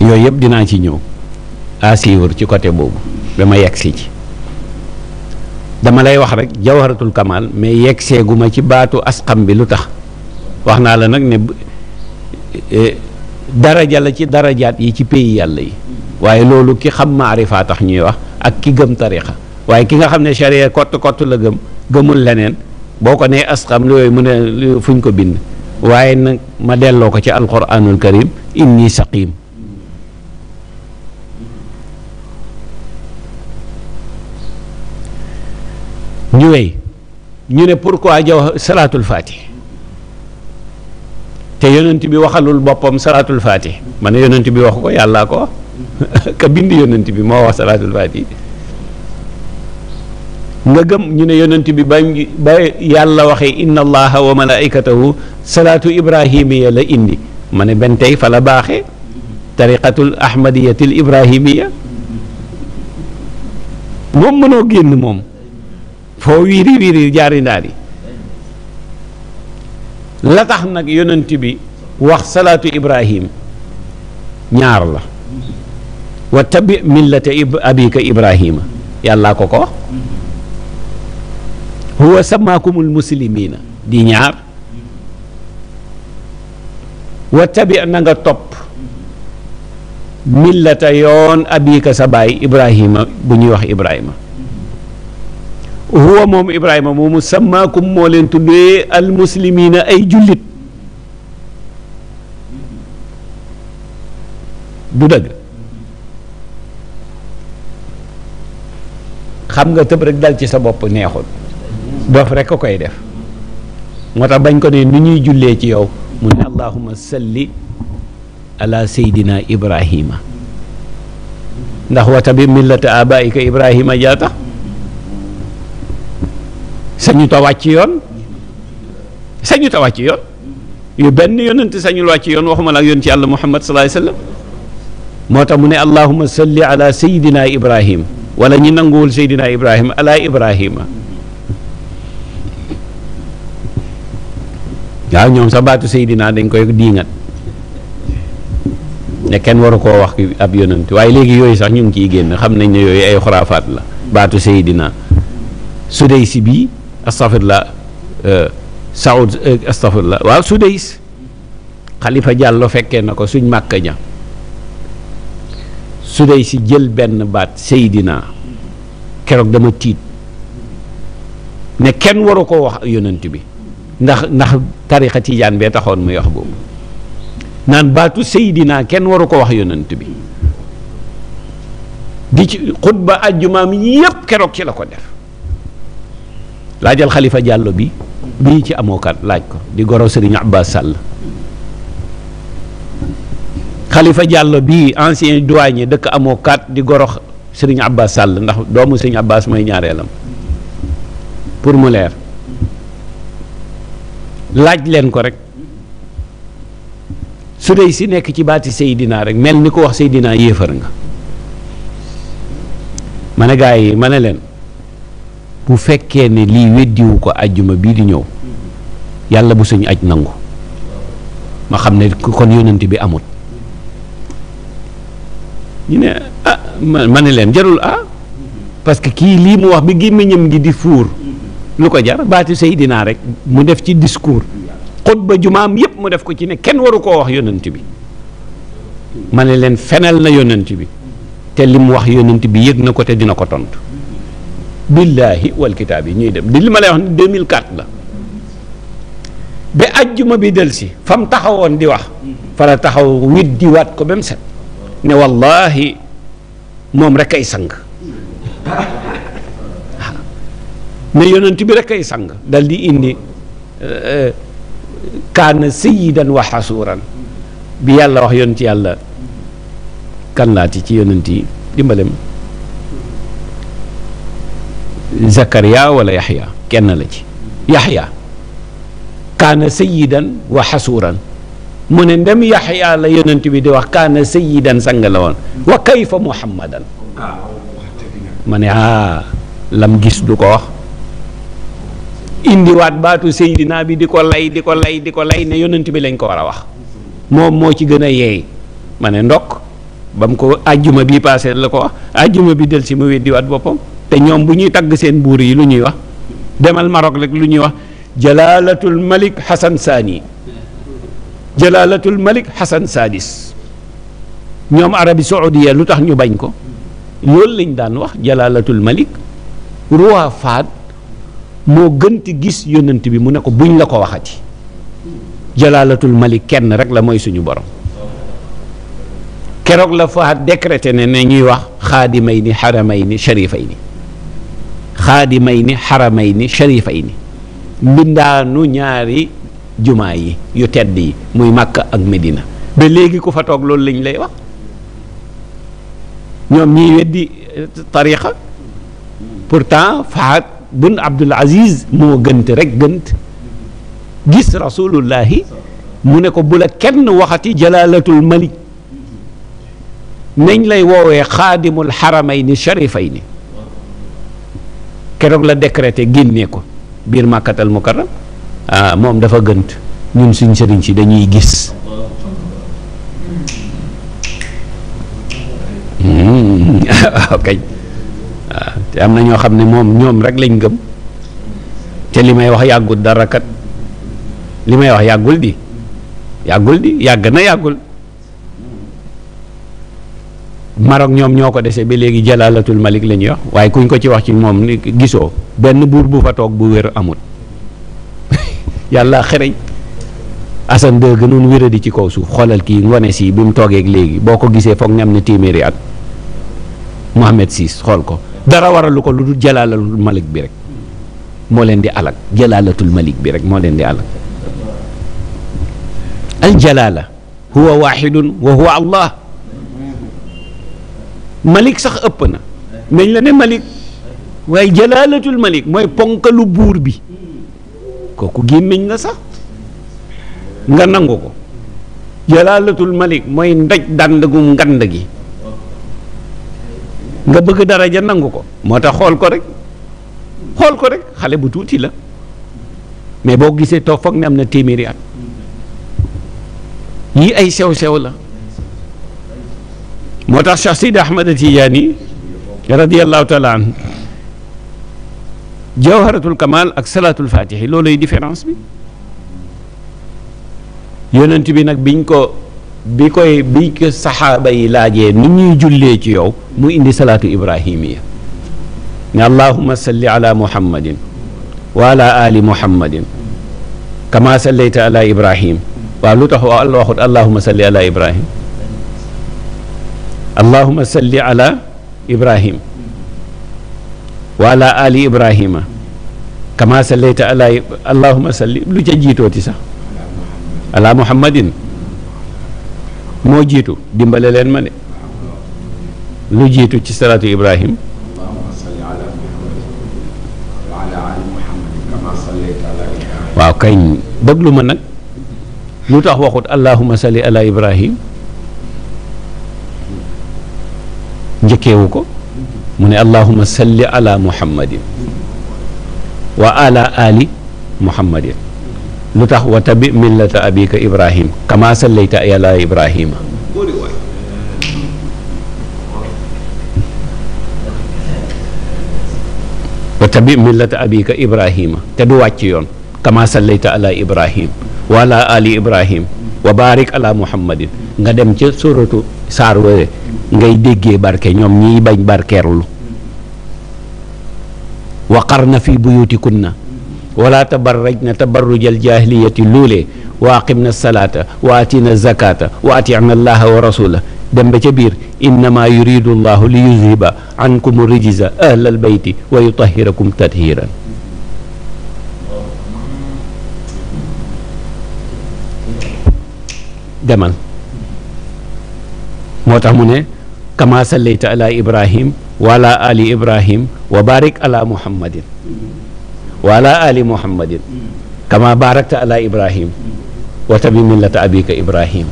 yooyu yëpp dinaa ci ñëw à suivre ci côté boobu ba ma yegg si ci dama lay wax rek jawaratul kamal mais yegg seegu ma ci baatu askam bi lu tax wax naa la nag ne e, daraja la ci darajaat yi ci pays yàlla yi waaye loolu ki xam maarifa tax ñuy wax ak ki gëm tariqa waaye ki nga xam ne charia kott kott la gëm gëmul leneen boo ko nee askam lu yooyu mu ne fuñ ko bind waaye nag ma delloo ko ci alquranul karim inni saqim ñu wéy ñu ne pourquoi jaw salaatul faati te yonent bi waxalul boppam salaatul faati ma ne yonent bi wax ko yàllaa ko ka bind yonent bi moo wax salaatul faati nga gëm ñu ne yonent bi ba yàlla waxee inna allaha wa malaikatahu salaatu ibrahimiya la indi ma ne benn fa la baaxee tariqatul ahmadiyatil ibrahimiya moom mënoo génn moom foo wiiri wiiri jaari ndaari la tax nag yonent bi wax salaatu ibrahim ñaar la wa tabi millata abika ibrahima yàllaa ko ko wax huwa samaakumul muslimina di ñaar wa tabi na nga topp abika sa ibrahima bu ñuy wax ibrahima huwa moom ibrahima moomu sammaakum moo leen tuddee almuslimiina ay jullit du dëgg xam nga tëb rek dal ci sa bopp neexul doof rek koy def moo tax bañ ko ne ni ñuy jullee ci yow mu ne allahuma salli ala seydina ibrahima ndax wata bi millata abaika ibrahima jaa tax sañu ta wàcc yoon sañu ta wàcc yoon yu benn yonent sañul wàcc yoon waxuma la ak yonent yàlla muhammad sallallahu alayhi wasallam moo tax mu ne allahuma salli ala sayidina ibrahim wala ñi nanguwul sayidina ibrahim ala ibrahima waaw ñoom sax baatu sayidina dañ koy diingat ne kenn waru koo wax ab yonent waaye léegi yooyu sax ñu ngi ciy génn xam nañ ne yooyu ay xuraafaat la baatu sayidina su dey si bii astafirlah eh, saoud eh, astafirlah waaw Soudéis xalifa Diallo fekke na ko suñ màkk ña Soudéis si jël benn baat Seydina keroog dama tiit ne kenn waru koo wax yonent bi ndax ndax tarixa tijaan bee taxoon muy wax boobu naan baatu Seydina kenn waru ko wax yonent bi di ci xutba àjjumaam yépp keroog ci la ko def laajal xalifa jàllo bi bii ci amoo amookat laaj ko di goro sëriñ Abbas Sall xalifa jàllo bii ancien douanier dëkk amookat di goro sëriñ Abbas Sall ndax doomu Serigne Abbas mooy ñaareelam pour mu leer laaj leen ko rek su dee si nekk ci baati Seydina rek mel ni ko wax Seydina yéefar nga ma ne gaa yi ma leen bu fekkee ne lii weddiwu ko juma bii di ñëw yàlla bu suñu aj nangu ma xam ne kon yonent bi amut ñu ne ah ma ne leen jarul ah parce que kii lii mu wax bi gémmiñam gi di fuur lu ko jar baati dinaa rek mu def ci discours xutba jumaam yëpp mu def ko ci ne kenn waru koo wax yonent bi ma ne leen fenal na yonent bi te li mu wax yonent bi yëg na ko te dina ko tontu. billaahi wal kitaab yi ñuy dem di li ma lay wax ne 2004 la ba ajjuma bi del si fa mu taxawoon di wax fa la taxaw wit di waat ko ba mu set ne wallaahi moom rek ay sang ne yonent bi rek ay sang dal di indi eh, eh, kaana sayyidan wa xasuuran bi yàlla wax yonent yàlla kan laati ci yonent yi dimbalem Zakaria walla Yaxya kenn la ci Yaxya kaana sayyidan wa xasuuran mu ne ndem Yaxya la yonent bi di wax kaana sayyidan sanga la woon wa kayfa muhammadan ma ne ah lam gis du ko wax indiwaat baatu seydinaa bi di ko lay di ko lay di ko lay ne yonent bi lañ ko war a wax moom moo ci gën a yeey ma ne ndokk ba mu ko àjjuma bi paase la ko wax àjjuma bi del si mu weddiwaat boppam te ñoom bu ñuy tagg seen buur yi lu ñuy wax demal Maroc rek lu ñuy wax jalaalatul malik Hassan Sani jalaalatul malik Hassan Sadis ñoom arabi saoudia lu tax ñu bañ ko loolu lañ daan wax jalaalatul malik roi Fahd moo gënt gis yonent bi mu ne ko buñ la ko waxati jalaalatul malik kenn rek la mooy suñu borom keroog la Fahd décrété ne na ñuy wax xaadimay ni xaramay ni sharifay ni xaadimayni xaramayni sharifayni mbindaanu ñaari jumaa yi yu tedd yi muy Makka ak Medina ba léegi ko fa toog loolu lañ lay wax ñoom ñiy weddi eh, tariqa pourtant Fahad bun Abdul moo gënt rek gënt gis rasulullahi mu ne ko bu la kenn waxati jalaalatul malik nañ lay woowee xaadimul xaramay ni sharifay ni keroog la décrété génnee ko biir màkkatal mukarram ah moom dafa gënt ñun suñ sëriñ si dañuy gis waaw hmm. ah, te am na ñoo xam ne moom ñoom rek lañ gëm te li may wax yàggul darakat li may wax yàggul di yàggul di yàgg na yàggul Maroc ñoom ñoo ko dese ba léegi jalaalatul malik la ñuy wax waaye kuñ ko ci wax ci moom gisoo benn buur bu fa toog bu wér amul yàlla xereñ Assane de gënoon wéradi ci kaw suuf xoolal kii ngone si bi mu toogeeg léegi boo ko gisee foog ñam ne téeméeri at Mohamed Siis xool ko dara waralu ko lu dul jalaalatul malik bi rek moo leen di alak jalaalatul malik bi rek moo leen di alak al jalaala huwa waxidun wa huwa allah malik sax ëpp na nañ la ne malik waaye jalaalatul malik mooy ponkalu buur bi kooku gémmiñ la sax nga nangu ko jalaalatul malik mooy ndaj dànd gu ngand gi nga bëgg daraja nangu ko moo tax xool ko rek xool ko rek xale bu tuuti la mais boo gisee toog foog ne am na téeméeri at yii ay sew sew la moo tax Cheikh Sidi Ahmad Tijaani radiyallahu taala anhu jawharatul kamal ak salaatul faatihi loolay différence bi bi nag biñ ko bi koy bi ko saxaaba yi laajee ni ñuy jullee ci yow mu indi salaatu ibrahimiya ne allahuma salli ala muhammadin wa ala ali muhammadin kama ibrahim waaw lu tax waxut ibrahim allahuma salli ala ibrahim wa ala ali ibrahima kama sallayta ala allahuma lu ca jiitooti sax ala muhammadin moo jiitu dimbale leen ma de lu jiitu ci salaatu ibrahim waaw kañ déglu ma nag lu tax waxut allahuma salli ala ibrahim njëkkeewu ko mu ne allahuma salli ala muhammadin wa ala ali muhammadin lu tax wa tabi millata abika ibrahim kama sallayta te du wàcc yoon kama sallayta ala ibrahim wa ala ali ibrahim wa barik ala muhammadin nga dem ca suratu saar woowe ngay déggee barke ñoom ñiy bañ barkeerlu wa qarna fi buyutikunna wala tabarrajna tabarrujal jahiliyati loolee wa aqimna salata wa atina zakata wa atina allaha wa rasula dem ba ca biir innama yuridu llahu li yuzhiba ankum rijza ahlal bayti wa yutahirakum tathiran demal moo tax mu ne kama sallayta ala ibrahim wa ala ali ibrahim wa barik ala muhammadin wa ala ali muhammadin kama barakta ala ibrahim wa tabi millata abika ibrahim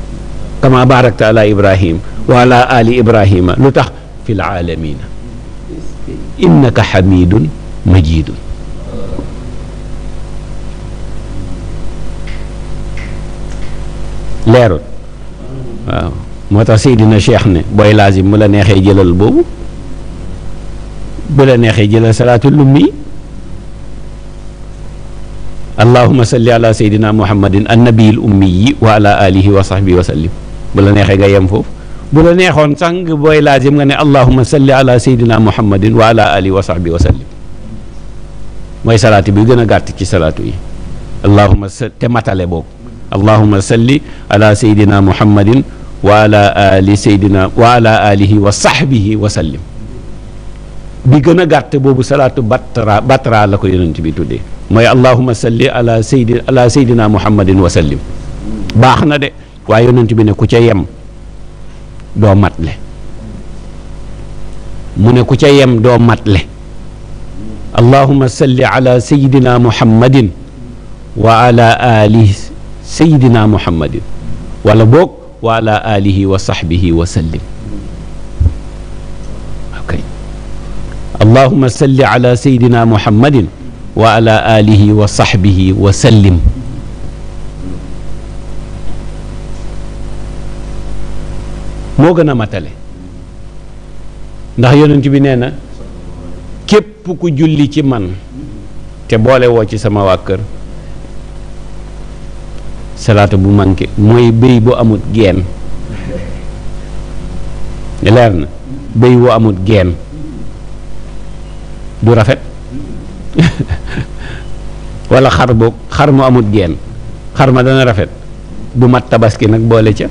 kama barakta ala ibrahim wa ala ali ibrahima lu tax fi l aalamina innaka xamidun majidun leerut moo tax Seydina Cheikh ne booy laazim bu la neexee jëlal boobu bu la neexee jëlal salaatul ummi allahuma salli ala seydina muhammadin annabiyil ummiyi wa ala alihi wa sahbi wa sallim bu la neexee nga yem foofu bu la neexoon sànq booy laazim nga ne allahuma salli ala seydina muhammadin wa ala alihi wa sahbi wa sallim mooy salaatu bi gën a gàtt ci salaatu yi allahuma sa te matale boobu allahuma salli ala sayyidina muhammadin wa ala ali sayyidina wa ala alihi wa sahbihi wa sallim bi gën a gàtt boobu salaatu battara battara la ko yonent bi tuddee mooy allahuma salli ala saydi ala sayyidina muhammadin wa sallim baax na de waaye yonent bi ne ku ca yem doo matle mu ne ku ca yem doo matle allahuma salli ala sayyidina muhammadin wa ala alihi sayidina muhammadin wala boog wa ala alihi wa sahbihi wa sallim ok allahuma salli ala sayidina wa ala alihi wa sahbihi moo gën a matale ndax yonent bi nee na képp ku julli ci man te boole woo ci sama waa kër salaata bu manqué mooy bëy bu amut geen leer na bëy bu amut geen du rafet wala xar boog xar mu amut geen xar ma dana rafet bu mat tabaski nag boole ca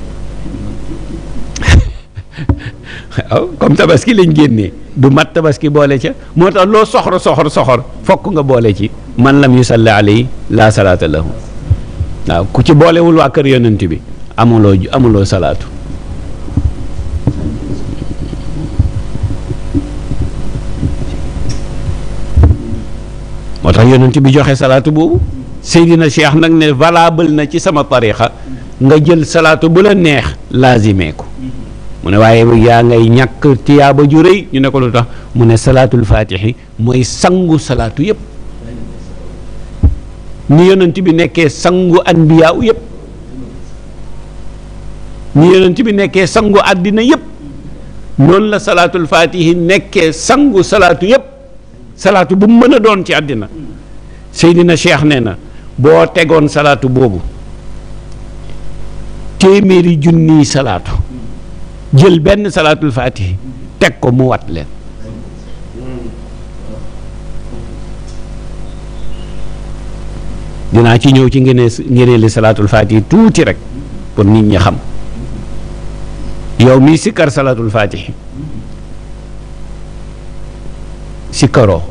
waaw comme tabaski lañ génnee du mat tabaski boole ca moo tax loo soxor soxor soxor fokk nga boole ci man lam yusalli alayhi laa salaata lahu waaw ku ci boolewul waa kër yonent bi amuloo amuloo salaatu moo tax yonent bi joxe salaatu boobu Seydina Cheikh nag ne valable na ci sama tarixa nga jël salaatu bu la neex laazimee ko mu ne waaye yaa ngay ñàkk tiyaaba ju rëy ñu ne ko tax mu ne salaatul faatixi mooy sangu salaatu yëpp ni yonent bi nekkee sangu anbiyaa yëpp ni yonent bi nekkee sangu àddina yëpp noonu la salaatul faatihi nekkee sangu salaatu yépp salaatu bu mu mën a doon ci àddina Seydina Cheikh nee na boo tegoon salaatu boobu téeméeri junniy salaatu jël benn salaatul faatihi teg ko mu wat leen dinaa ci ñëw ci ngënee ngëneeli salaatul faatihi tuuti rek pour nit ñi xam yow mii sikkar salaatul faatihi sikkaroo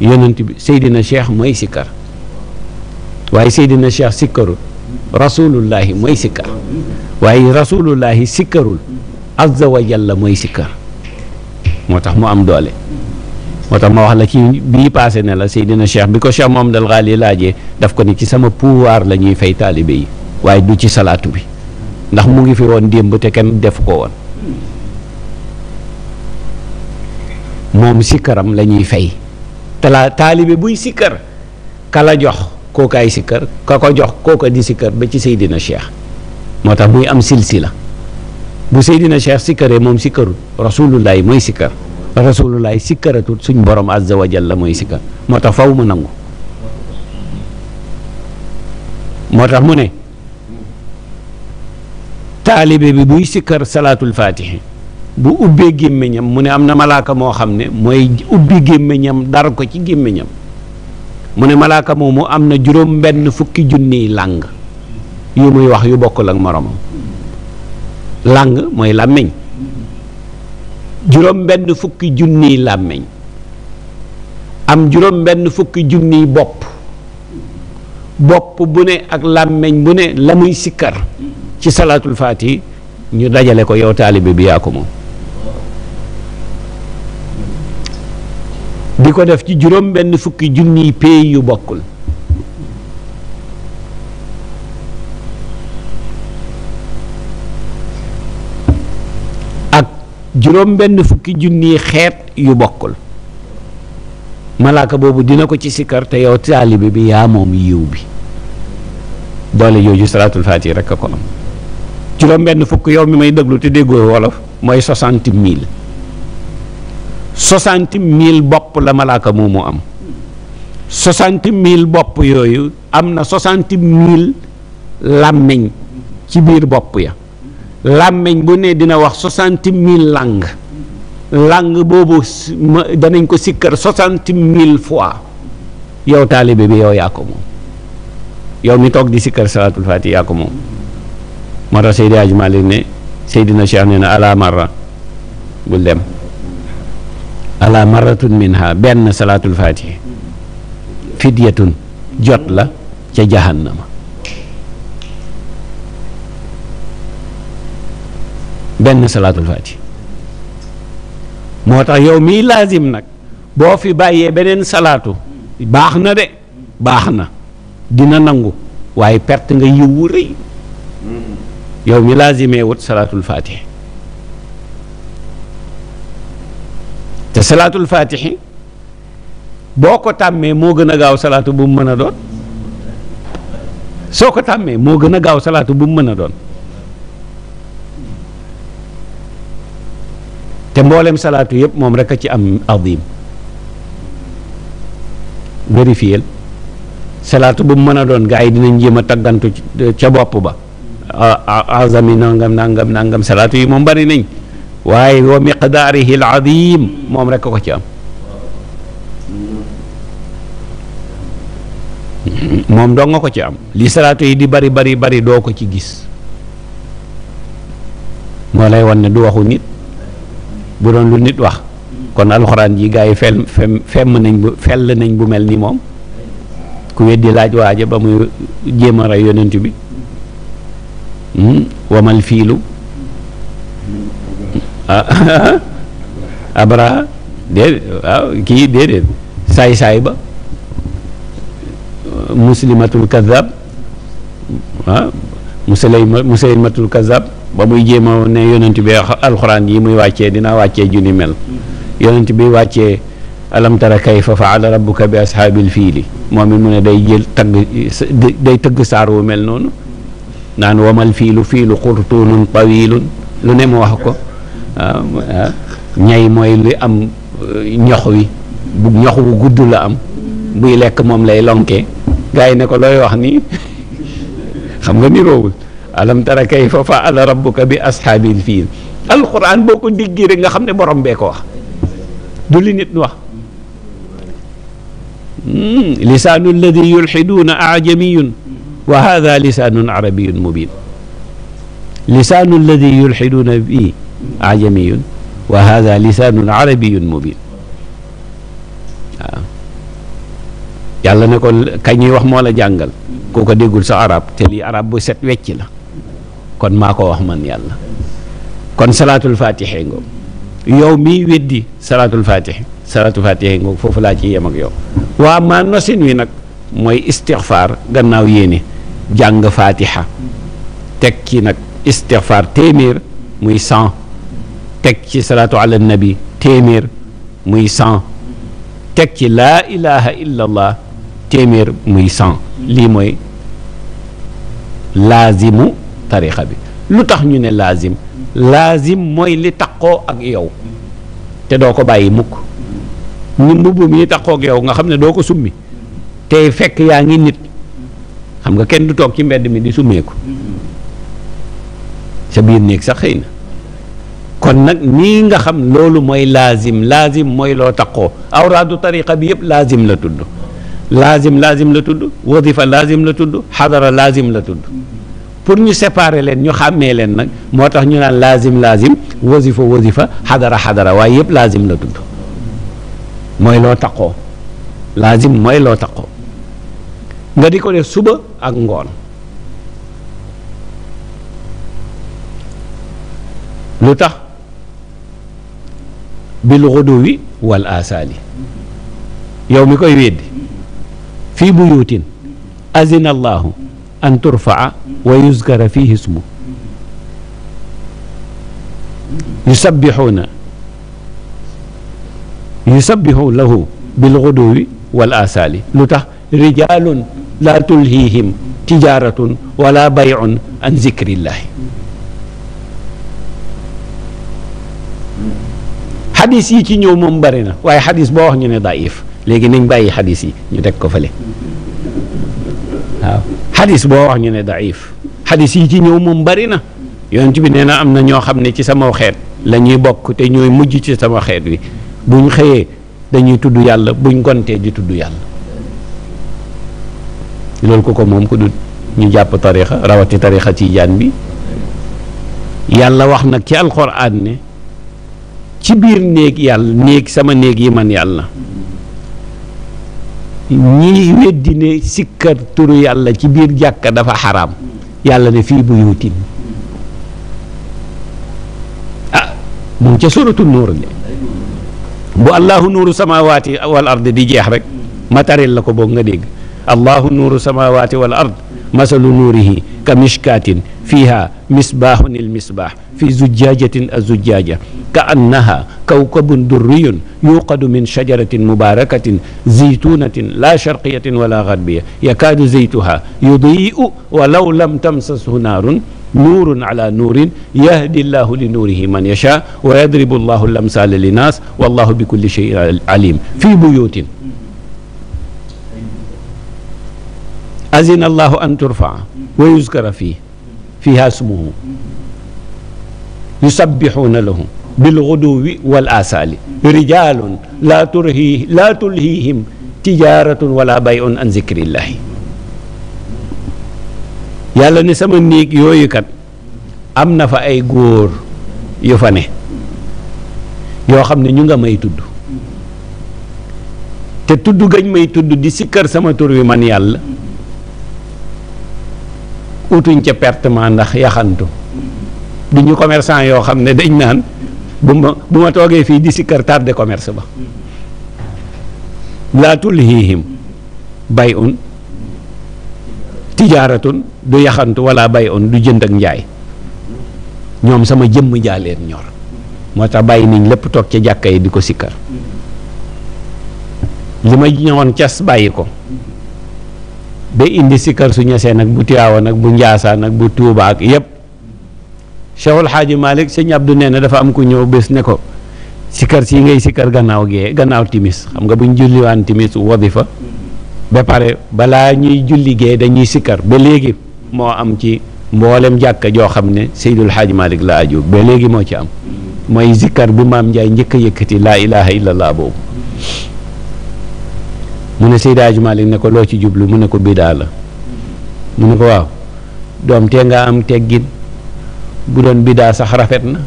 yonent Seydina Cheikh mooy sikkar waaye Seydina Cheikh sikkarul rasulullahi mooy sikkar waaye rasulullahi sikkarul azza wa jalla mooy sikkar moo tax mu am doole moo tax ma wax la ci bii paase ne la Seydina Cheikh bi ko Cheikh Mohamadal Ghali laajee daf ko ni ci sama pouvoir la ñuy fay taalibe yi waaye du ci salaatu bi ndax mu ngi fi woon démb te kenn def ko woon moom sikkaram la ñuy fay talaa taalibe buy sikkar kala jox kookaay sikkar ka ko jox kooka di sikkar ba ci Seydina Cheikh moo tax muy am silsila bu Seydina Cheikh sikkaree moom sikkarul rasulullah mooy sikkar rasulullaay sikkaratut suñ borom azza wa jalla mooy sikkar moo tax faw mu nangu moo tax mu ne taalibe bi buy sikkar salaatul faatihi bu ubbee gémmiñam mu ne am na malaaka moo xam ne mooy ubbi gémmiñam dar ko ci gémmiñam mu ne malaaka moomu am na juróom benn fukki junniy làng yu muy wax yu bokkul ak moromam làng mooy làmmiñ juróom benn fukki junniy làmmiñ am juróom benn fukki junniy bopp bopp bu ne ak làmmiñ bu ne la muy sikkar ci salaatul faati ñu dajale ko yow taalibe bi yaa ko moom di ko def ci juróom benn fukki junniy pay yu bokkul juróom benn fukki junni xeet yu bokkul malaaka boobu dina ko ci sikkar te yow taalibe bi yaa moom yiw bi doole yooyu salaatul faatiha rek a ko am juróom benn fukk yow mi may déglu te déggoo wolof mooy soixante mille soixante mille bopp la malaaka moomu am soixante mille bopp yooyu am na soixante mil làmmiñ ci biir bopp ya làmmiñ bu ne dina wax soixante mille boobu danañ ko sikkar soixante mille yow taalibe bi yow yaa moom yow mi toog di sikkar salaatul faati yaa ko moom moo tax Seydi Hadji ne Seydina Cheikh nee na ala bul dem ala marratun minha benn salaatul faati fidyatun jot la ca jahannama benn salaatul faati moo tax yow miy laazim nag boo fi bàyyee beneen salaatu baax na de baax na dina nangu waaye perte nga yiw wu rëy yow mi laazimee wut salaatul faati te salaatul faatihi boo ko tàmmee moo gën a gaaw salaatu bu mu mën a doon soo ko tàmmee moo gën a gaaw salaatu bu mu mën a doon te mboolem salaatu yépp moom rek a ci am azim vérifier salaatu bu mu mën a doon gaa yi dinañ jéem a taggantu ca bopp ba azami nangam nangam nangam salaatu yi moom bari nañ waaye wa miqdaarihi al moom rek a ko ci am moom doo nga ko ci am li salaatu yi di bari bari bari doo ko ci gis moo lay wan ne du waxu nit bu doon lu nit wax kon alxuraan ji gaa yi fel fem femm nañ bu fell nañ bu mel ni moom ku weddi laaj waaja ba muy jéem a rey yonent bi hmm? wamal fiilu ah, abraha déedéet waaw kii déedéet saay-saay ba muslimatul kazab ah musuleyma musuleymatul kazab ba muy jéem ne yonent bi alxuraan yi muy wàccee dina wàccee junni mel yonent bi wàccee alam tara kayfa faala rabbuka bi ashaabil fiili moom it mu ne day jël tagg tëgg saar wu mel noonu naan wamal fiilu fiilu xurtuunun tawilun lu ne mu wax ko ñay mooy li am eh, ñox wi bu ñox wu gudd la am buy lekk moom lay lonkee gars ne ko looy wax nii xam nga ni roowul alam tara kayfa fa'ala rabbuka bi ashaabil fiil alquran boo ko déggee rek nga xam ne borom bee ko wax du li nit wax hmm, lisaanu alladi yulxiduuna ajamiyun wa hada lisaanun arabiyun mubin lisaanu alladi yulxiduuna bi ajamiyun wa hada lisaanun arabiyun mubin waaw yàlla ne ko kañuy wax moo la jàngal koo ko déggul sa arab te lii arab bu set wecc la kon maako wax man yàlla kon salaatul faatixe ngoog yow mi weddi salaatu faatixe salaatul faatixe ngoog foofu laa ci yem ak yow waa maa nosin wi nag mooy istixfaar gannaaw yéene jàng faatixa teg ci nag istixfaar téeméer muy cent teg ci salaatu ala nabi téeméer muy teg ci laa allah téeméer muy cent lii mooy laazimu tarixa bi lu tax ñu ne laazim laazim mooy li taqoo ak yow te doo ko bàyyi mukk ni mbubb mi taqoo ak yow nga xam ne doo ko summi tey fekk yaa ngi nit xam nga kenn du toog ci mbedd mi di summeeku sa biir néeg sax xëy na kon nag nii nga xam loolu mooy laazim laazim mooy loo taqoo awraadu tariqa bi yëpp laazim la tudd laazim laazim la tudd wadifa laazim la tudd xadara laazim la tudd pour ñu séparer leen ñu xàmmee leen nag moo tax ñu naan laazim laazim wasifa wasifa xadara xadara waaye yëpp laazim la tudd mooy loo taqoo laazim mooy loo taqoo nga di ko def suba ak ngoon lu tax bil xuduwi wal asaali yow mi koy weddi fii buyutin azina allahu an turfaa wa yuzkara fihi ismu yusabbixuuna yusabbixu lahu bilguduwi wal asaali lu tax rijaalun laa tulhiihim tijaaratun wala bayun an zikrillaahi xadis yi ci ñëw moom bëri na waaye xadis boo wax ñu ne daif léegi nañ bàyyi xadis yi ñu teg ko fële waaw xadis boo wax ñu ne daif xadis yi ci ñëw moom bari na yonent bi nee na am na ñoo xam ne ci sama xeet lañuy bokk te ñooy mujj ci sama xeet wi buñ xëyee dañuy tudd yàlla buñ gontee di tudd yàlla loolu ko ko moom ku dul ñu jàpp tarixa rawati tarixa ci bi yàlla wax nag ci alxuraan ne ci biir néeg yàlla néeg sama néeg yi man yàlla ñi weddi ne sikkar turu yàlla ci biir jàkka dafa xaraam yàlla ne fii buyuutin ah mu ngi ca suratul nuur de bu allahu nuuru samaawaati wal ard di jeex rek matériel la ko boog nga dégg allahu nuuru samaawaati wal ard masalu nuurihi ka mishkaatin fiiha misbaaxun il misbaax fi zujjaajatin a zujjaaja ka annaha kawkabun durriyun yuqadu min shajaratin mubaarakatin zaytuunatin laa sharqiyatin wala garbiya yakaadu zaytuha yudii'u walaw lam tamsashu naarun nuurun ala nuurin yahdi llahu li nuurihi man yashaa wa yadribu llahu lamsaala linnaas wallahu bi kulli shay'in aliim fii buyuutin azina allahu an turfaa wa yuzkara fii fiha smuhu yusabbixuuna lahu bilguduwi wal asaali rijalun laa turhi laa tulhiihim tijaratun wala bayun an zikrillahi yàlla ne sama néeg yooyu kat am na fa ay góor yu fa ne yoo xam ne ñu nga may tudd te tudd gañ may tudd di sikkar sama tur wi man yàlla utuñ ca pertement ndax yaxantu du ñu commerçant yoo xam ne dañ naan bu ma bu ma toogee fii di sikkar tarde commerce ba laa tulhiihim bay un tijaaratun du yaxantu wala bay un du jënd ak njaay ñoom sama jëmm jaaleen ñor moo tax bàyyi nañ lépp toog ca jàkka yi di ko sikkar li ma ñëwoon cas bàyyi ko ba indi sikkar su ñesee nag bu Tiwaawan nag bu Njaasaan nag bu Tuuba ak yëpp Cheikhul xaaju Malick sëñ Abdou nee na dafa am ku ñëw bés ne ko sikkar si ngay sikkar gannaaw gee gannaaw timis xam nga buñ julliwaan timis wadifa ba pare balaa ñuy julli gee dañuy sikkar ba léegi moo am ci mboolem jàkka joo xam ne Seydul Xaaji Malick la aju ba léegi moo ci am mooy zikkar bi maam Njaay njëkk a yëkkati laa ilaha illallah boobu mu ne Seydi Hadji ne ko loo ci jublu mu ne ko bidaa la mu ne ko waaw doom te nga am teggin bu doon bidaa sax rafet na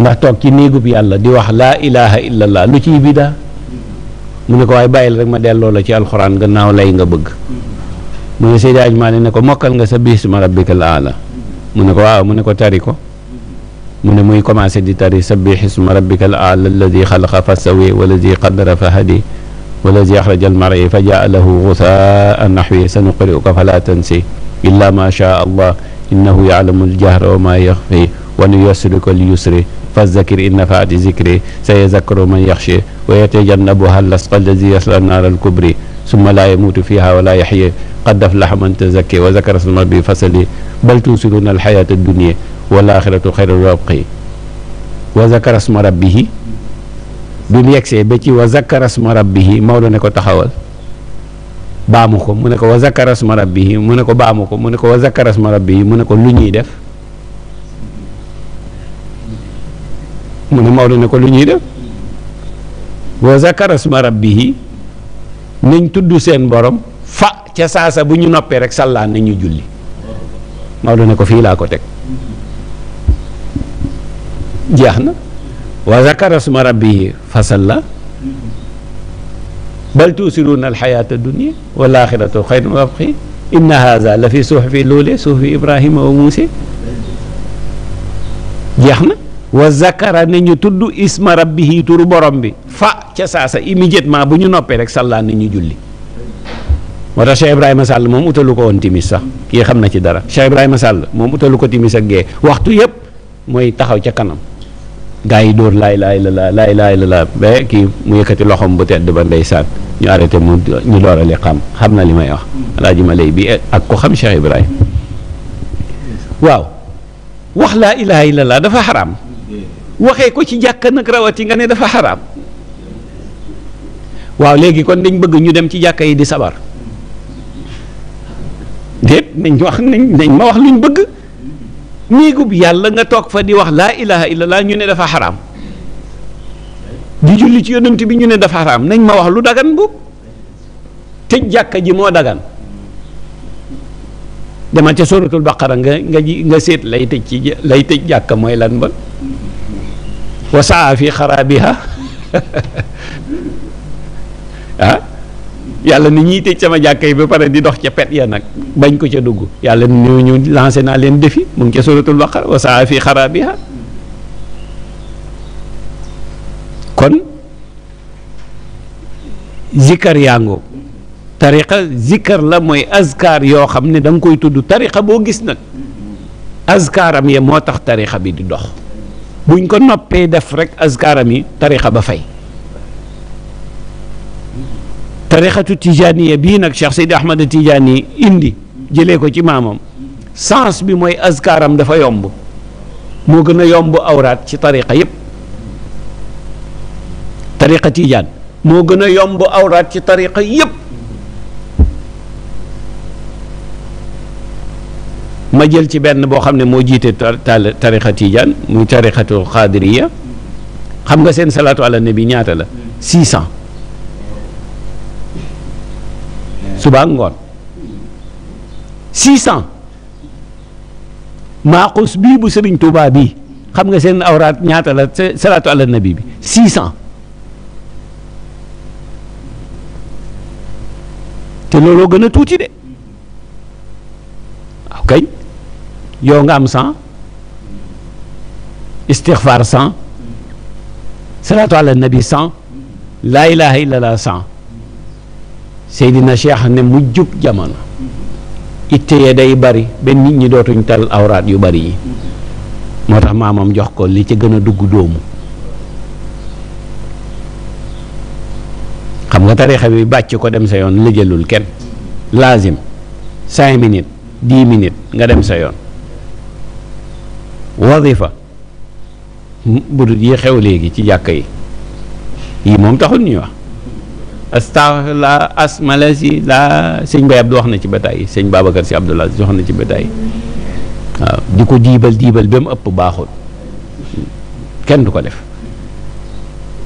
ndax toog ci néegub yàlla di wax laa ilaha illallah lu ciy bidaa mu ne ko waaye bàyyil rek ma delloo la ci alxuraan gannaaw lay nga bëgg mu ne Seydi Hadji Malick ne ko mokkal nga sa bisma rabbikal aala mu ne ko waaw mu ne ko tari ko mu ne muy commencé di tari sabbih isma rabbikal aala alladi xalaqa fa sawi waladi qaddara fa hadi wallazi axraja almar'i fa jaa lahu gusaan naxwi sanuqri'uka fala tansi illa ma shaa allah innahu yalamu aljahra wa ma yaxfi wa nuyassiruka lilyusri fazzakir in nafaati zikri sayazakkaru man yaxshi wa yatajannabuha allasqa allazi yasla annaara alkubri summa laa yamuutu fiiha wa laa yaxya qad aflaha man tazakka wa zakara isma rabbihi fasalla bal tuusiruuna alxayaata addunya wal aaxiratu xayrun wa abqaa wa zakara isma rabbihi bi mu yegsee ba ci wa zakarasma rabbihi Maodo ne ko taxawal baamu ko mu ne ko wa zakarasma bi mu ne ko baamu ko mu ne ko wa zakarasma rabbihi mu ne ko lu ñuy def mu ne Maodo ne ko lu ñuy def wa zakarasma rabbihi nañ tudd seen borom fa ca saasa bu ñu noppee rek sàllaan na ñu julli Maodo ne ko fii laa ko teg jeex na wa zakara sma rabbihi fasalla bal tuusiruuna alxayaata dunia wal axiratu xayrun wa abqi inna haza la fi suxufi loole suxufi ibrahima wa muuse jeex na wa zakara ne ñu tudd isma rabbihi turu borom bi fa ca saasa immédiatement bu ñu noppee rek sàllaan ne ñu julli moo tax Cheikh Ibrahima Sall moom utalu ko woon timis sax kii xam na ci dara Cheikh Ibrahima Sall moom utalu ko timis ak gee waxtu yëpp mooy taxaw ca kanam gaa yi dóor laay laay la la laay laay la la ba kii mu yëkkati loxoom bu tedd ba ndeysaan ñu arrêté mu ñu door a liqaam xam na li may wax alaaji ma lay bi ak ko xam Cheikh Ibrahima waaw wax laa ilaha illallah dafa xaraam waxee ko ci jàkka nag rawat yi nga ne dafa xaraam waaw léegi kon dañ bëgg ñu dem ci jàkka yi di sabar déet nañ wax nañ nañ ma wax luñ bëgg néegub yàlla nga toog fa di wax laa ilaha illallah ñu ne dafa xaraam di julli ci yonent bi ñu ne dafa xaraam nañ ma wax lu dagan bu tëj jàkka ji moo dagan demal ca suratul baqara nga nga nga seet lay tëj ci lay tëj jàkka mooy lan ba wasaa fi xaraabiha ah yàlla ni ñuy tëj sama jàkka yi ba pare di dox ca pet ya nag bañ ko ca dugg yàlla ñu ñu lancé naa leen defi mu ngi ca suratul baqara wa saa fi xaraabiha kon zikkar yaango tariqa zikkar la mooy azkar yoo xam ne da koy tudd tariqa boo gis nag azkaram ya moo tax tariqa bi di dox buñ ko noppee def rek azkaram yi tariqa ba fay tarixatu tijaaniya bii nag Cheikh Seydi Ahmad Tijaani indi jëlee ko ci maamam sens bi mooy askaaram dafa yomb moo gën a yomb awraat ci tariqa yëpp tariqa moo gën a yomb awraat ci tariqa yëpp ma jël ci benn boo xam ne moo jiite tariqa tijaan muy tariqatul xaadiriya xam nga seen salaatu ala nabi ñaata la 600. subaa ngoon 600 maaxus bii bu Sëriñ Tuubaa bii xam nga seen awraat ñaata la salaatu ala nabi bi te looloo gën a tuuti de waaw ah, kañ yow nga am 100 istixfaar 100 salaatu ala nabi 100 laa ilaaha illallah 100. Seydina Cheikh ne mu jub jamono it yee day bari benn nit ñi dootuñ tal awraat yu bari yi moo tax maamam jox ko li ci gën a dugg dóomu xam nga tarixa bi bàcc ko dem sa yoon lëjëlul kenn laazim cinq minutes dix minutes nga dem sa yoon wazifa budut yi xew léegi ci jàkk yi yii moom taxul ñuy wax astaghfirullah as malasi la sëñ Baye Abdou wax na ci bataay yi sëñ Babacar si Abdoulaye wax na ci bataay waaw di ko diibal diibal ba mu ëpp baaxul kenn du ko def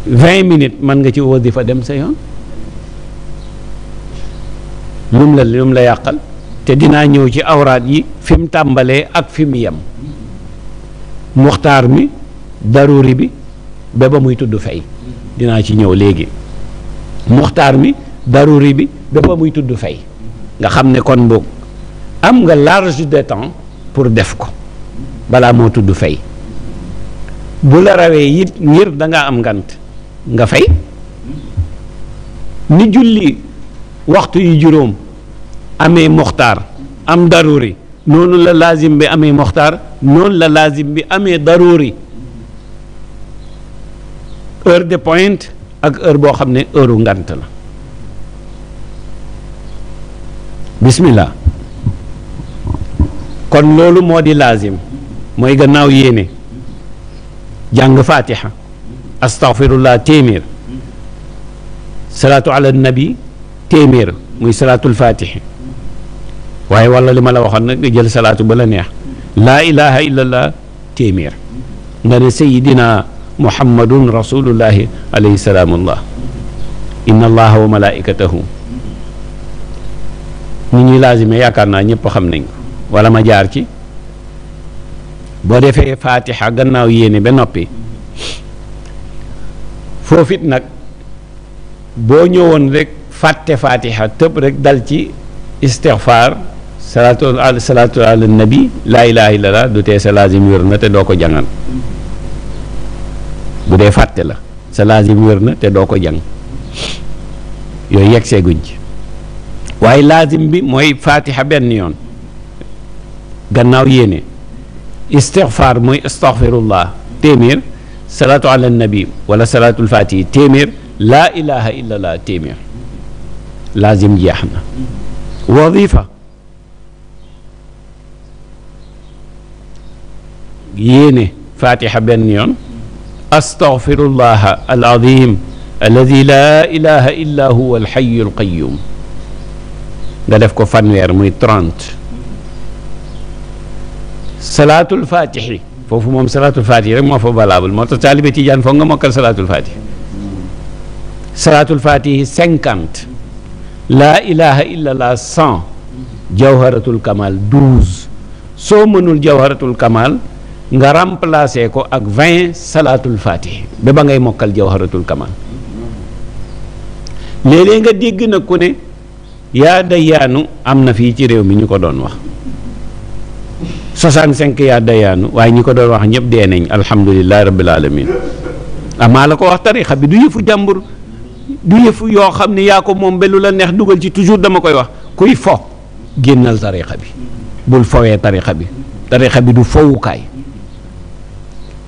vingt minutes mën nga ci wasifa dem sa yoon lum la lum la yàqal te dinaa ñëw ci awraat yi fi mu tàmbalee ak fi mu yem muxtaar mi daruri bi ba ba muy tudd fay dinaa ci ñëw léegi muxtaar bi daruri bi bépp muy tudd fay nga xam ne kon boog am nga large de temps pour def ko balaa moo tudd fay bu la rawee it ngir da ngaa am ngant nga fay ni julli waxtu yu juróom amee muxtaar am daruri noonu la lazim bi amee muxtaar noonu la lazim bi amee daruri heure de pointe ak heure boo xam ne heure ngant la bismillah kon loolu moo di laazim mooy gannaaw yéene jàng fatiha laa téeméer salaatu ala nabi téeméer muy salaatul fatiha waaye wala li ma la waxoon nag jël salaatu ba la neex laa ilaha illallah téeméer nga ne sayidina muhammadun rasulullahi alayhi salaamullah inna allaha wa malaikatahu ni ñuy laazime yaakaar naa ñëpp xam nañ ko wala ma jaar ci boo defee faatixa gannaaw yéene ba noppi foofit nag boo ñëwoon rekk fàtte faatixa tëb rek dal ci istixfaar salaatu al salaatu ala nabi laa ilaha illallah du tee sa laazim wér na te doo ko jàngal bu dee fàtte la sa laazim wér te doo ko jàng yooyu yegg see guñ ci waaye laazim bi mooy faatiha benn yoon gannaaw yéene istixfaar mooy astaxfirullah téeméer salaatu ala nabi wala salaatul faatihi téeméer laa ilaha illallah téeméer laazim jeex na astaghfirullah alazim alladi laa ilaha illa huwa alxayu alqayum nga def ko fanweer muy 30 salaatul faatixi foofu moom salaatul faatixi rek moo fa valable moo tax taalibe Tijaan foog nga mokkal salaatul faatixi salaatul faatixi 50 laa ilaha illa allah 100 jawharatul kamal 12 soo mënul jawharatul kamal nga remplacer ko ak vingt salaatul faati ba ba ngay mokkal jawharatul kamal léeg-léeg nga dégg na ku ne yaa dayaanu am na fii ci réew mi ñu ko doon wax 65 yaa dayaanu waaye ñi ko doon wax ñëpp dee nañ alhamdulilah rabbil alamin amaa ah, la ko wax tarixa bi du yëfu jàmbur du yëfu yoo xam ne yaa ko moom ba lu la neex dugal ci toujours dama koy wax kuy fo génnal tarixa bi bul fowee tarixa bi tarixa bi du fowukaay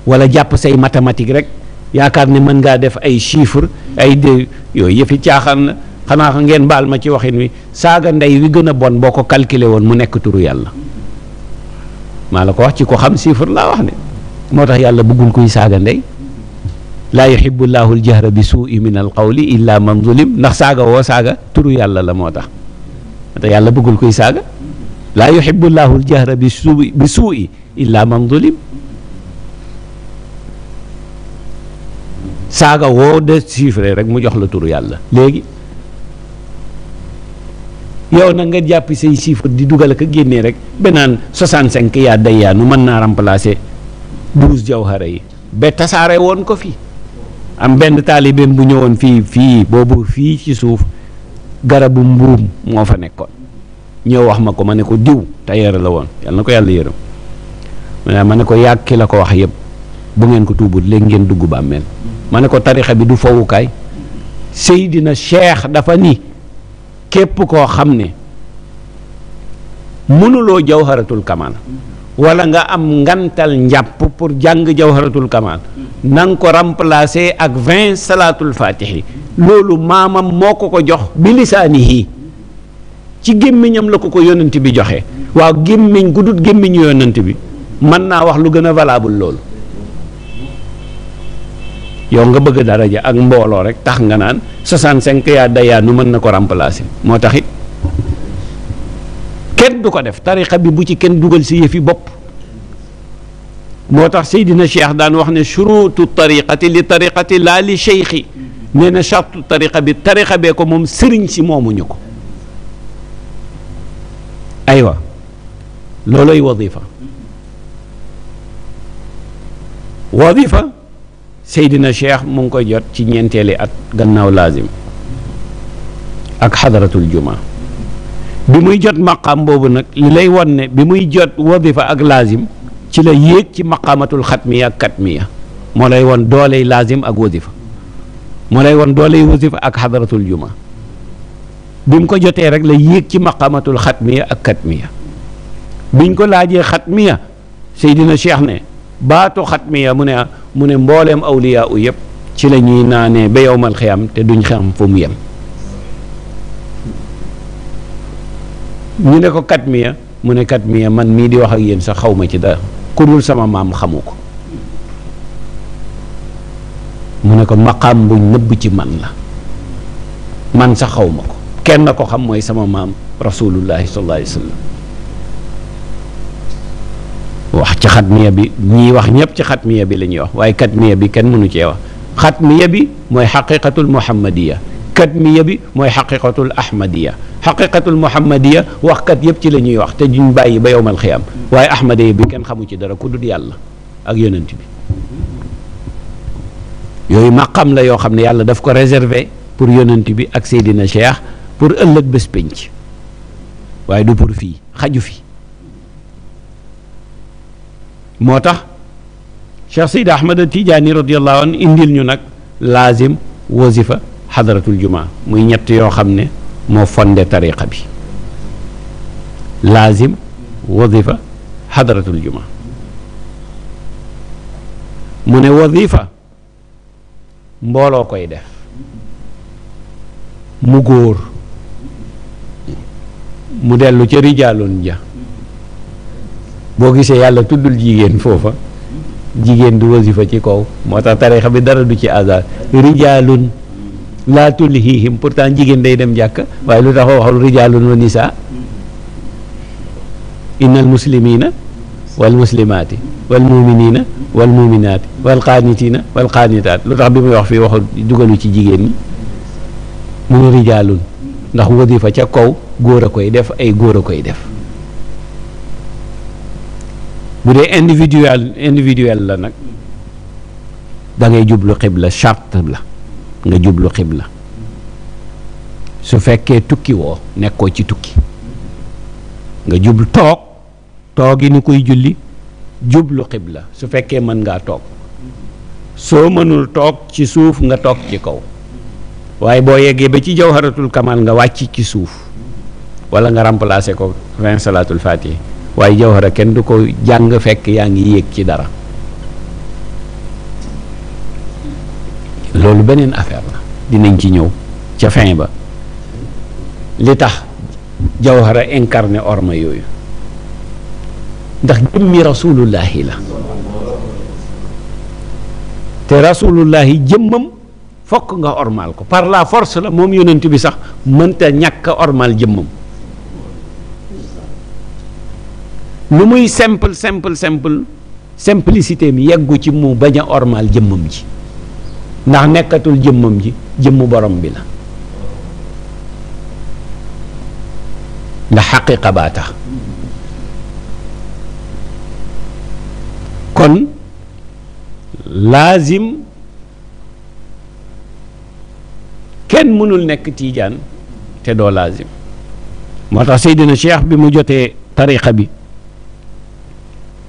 wala jàpp say mathématique rek yaakaar ne mën ngaa def ay chiffre ay de yooyu yëfi caaxaan la xanaa ngeen baal ma ci waxin wi saaga ndey wi gën a bon boo ko calculer woon mu nekk turu yàlla maa la ko wax ci ko xam chiffre laa wax ne moo tax yàlla bëggul kuy saaga ndey laa yuhibbu llaahu aljahra bi suui min alqawli illa man zulim ndax saaga woo saaga turu yàlla la moo tax moo tax yàlla bëggul kuy saaga laa yuhibbu llaahu aljahra bi suui bi suui illa man zulim saaga woo de chiffre rek mu jox la turu yàlla léegi yow nag nga jàpp say chiffre di dugal ak génnee rek benaan 65 yaa day yaa nu mën naa remplacer 12 jawhara yi ba tasaare woon ko fi am benn taalibeem bu ñëwoon fii fii boobu fii ci suuf garabu mbuum moo fa nekkoon ñëw wax ma ko ma ne ko diw tailleur la woon yàlla na ko yàlla yërëm ma ne ko yàkki la ko wax yëpp. bu ngeen ko tuubut léegi ngeen dugg bàmmeel ma ne ko tarixa bi du fowukaay Seydina Cheikh dafa ni képp koo xam ne mënuloo jawharatul kamal walla nga am ngantal njàpp pour jàng jawharatul kamal nang ko remplacer ak vingt salaatul fatihi loolu maamam moo ko ko jox bi lisaanihi ci gémmiñam la ko ko yonent bi joxe waaw gémmiñ gudut gémmiñ yonent bi mën naa wax lu gën a valable loolu yow nga bëgg daraja ak mbooloo rek tax nga naan 65 yaa daya nu mën na ko remplacer moo tax it kenn du ko def tarixa bi bu ci kenn dugal si yëfi bopp moo tax Seydina Cheikh daan wax ne churutu tariqati li tariqati laa li cheikhi nee na chartu bi tariqa bee ko moom sëriñ si moomuñu ko aywa looloy wadifa wadifa Seydina Cheikh mu ngi koy jot ci ñeenteeli ak gannaaw laazim ak xadaratul juma bi muy jot maqam boobu nag li lay wan ne bi muy jot wadifa ak laazim ci la yéeg ci maqaamatul xatmiya ak katmiya moo lay wan dooley laazim ak wadifa moo lay wan dooley wadifa ak xadaratul juma bi ko jotee rek la yéeg ci maqaamatul xatmiya ak katmiya biñ ko laajee xatmiya Seydina Cheikh ne baatu xatmiya mu ne mu ne mbooleem awliya u yëpp ci la ñuy naanee ba yowmal xiyam te duñ xam fu mu yem ñu ne ko katmiya mu ne katmiya man mii di wax ak yéen sax xaw ma ci dara ku sama maam xamu ko mu ne ko maqaam buñ nëbb ci man la man sax xaw ko kenn ko xam mooy sama maam rasulullahi sallallahu alayhi wa wax ci xatmiya bi ñii wax ñëpp ci xatmiya bi la ñuy wax waaye katmiya bi kenn mënu cee wax xatmiya bi mooy xaqiqatul muhammadiya katmiya bi mooy xaqiqatul ahmadiya xaqiqatul muhammadiya waxkat yëpp ci la ñuy wax te duñ bàyyi ba yowmal xiyaam waaye ahmadiya bi kenn xamu ci dara ku dul yàlla ak yonent bi yooyu maqam la yoo xam ne yàlla daf ko réserver pour yonent bi ak dina Cheikh pour ëllëg bés pénc waaye du pour fii xaju fi moo tax Cheikh Seydi Ahmad Tijaani radiyallahu anhu indil ñu nag laazim wasifa xadaratul jumaa muy ñett yoo xam ne moo fonde tariqa bi laazim wasifa xadaratul jumaa mu ne wasifa mbooloo koy def mu góor mu dellu ca rijaalun ja boo gisee yàlla tuddul jigéen foofa jigéen du wasifa ci kaw moo tax tarixa bi dara du ci hasard rijaalun laa tulhiihim pourtant jigéen day dem jàkk waaye lu tax waxul rijaalun wa nisaa innal muslimina wal muslimaati wal muminina wal muminaati wal qaanitina wal qaanitaat lu tax bi muy wax fii waxul dugalu ci jigéen ñi mu ne rijaalun ndax wasifa ca kaw góor a koy def ay góor a koy def bu dee individuel individuel la nag da ngay jublu xibla charte la nga jublu xibla su fekkee tukki woo nekkoo ci tukki nga jublu toog toog yi ni koy julli jublu la su fekkee mën ngaa toog soo mënul toog ci suuf nga toog ci kaw waaye boo yeggee ba ci jawharatul kamal nga wàcc ci suuf wala nga remplacer ko vingt salaatul fatiha waaye jawhara kenn du ko jàng fekk yaa ngi yéeg ci dara loolu beneen affaire la dinañ ci ñëw ca fin ba li tax jawhara incarné orma yooyu ndax jëmmi rasulullahi la te rasulullahi jëmmam fokk nga ormaal ko par la force la moom yonent bi sax mënta ñàkk ormaal jëmmam lu muy simple simple simple simplicité mi yeggu ci mu bañ a jëmmam ji ndax nekkatul jëmmam ji jëmmu borom bi la ndax xaqiqa baa tax kon laazim kenn mënul nekk tiijaan te doo laazim moo tax Seydina Cheikh bi mu jotee tariqa bi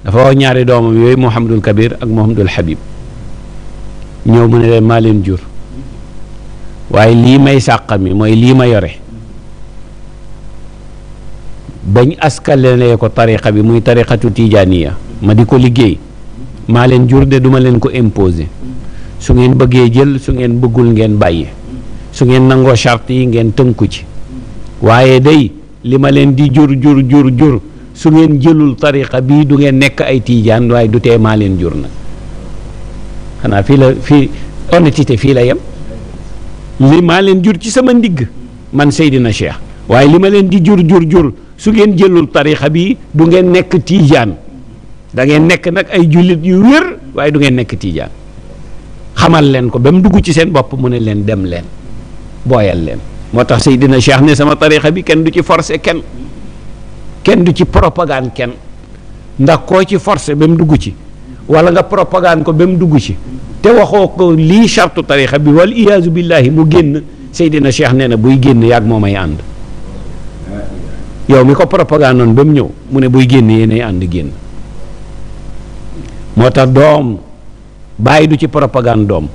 dafa wax ñaari doomam yooyu Mouhamadul Kabir ak Mouhamadul Habib ñëw mu ne leen maa leen jur waaye lii may sàqa mi mooy lii ma yore bañ askalelee ko tariqa bi muy tariqatu ya ma di ko liggéey maa leen jur de duma leen ko imposer su ngeen bëggee jël su ngeen bëggul ngeen bàyyi su ngeen nangoo charte yi ngeen tënku ci waaye day li ma leen di jur jur jur jur su ngeen jëlul tariqa bii du ngeen nekk ay tiijaan waaye du tee maa leen jur nag xanaa fii la fii honnêteté fii la yem li maa leen jur ci sama ndigg man Seydina Cheikh waaye li ma leen di jur jur jur su ngeen jëlul tarixa bi du ngeen nekk tiijaan da ngeen nekk nag ay jullit yu wér waaye du ngeen nekk tiijaan xamal leen ko ba mu dugg ci seen bopp mu ne leen dem leen booyal leen moo tax dina Cheikh ne sama tarixa bi kenn du ci forcer kenn kenn du ci propagande kenn ndax koo ci forcé ba mu dugg ci wala nga propagande ko ba mu dugg ci te waxoo ko lii chartu tarixa bi wal iyaazu billahi mu génn Seydina Cheikh nee na buy génn yàgg moo may ànd yow mi ko propagande ba mu ñëw mu ne buy génn yéenay ànd génn moo tax doom bàyyi du ci propagande doom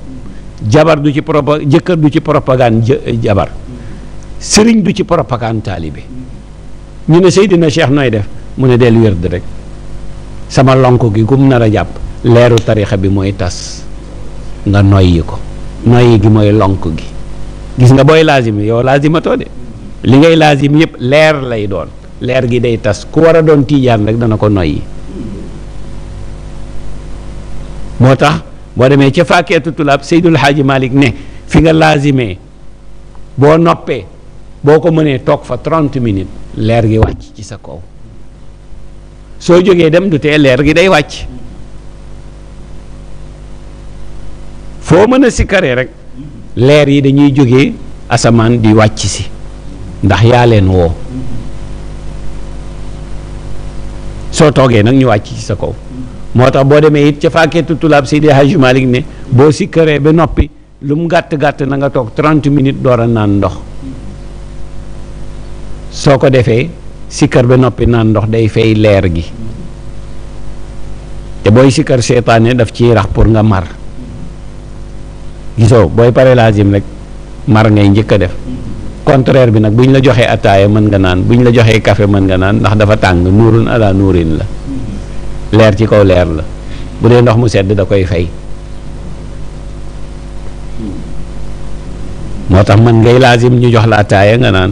jabar du ci propa jëkkër du ci propagande jabar sëriñ du ci propagande taalibe ñu ne na Cheikh nooy def mu ne del wérd rek sama lonk gi gum nar a jàpp leeru tarixa bi mooy tas nga noyyi ko noyyi gi mooy lonk gi gis nga booy laazim yow laazimatoo de li ngay laazim yëpp leer lay doon leer gi day tas ku war a doon tiijaan rek dana ko noyyi moo tax boo demee ca fàkkeetu tulaab Seydul Xaaji Malik ne fi nga laazimee boo noppee boo ko mënee toog fa 30 minutes leer gi wàcc ci sa kaw soo jógee dem du tee leer gi day wàcc foo mën a sikkaree rek leer yi dañuy jógee asamaan di wàcc si ndax yaa leen woo soo toogee nag ñu wàcc ci sa kaw moo tax boo demee it ca fàkkeetu tulaab Seydi Hajji Malick ne boo sikkaree ba noppi lu mu gàtt gàtt na nga toog trent minutes door a naan ndox soo ko defee sikkar ba noppi naan ndox day fay leer gi te booy sikkar seetaane daf ciy rax pour nga mar gisoo booy pare lazim rek mar ngay njëkk def contraire bi nag bu ñu la joxee ataaya mën nga naan bu ñu la joxee café mën nga naan ndax dafa tàng nuurun ala nuurin la leer ci kaw leer la bu dee ndox mu sedd da koy fay moo tax mën ngay lazim ñu jox la ataaya nga naan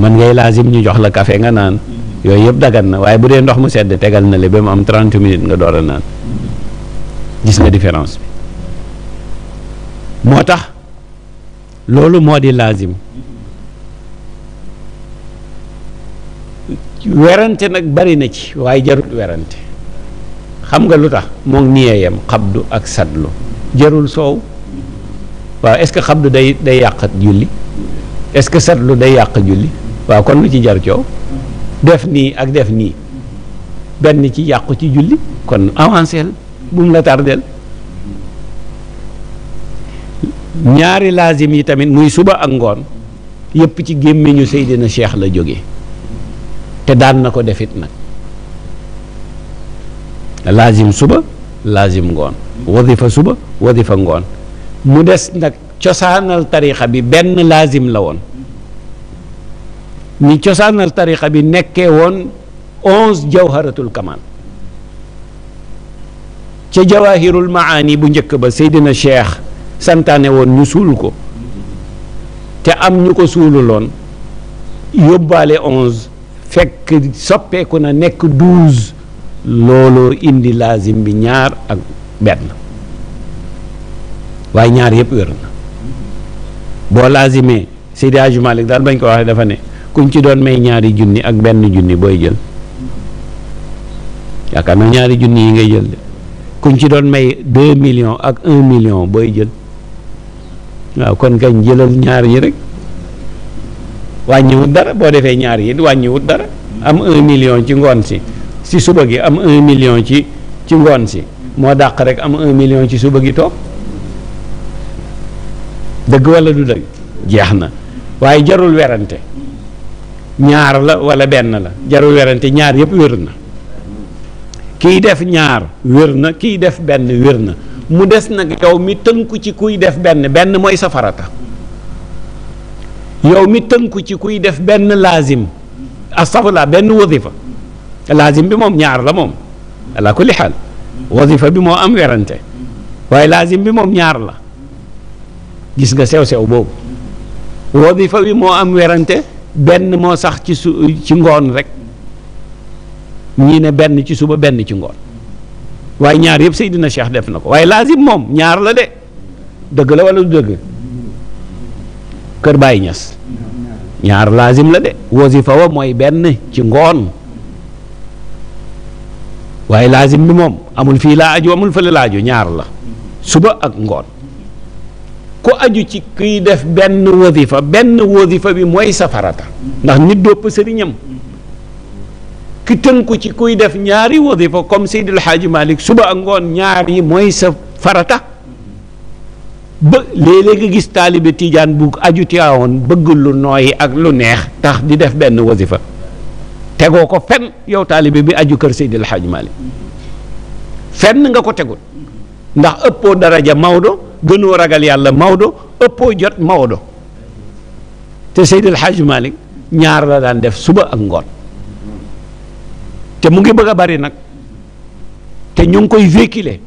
mën ngay laasim ñu jox la café nga naan yooyu yëpp dagan na waaye bu dee ndox mu sedd tegal na le ba mu am 30 minutes nga door a naan gis nga différence bi moo tax loolu moo di laasim werante nag bari na ci waaye jarul werante xam nga lu tax moog niyee yam xabdu ak sadlu jarul soow waaw est-ce que xabdu day day yàq julli est-ce que sadlu day yàq julli waaw kon lu ci jar coow def nii ak def nii benn ci yàqu ci julli kon avancé bu mu la tardeel ñaari laazim yi tamit muy suba ak ngoon yëpp ci gémmiñu Seydina Cheikh la jóge te daan na ko defit nag laazim suba laazim ngoon wadifa suba wadifa ngoon mu des nag cosaanal tarixa bi benn laazim la woon ñi cosaanal tariqa bi nekkee woon onze jawharatul kamal ca jawahirul maani bu njëkk ba seydina cheikh santaane woon ñu suul ko te am ñu ko loon yóbbaale onze fekk soppeeku na nekk douze looloo indi laazim bi ñaar ak benn waaye ñaar yëpp wér la boo laazimee Seydi Hadji Malick daal bañ ko waxee dafa kuñ ci doon may ñaari junni ak benn junni booy jël yaakaar na ñaari junni yi ngay jël de kuñ ci doon may deux millions ak un million booy jël waaw kon kañ jëlal ñaar yi rek wàññiwut dara boo defee ñaar yi wàññiwut dara am un million ci ngoon si si suba gi am un million ci ci ngoon si moo dàq rek am un million ci suba gi toog dëgg walla du dëgg jeex na waaye jarul werante ñaar la wala benn la jarul werante ñaar yëpp wér na kiy def ñaar wér na kiy def benn wér na mu des nag yow mi tënku ci kuy def benn benn mooy sa farata mi tënku ci kuy def benn laazim astafurlah benn wazifa laazim bi moom ñaar la moom ala kulli xaal wazifa bi moo am werante waaye laazim bi moom ñaar la gis nga sew sew boobu wazifa bi moo am werante benn moo sax ci su ci ngoon rek ñii ne benn ci suba benn ci ngoon waaye ñaar yëpp dina Cheikh def na ko waaye laazim moom ñaar la de dëgg la wala du dëgg ñaar laazim la de wasifa wa mooy benn ci ngoon waaye laazim bi moom amul fii laa aju amul fële laa aju ñaar la suba ak ngoon ku aju ci kuy def benn wasifa benn wasifa bi mooy safarata ndax nit dopp sëriñam ki ko ci kuy def ñaari wasifa comme Seydil Hadji Malick suba ak ngoon ñaar yi mooy sa farata ba léeg-léeg nga gis taalibe Tidiane bu aju Tiwaawoon bëgg lu nooyi ak lu neex tax di def benn wasifa tegoo ko fenn yow taalibe bi aju kër Seydil Hadji Malick fenn nga ko tegul ndax ëppoo daraja Maodo gënoo ragal yàlla Maodo ëppoo jot Maodo te Seydil Hadj malik ñaar la daan def suba ak ngoon te mu ngi bëgg a bari nag te ñu ngi koy véhiculer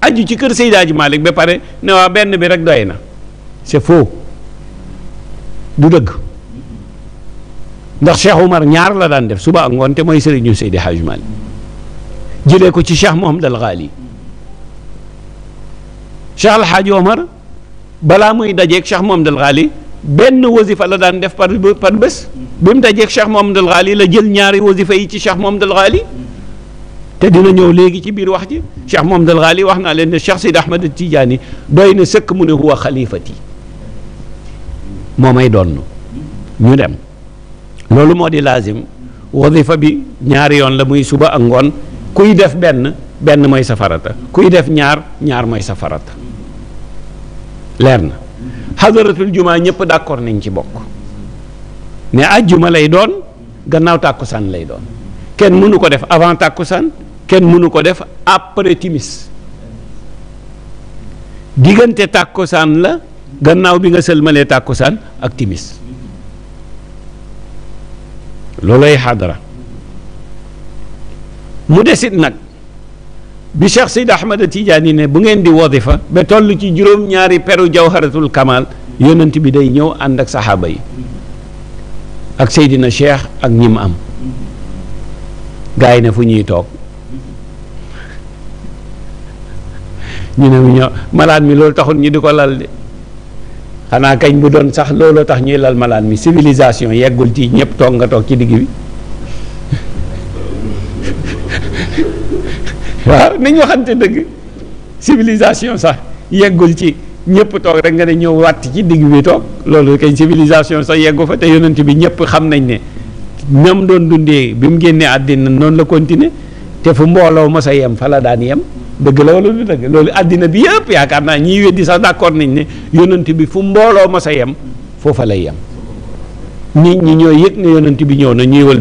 aju ci kër Seydil Hadj Malick ba pare ne waa benn bi rek doy na c'est faux du dëgg ndax Cheikh Umar ñaar la daan def suba ak ngoon te mooy sëriñu Seydi Hadj Malick jëlee ko ci Cheikh Mohamad al Ghali Cheikh Al Hadj Omar balaa muy dajeeg Cheikh Mohamadul Ghali benn wasifa la daan def par par bés bi mu dajeeg Cheikh Mohamadul Ghali la jël ñaari wasifa yi ci Cheikh Mohamadul Ghali te dina ñëw léegi ci biir wax ji Cheikh Mohamadul Ghali wax naa leen ne Cheikh Sidi Ahmed Tidiane doy na sëkk mu ne huwa xalifati moo may doon ñu dem loolu moo di laazim wasifa bi ñaari yoon la muy suba ak ngoon kuy def benn benn mooy sa kuy def ñaar ñaar mooy sa leer na xadaratul juma ñëpp d'accord nañ ci bokk ne ajjuma lay doon gannaaw tàkkusaan lay doon kenn mënu ko def avant tàkkusaan kenn mënu ko def après timis diggante tàkkusaan la gannaaw bi nga sëlmalee tàkkusaan ak timis loolay xadara mu desit nag bi Cheikh Seydi Ahmad Tidiane ne bu ngeen di wadifa ba toll ci juróom-ñaari peru jawharatul kamal yonent bi day ñëw ànd ak saxaaba yi ak Seydina Cheikh ak ñi mu am gars ne fu ñuy toog ñu ne ñoo malaan mi loolu taxul ñu di ko lal de xanaa kañ bu doon sax looloo tax ñuy lal malaan mi civilisation yeggul ci ñëpp toog nga toog ci digg bi waaw nañ waxante dëgg civilisation sax yeggul ci ñëpp toog rek nga ne ñëw wàtt ci digg bi toog loolu kay civilisation sax yeggu fa te yonent bi ñëpp xam nañ ne ñam doon dundee bi mu génnee àddina noon la continuer te fu mbooloo mos a yem fa la daan yem dëgg la wala du àddina bi yëpp yaakaar naa ñiy weddi sax d'accord nañ ne yonent bi fu mbooloo mos a foofa lay yem nit ñi ñooy yëg ne yonent bi ñëw nañuy ñuy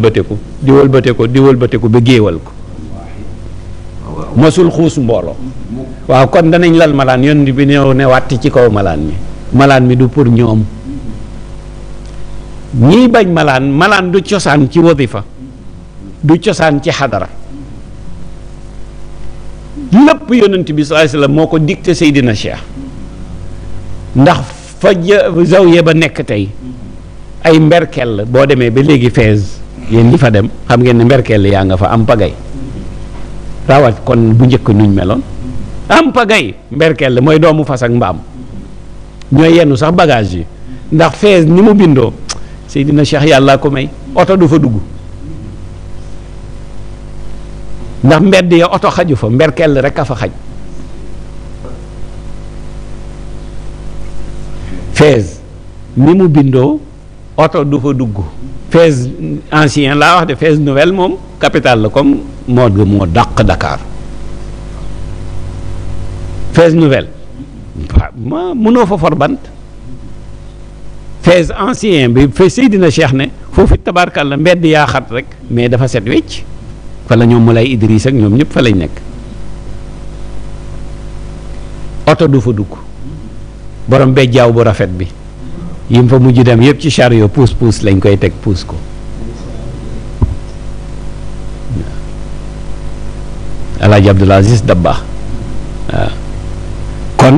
di wëlbateku di wëlbateku ba géewal ko masul xuus mbooloo waaw kon danañ lal malaan yoon bi ñëw ne wàtti ci kaw malaan mi malaan mi du pour ñoom ñiy bañ malaan malaan du cosaan ci wadifa du cosaan ci xadara lépp yonent bi sallallahu alayhi wasallam moo ko dicté Seydina ndax fa ba nekk tey ay mberkel boo demee ba léegi fees yéen ñi fa dem xam ngeen ne mberkel yaa nga fa am pagay raawat kon bu njëkk nuñ meloon am pagay mberkel mooy doomu fas ak mbaam ñooy yenu sax bagage yi ndax fees ni mu bindoo Seydina Cheikh yàlla ko may oto du fa dugg ndax mbedd ya oto xaju fa mberkel rek a fa xaj fees ni mu bindoo oto du fa dugg Fès ancien laa wax de Fès nouvelle moom capital la comme moo dàq Dakar Fès nouvelle waaw mënoo fa for bant Fès ancien bi fa Seydina Cheikh ne foofu tabarkal la mbedd yaa xat rek mais dafa set wecc fa la ñoom Moulay Idriss ak ñoom ñëpp fa lañ nekk oto du fa dugg borom bejjaaw bu rafet bi yim fa mujj dem yëpp ci chariot puus puus lañ koy teg puus ko alaaji Abdul Aziz Dabba waaw kon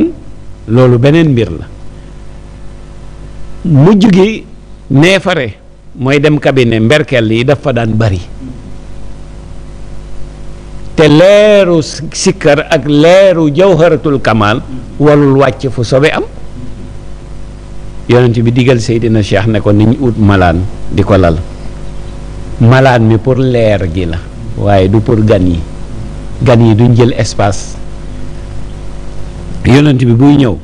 loolu beneen mbir la mujj gi neefare mooy dem cabinet mberkel yi dafa daan bari te leeru sikkar ak leeru jawharatul kamal warul wàcc fu sobe am yonent bi digal dina Cheikh ne ko nañ ut malaan di ko lal malaan mi pour leer gi la waaye du pour gan yi gan yi duñ jël espace yonent bi buy ñëw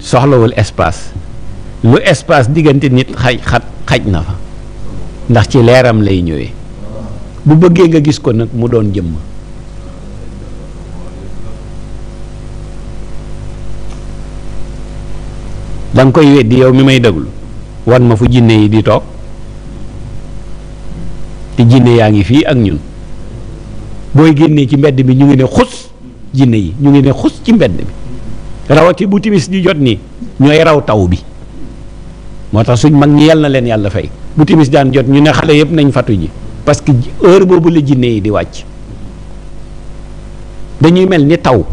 soxlawul espace lu espace diggante nit xaj xaj na fa ndax ci leeram lay ñëwee bu bëggee nga gis ko nag mu doon jëmm ba nga koy weddi yow mi may déglu wan ma fu jinne yi di toog te jinne yaa ngi fii ak ñun booy génnee ci mbedd bi ñu ngi ne xus jinne yi ñu ngi ne xus ci mbedd bi rawati bu timis di jot nii ñooy raw taw bi moo tax suñ mag ñi yal na leen yàlla fay bu timis daan jot ñu ne xale yëpp nañ fattu ji parce que heure boobu la jinne yi di wàcc dañuy mel ni taw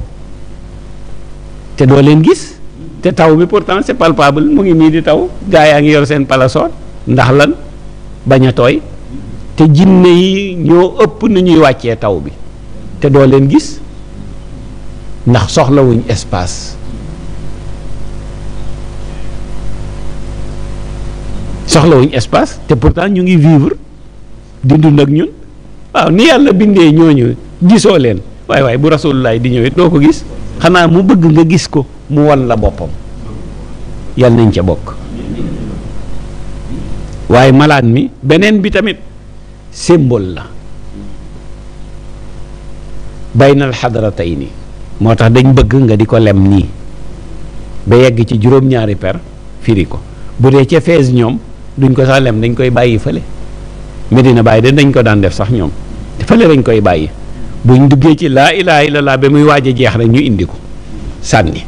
te doo leen gis te taw bi pourtant c'est palpable mu ngi mii di taw gaa yaa ngi yor seen palasoor ndax lan bañ a tooy te jinne yi ñoo ëpp nu ñuy wàccee taw bi te doo leen gis ndax soxlawuñ espace soxlawuñ espace te pourtant ñu ngi vivre di dund ak ñun waaw ni yàlla bindee ñooñu gisoo leen waaye waaye bu rasulullah di ñëwit doo ko gis xanaa mu bëgg nga gis ko mu wan la boppam yal nañ ca bokk waaye malaan mi beneen bi tamit symbole la tey xadaratayni moo tax dañ bëgg nga di ko lem nii ba yegg ci juróom-ñaari per firi ko bu dee ca fees ñoom duñ ko sax lem dañ koy bàyyi fële Medina Baye de dañ ko daan def sax ñoom fële dañ koy bàyyi buñ duggee ci laa ilaha illallah ba muy waaje jeex rek ñu indi ko sànni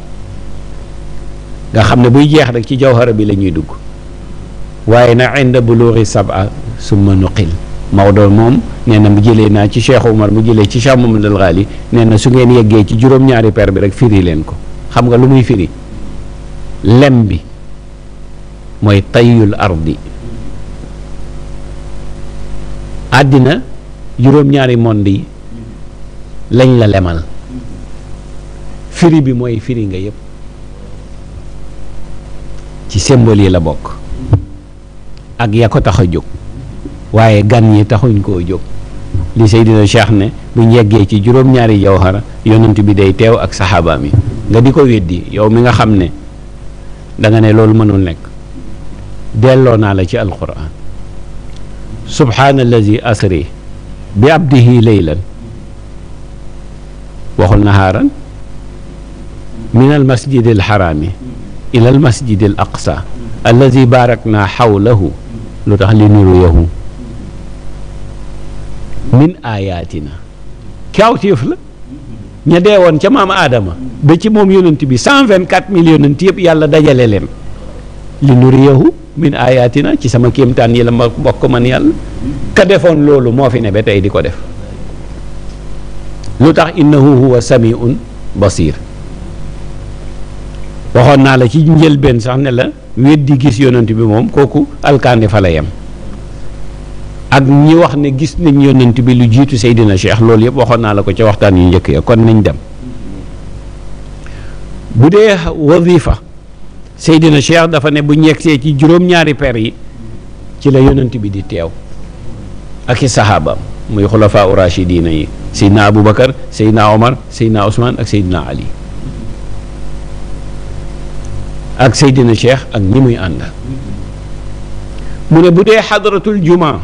nga xam ne buy jeex rek ci jawhara bi la ñuy dugg waaye nag inda buluuxi sab'a summa nuqil Maodo moom nee na mu jëlee naa ci Cheikh Umar mu jëlee ci Cheikh Mamadou al Ghali nee na su ngeen yeggee ci juróom-ñaari per bi rek firi leen ko xam nga lu muy firi lem bi mooy tayyul ardi àddina juróom-ñaari monde yi lañ la lemal firi bi mooy firi nga yëpp ci symbole yi la bokk ak ya ko tax a jóg waaye gan ñi taxuñ koo jóg li Seydina Cheikh ne buñ yeggee ci juróom-ñaari jawhara yonent bi day teew ak saxaabaam yi nga di ko weddi yow mi nga xam ne danga ne loolu mënul nekk delloo naa la ci alquran subhaanallazi asri bi abdihi laylan waxul nahaaran min al masjid al xaraami ila al masjid al aqsa alladi baarak naa xawlahu lu tax li nuru yahu min aayaatina kawtéef la ña dee woon ca maam aadama ba ci moom yonent bi cent vingt quatre mille yëpp yàlla dajale leen li nuru yahu min aayaatina ci sama kéemtaan yi la ma bokk man yàlla ka defoon loolu moo fi ne ba tey di ko def lu tax innahu huwa samiun basir waxoon naa la ci njëlbeen sax ne la di gis yonent bi moom kooku alkaande fa la yem ak ñi wax ne gis nañ yonent bi lu jiitu Seydina Cheikh loolu yëpp waxoon naa la ko ca waxtaan yu njëkk ya kon nañ dem bu dee wazifa Seydina Cheikh dafa ne bu ñegsee ci juróom-ñaari per yi ci la yonent bi di teew ak i saxaabaam muy xulafaa u raashidiina yi Seydina Aboubacar Seydina Omar Seydina Ousmane ak Seydina Ali ak Seydina Cheikh ak ñi muy ànd mu ne bu dee xadaratul juma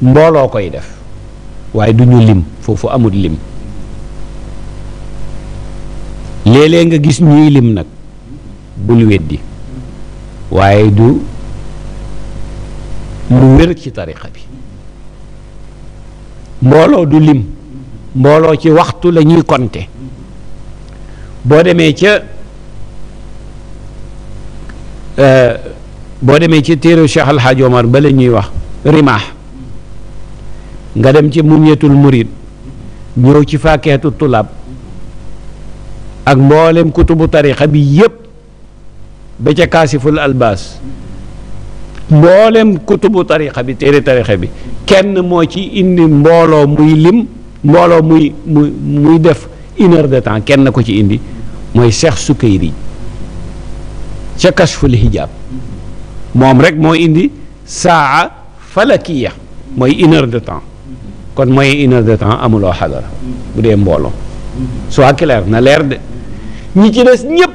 mbooloo koy def waaye du ñu lim foofu amul lim léeg nga gis ñuy lim nag bul weddi waaye du lu wér ci tariqa bi mbooloo du lim mbooloo ci waxtu la ñuy boo demee ca euh, boo demee ci téere Cheikh Al Hadj ba la ñuy wax rimaax nga dem ci muñetul murid ñëw ci fàkkeetu tulaab ak mboolem kutubu tarixa bi yépp ba ca kaasiful albaas mboolem kutubu tarixa bi téere tarixa bi kenn moo ci indi mbooloo muy lim mbooloo muy muy muy def une de temps kenn ko ci indi mooy Cheikh Sukayri ca kashful hijab moom rek moo indi saa falakiya mooy une de temps kon mooy une de temps amuloo xadara bu dee mbooloo soit clair na leer de ñi ci des ñëpp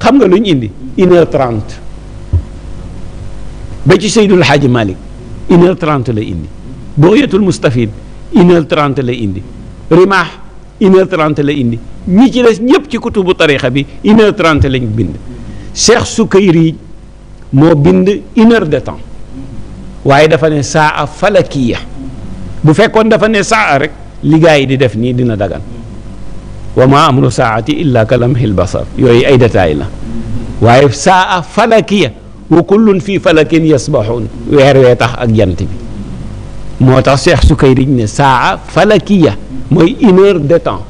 xam nga lu ñu indi une heure ba ci Seydul Xaaji Malik une heure trente la indi booyetul mustafid une heure la indi rimaax une heure trente la indi ñi ci des ñëpp ci kutubu tarixa bi une heure lañ bind Cheikh Sukayri moo bind une heure de temps waaye dafa ne saa a falakiya bu fekkoon dafa ne saa a rek liggéey yi di def nii dina dagan wa ma amru saati illa kalamhil basar yooyu ay détails la waaye saa a falakiya wa kullun fii falakin yasbaxuun weer wee tax ak jant bi moo tax Cheikh Sukayri ne saa falakiya mooy une de temps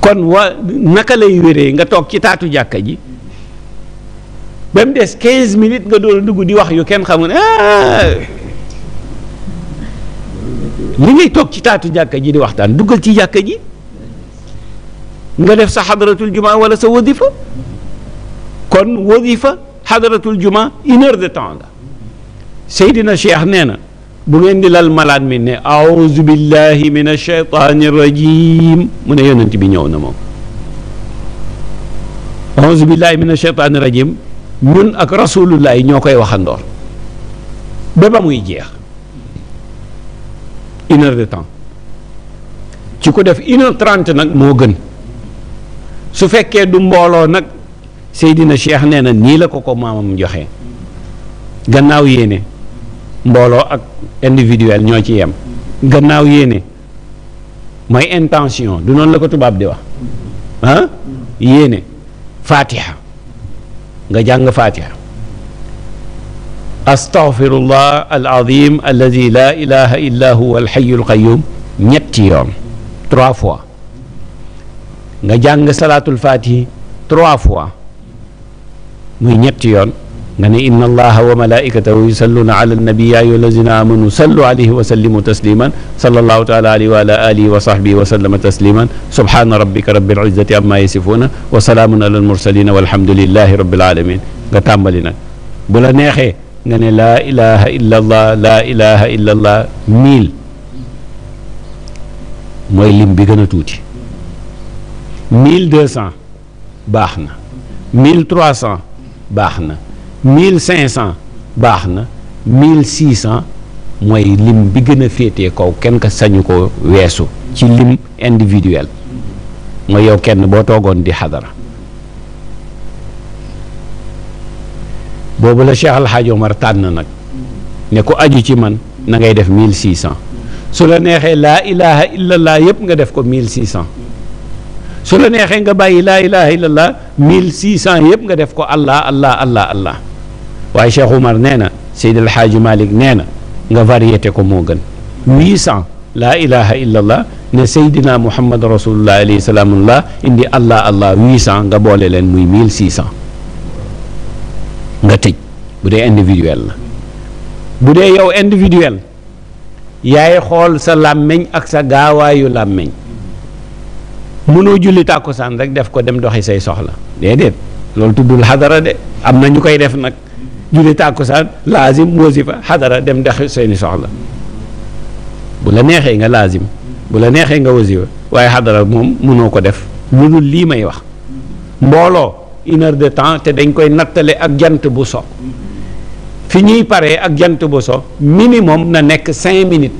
kon wa naka lay wéree nga toog ci taatu jàkka ji ba mu des 15 minutes nga doon dugg di wax yu kenn xamul ah. li ngay toog ci taatu jàkka ji di waxtaan duggal ci jàkka ji nga def sa xadaratul juma wala sa wadifa kon wadifa xadaratul juma une heure de temps la. Seydina Cheikh nee na bu ngeen di lal malaat mi ne aouzu billahi min ashaytaani rajim mu ne yonent bi ñëw na moom aouzu billahi min ashaytaani rajim ñun ak rasulullah ñoo koy waxandoor ba ba muy jeex une heure de temps ci ko def une heure nag moo gën su fekkee du mbooloo nag Seydina Cheikh nee na nii la ko ko maamam joxe gannaaw yéene mbooloo ak individuel ñoo ci yem gannaaw yéene mooy intention du noonu la ko tubaab di wax ah yéene fatiha nga jàng fatiha astaghfirullah al azim alladi la ilaha illa huwa al hayyul qayyum ñetti yoon trois fois nga jàng salaatul fatihi trois fois muy ñetti yoon nga ne inna allaha wa malaikatahu yusalluna ala annabi ya ayyuha allazina amanu sallu alayhi wa sallimu tasliman sallallahu taala alayhi wa ala alihi wa sahbihi wa sallama tasliman subhana rabbika rabbil izzati amma yasifuna wa salaamun ala almursalina walhamdulillahi rabbil alamin nga tàmbali nag bu la neexee nga ne laa ilaha illa allah laa ilaha illa allah mille mooy lim bi gën a tuuti mille deux cent baax na mille trois cent baax na 1500 baax na 1600 mooy lim bi gën a féetee kaw kenn ka sañu ko weesu ci lim individuel mooy yow kenn boo toogoon di xadara boobu la Cheikh Al Hadj Omar tànn nag ne ku aju ci man na ngay def 1600 su la neexee laa ilaha illallah yëpp nga def ko 1600 su la neexee nga bàyyi laa ilaha illallah 1600 yëpp nga def ko allah allah allah allah. waaye Cheikh Umar nee na Seydi El Hadji nee na nga variété ko moo gën 800 laa ilaha illallah ne Seydina Muhammad rasulullah alayhi salaamullah indi allah allah 800 nga boole leen muy 1600 nga tëj bu dee individuel la bu dee yow individuel yaay xool sa làmmiñ ak sa gaawaayu làmmiñ mënoo julli tàkkusaan rek def ko dem doxi say soxla déedéet loolu tuddul xadara de am na ñu koy def nag julli tàkkusaan laazim wasifa xadara dem dex seeni soxla bu la neexee nga laazim bu la neexee nga wasifa waaye xadara moom mënoo ko def lu dul lii may wax mbooloo une heure de temps te dañ koy nattale ak jant bu so fi ñuy paree ak jant bu so minimum na nekk cinq minutes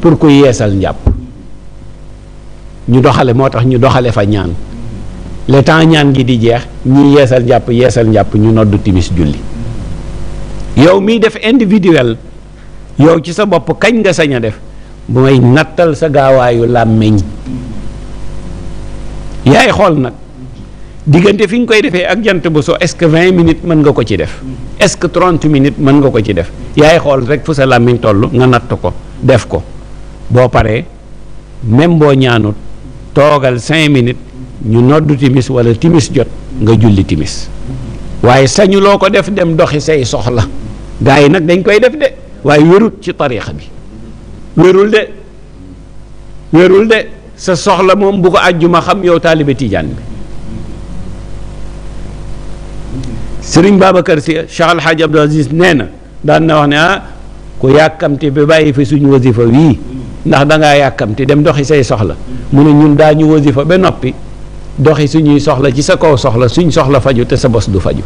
pour ku yeesal njàpp ñu doxale moo tax ñu doxale fa ñaan le temps ñaan gi di jeex ñi yeesal njàpp yeesal njàpp ñu noddu timis julli yow mii def individuel yow ci sa bopp kañ nga sañ def mooy nattal sa gaawaayu làmmiñ yaay xool nag diggante fi ñu koy defee ak jant bu so est-ce que 20 minutes mën nga ko ci def est-ce que 30 minutes mën nga ko ci def yaay xool rek fu sa làmmiñ toll nga natt ko def ko boo paree même boo ñaanut toogal 5 minutes ñu noddu timis wala timis jot nga julli timis waaye sañuloo ko def dem doxi say soxla gaa yi nag dañ koy def de waaye wérut ci tariixa bi wérul de wérul de sa soxla moom bu ko àjjuma xam yow taalibe tijaan bi sëriñ Babacar Si Cheikh Al Hadj Aziz nee na daan na wax ne ah ku yàkkamti ba bàyyi fi suñu wasifa wii ndax dangaa yàkkamti dem doxi say soxla mu ne ñun daañu wasifa ba noppi doxi suñuy soxla ci sa kaw soxla suñ soxla faju te sa bos du faju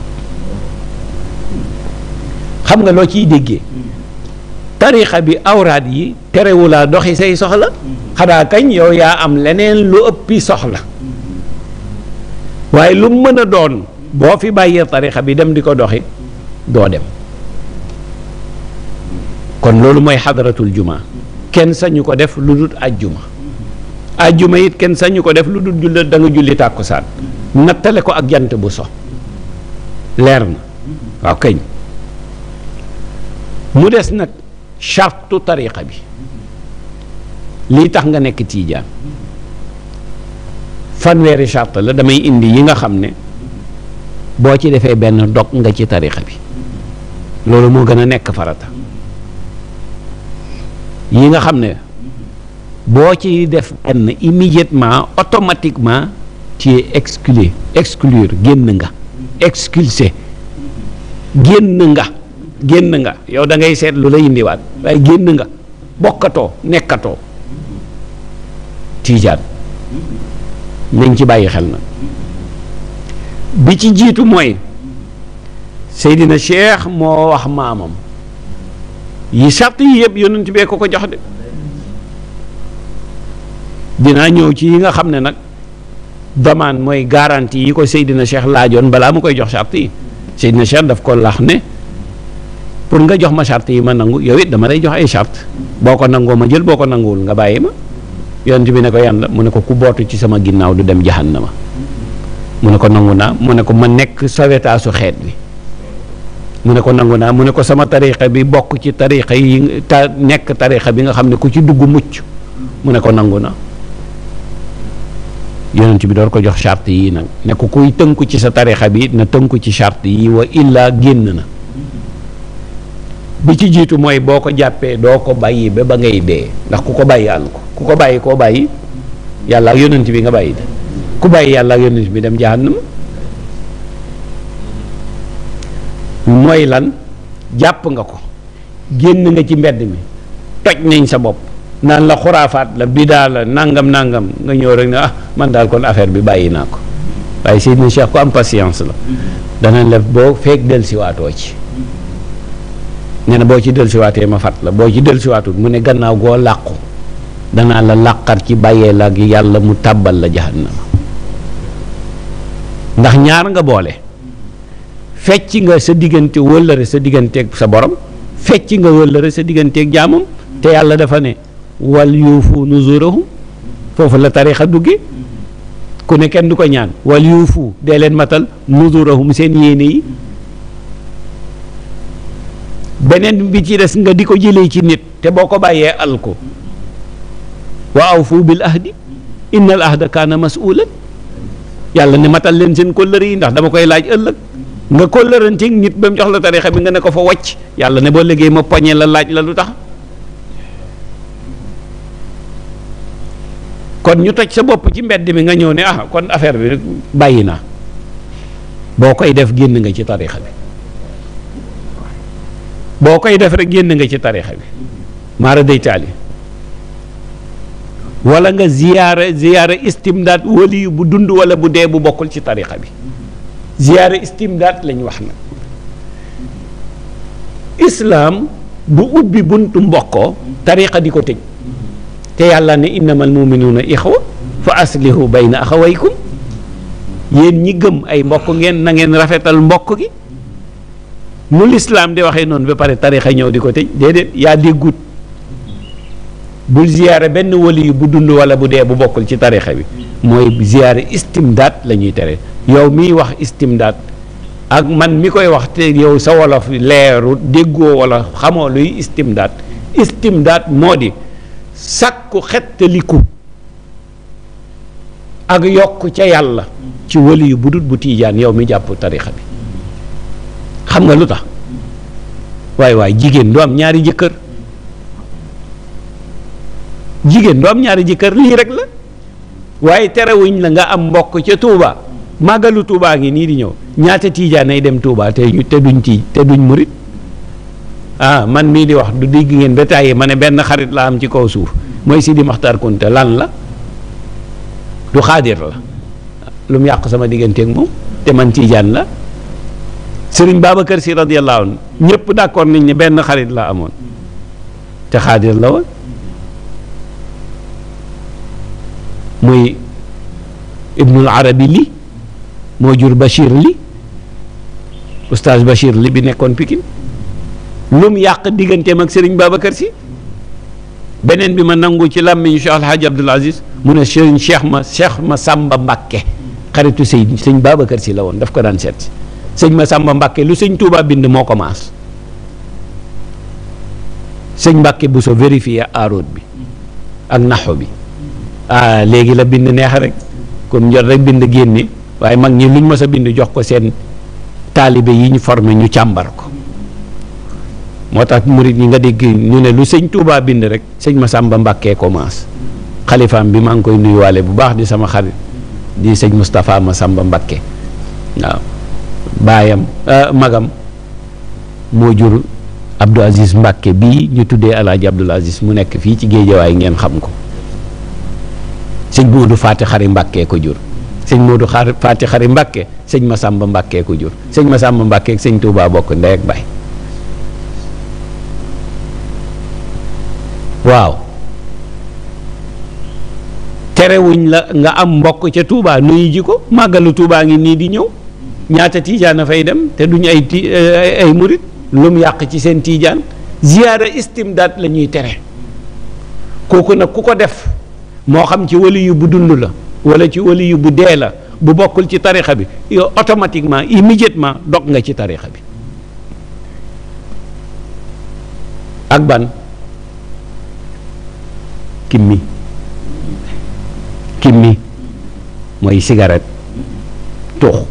xam nga loo ciy déggee tarixa bi awraat yi terewulaa doxi say soxla xanaa kañ yow yaa am leneen lu ëppi soxla waaye lu mën a doon boo fi bàyyee tarixa bi dem di ko doxi doo dem kon loolu mooy xadaratul juma kenn sañu ko def lu dut ajjuma ajjuma it kenn sañu ko def lu dul jullit danga nga julli tàkkusaan nattale ko ak jant bu so leer na waaw kañ mu des nag chartu tariqa bi lii tax nga nekk tiijaan fanweeri charte la damay indi yi nga xam ne boo ci defee benn dog nga ci tariqa bi loolu moo gën a nekk farata yi nga xam ne boo ci def benn immédiatement automatiquement tu es exclu exclure génn nga expulsé génn nga génn nga yow dangay ngay seet lu la indiwaat waaye génn nga bokkatoo nekkatoo tiijaan nañ ci bàyyi xel na bi ci jiitu mooy Seydina Cheikh moo wax maamam yi sart yi yëpp yonent bee ko ko jox de dinaa ñëw ci yi nga xam ne nag damaan mooy garantie yi ko Seydina Cheikh laajoon balaa mu koy jox charte yi Seydina Cheikh daf ko laax ne pour nga jox ma charte yi ma nangu yow it dama lay jox ay charte boo ko nangoo ma jël boo ko nanguwul nga bàyyi ma yonent bi ne ko yan mu ne ko ku bootu ci sama ginnaaw du dem jahannama mu ne ko nangu naa mu ne ko ma nekk sawetaasu xeet bi mu ne ko nangu naa mu ne ko sama tarixa bi bokk ci tarixa yi nekk tarixa bi nga xam ne ku ci dugg mucc mu ne ko nangu naa yonent bi door ko jox charte yii nag ne ko kuy tënku ci sa tarixa bi na ko ci charte yi wa illaa génn na bi ci jiitu mooy boo ko jàppee doo ko bàyyi ba ba ngay dee ndax ku ko bàyyi àll ko ku ko bàyyi koo bàyyi yàlla ak yonent bi nga bàyyi ku bàyyi yàlla ak yonent bi dem jahannam mooy lan jàpp nga ko génn nga ci mbedd mi toj nañ sa bopp naan la xuraafaat la bidaa la nangam nangam nga ñëw rek ne ah man daal kon affaire bi bàyyi naa ko waaye Seydina Cheikh ku am patience la danaa la boo feek dellusiwaatoo ci nene boo ci dellusiwaatee ma fat la boo ci dellusiwaatut mu ne gannaaw goo làqu danaa la làqar ci bàyyee la ak yàlla mu tàbbal la jahannama ndax ñaar nga boole fecc nga sa diggante wëllëre sa digganteek sa borom fecc nga wëllëre sa digganteeg jaamam te yàlla dafa ne wal yuufu nuzurahum foofu la tarixa dugge ku ne kenn du ko ñaan wal yuufu dee leen matal nuzurahum seen yéene yi beneen bi ci des nga di ko jëlee ci nit te boo ko bàyyee al ko wa awfu bil ahdi innal ahda kaana masuulan yàlla ne matal leen seen kóllëre yi ndax dama koy laaj ëllëg nga kóllëranteeg nit ba mu jox la tarixa bi nga ne ko fa wàcc yàlla ne boo liggéey ma poñe la laaj la lu tax kon ñu toj sa bopp ci mbedd mi nga ñëw ne ah kon affaire bi bàyyi naa boo koy def génn nga ci tarixa bi boo koy def génn nga ci tarixa bi maara day taali wala nga ziyaara ziyaara istimdaad wali bu dund wala bu dee bu bokkul ci tarixa bi ziyaara istimdaad lañ wax nag islaam bu ubbi buntu mbokkoo tarixa di ko tëj te yàlla ne innamal muminuuna ixwa fa aslihu bayna axawaykum yéen ñi gëm ay mbokk ngeen nangeen rafetal mbokk gi mu lislaam di waxee noonu ba pare tarixa ñëw di ko te déedéet yaa déggut bu ziyaare benn wali bu dund wala bu dee bu bokkul ci tarixa bi mooy ziyaare istimdaat la ñuy tere yow miy wax istimdaat ak man mi koy wax te yow sa wolof leeru déggoo wala xamoo luy istimdaat istimdaat moo di sàkku xettaliku ak yokk ca yàlla ci wali yu budut bu tiijaan yow mi jàpp tarixa bi xam nga lu tax waaye waaye jigéen du am ñaari jëkkër jigéen du am ñaari jëkkër lii rek la waaye terewuñ la nga am mbokk ca Touba màggalu tuubaa ngi nii di ñëw ñaata tiijaan ay dem Touba te te duñ tiij te duñ murit ah man mii di wax du dégg ngeen ba tàyyi ma ne benn xarit la am ci kaw suuf mooy Sidi Maxtaar Kunta lan la du xaadir la lu mu yàq sama digganteeg moom te man tiijaan la sëriñ Babacar Si radiyallahu anhu ñëpp d'accord nañ ne benn xarit laa amoon te xaadir la woon muy Ibnul Arabi li moo jur Bachir li oustaz bashir li bi nekkoon Pikine lu mu yàq digganteem ak Serigne Babacar Sy beneen bi ma nangu ci làmmiñu Cheikh El Hadj Abdoul Aziz mu ne Serigne Cheikh ma Cheikh ma Samba Mbacke xaritu Seydi sëñ Babacar Sy la woon daf ko daan seet sëñ ma sàmba Mbacke lu sëñ Touba bind moo ko maas sëñ Mbacke bu soo vérifier aaroot bi ak naxo bi ah léegi la bind neex rek comme njot rek bind génne waaye mag ñi luñ mës a bind jox ko seen taalibe yi ñu formé ñu càmbar ko. moo tax murit yi nga dégg ñu ne lu sëñ Touba bind rek sëñ Massamba Mbàkke commence xalifaam bi maa ngi koy nuyuwaale bu baax di sama xarit di sëñ mustafaa ma Mbàkke waaw baayam euh, magam moo jur Abdou Aziz Mbàkke bii ñu tuddee alaaji Abdou Aziz mu nekk fii ci géejawaay ngeen xam ko sëñ du Faati Xari Mbàkke ko jur sëñ Modou Faati Xari Mbàkke sëñ Massamba Mbàkke ko jur sëñ ma Mbàkke ak sëñ Touba bokk ndey ak baay waaw terewuñ la nga am mbokk ca Touba nuyu ji ko màggalu Touba ngi nii di ñëw ñaata tiijaan a fay dem te duñ ay ti ay murit lum yàq ci seen tiijaan ziyaara istimdaat la ñuy tere kooku nag ku ko def moo xam ci wali yu bu dund la wala ci wali bu dee la bu bokkul ci tarixa bi yow automatiquement immédiatement dog nga ci tarixa bi ak ban kimmi kimmi mooy cigarette tuux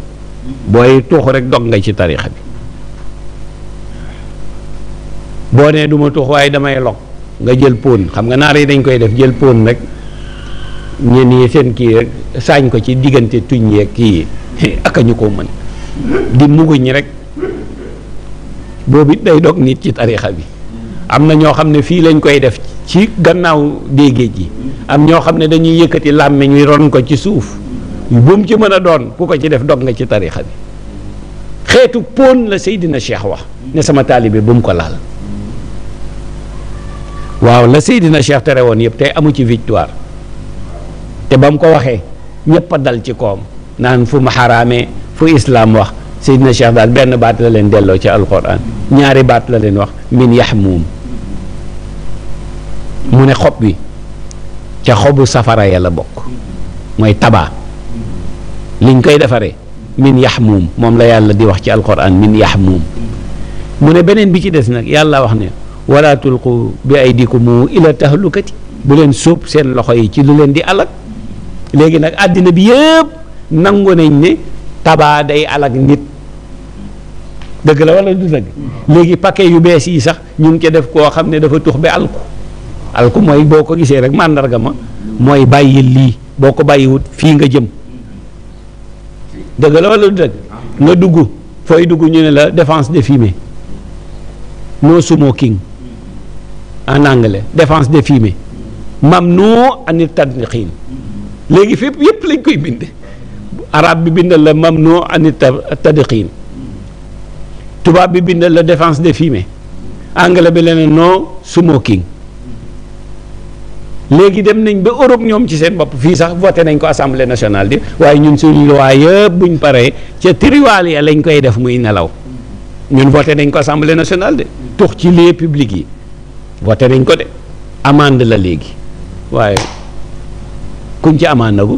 booy tuux rek dog nga ci tarixa bi boo nee du ma tuux waaye damay log nga jël pon xam nga naar yi dañ koy def jël pon rek ñenn seen kii rek saañ ko ci diggante tuñ yeeg kii yi ak ñu ko mën di muguñ rek boobu day dog nit ci tarixa bi am na ñoo xam ne fii lañ koy def ci gannaaw déegéej ji am ñoo xam ne dañuy yëkkati làmmiñ wi ron ko ci suuf bu mu ci mën a doon ku ko ci def dog nga ci tarixa bi xeetu pon la Seydina Cheikh wax ne sama taalibe bu mu ko laal waaw la Seydina Cheikh tere woon yëpp tey amu ci victoire te ba mu ko waxee ñëpp dal ci koom naan fu mu xaraamee fu islaam wax Seydina Cheikh daal benn baat la leen delloo ci alquran ñaari baat la leen wax min yahmuum mu ne xob bi ca xobu safara ya la bokk mooy tabaa liñ koy defaree min yax muum moom la yàlla di wax ci alquran min yax muum mu ne beneen bi ci des nag yàlla wax ne wala tulqu bi aydikum ila tahlukati bu leen sóob seen loxo yi ci lu leen di alag léegi nag àddina bi yëpp nangu nañ ni tabaa day alag nit dëgg la wala du dëgg léegi paquet yu bees yi sax ñu ngi ca def koo xam ne dafa tux bi alku alku mooy boo ko gisee rek màndarga ma mooy bàyyi lii boo ko bàyyiwut fii nga jëm dëgg la wala nga dugg fooy dugg ñu ne la defence de fumer no smoking en anglais défense de fumer mamnu anit tadriqin léegi fépp yëpp lañ koy bind arab bi bindal la mamnu anit tadriqin tubaab bi bindal la defence de fumer anglais bi leneen no smoking léegi dem nañ ba Europe ñoom ci seen bopp fii sax voté nañ ko assemblée nationale bi waaye ñun suñu loi yëpp buñ paree ca tribunal ya lañ koy def muy nelaw ñun voté nañ ko assemblée nationale de tux ci lieu public yi voté nañ ko de amende la léegi waaye kuñ ci amende bu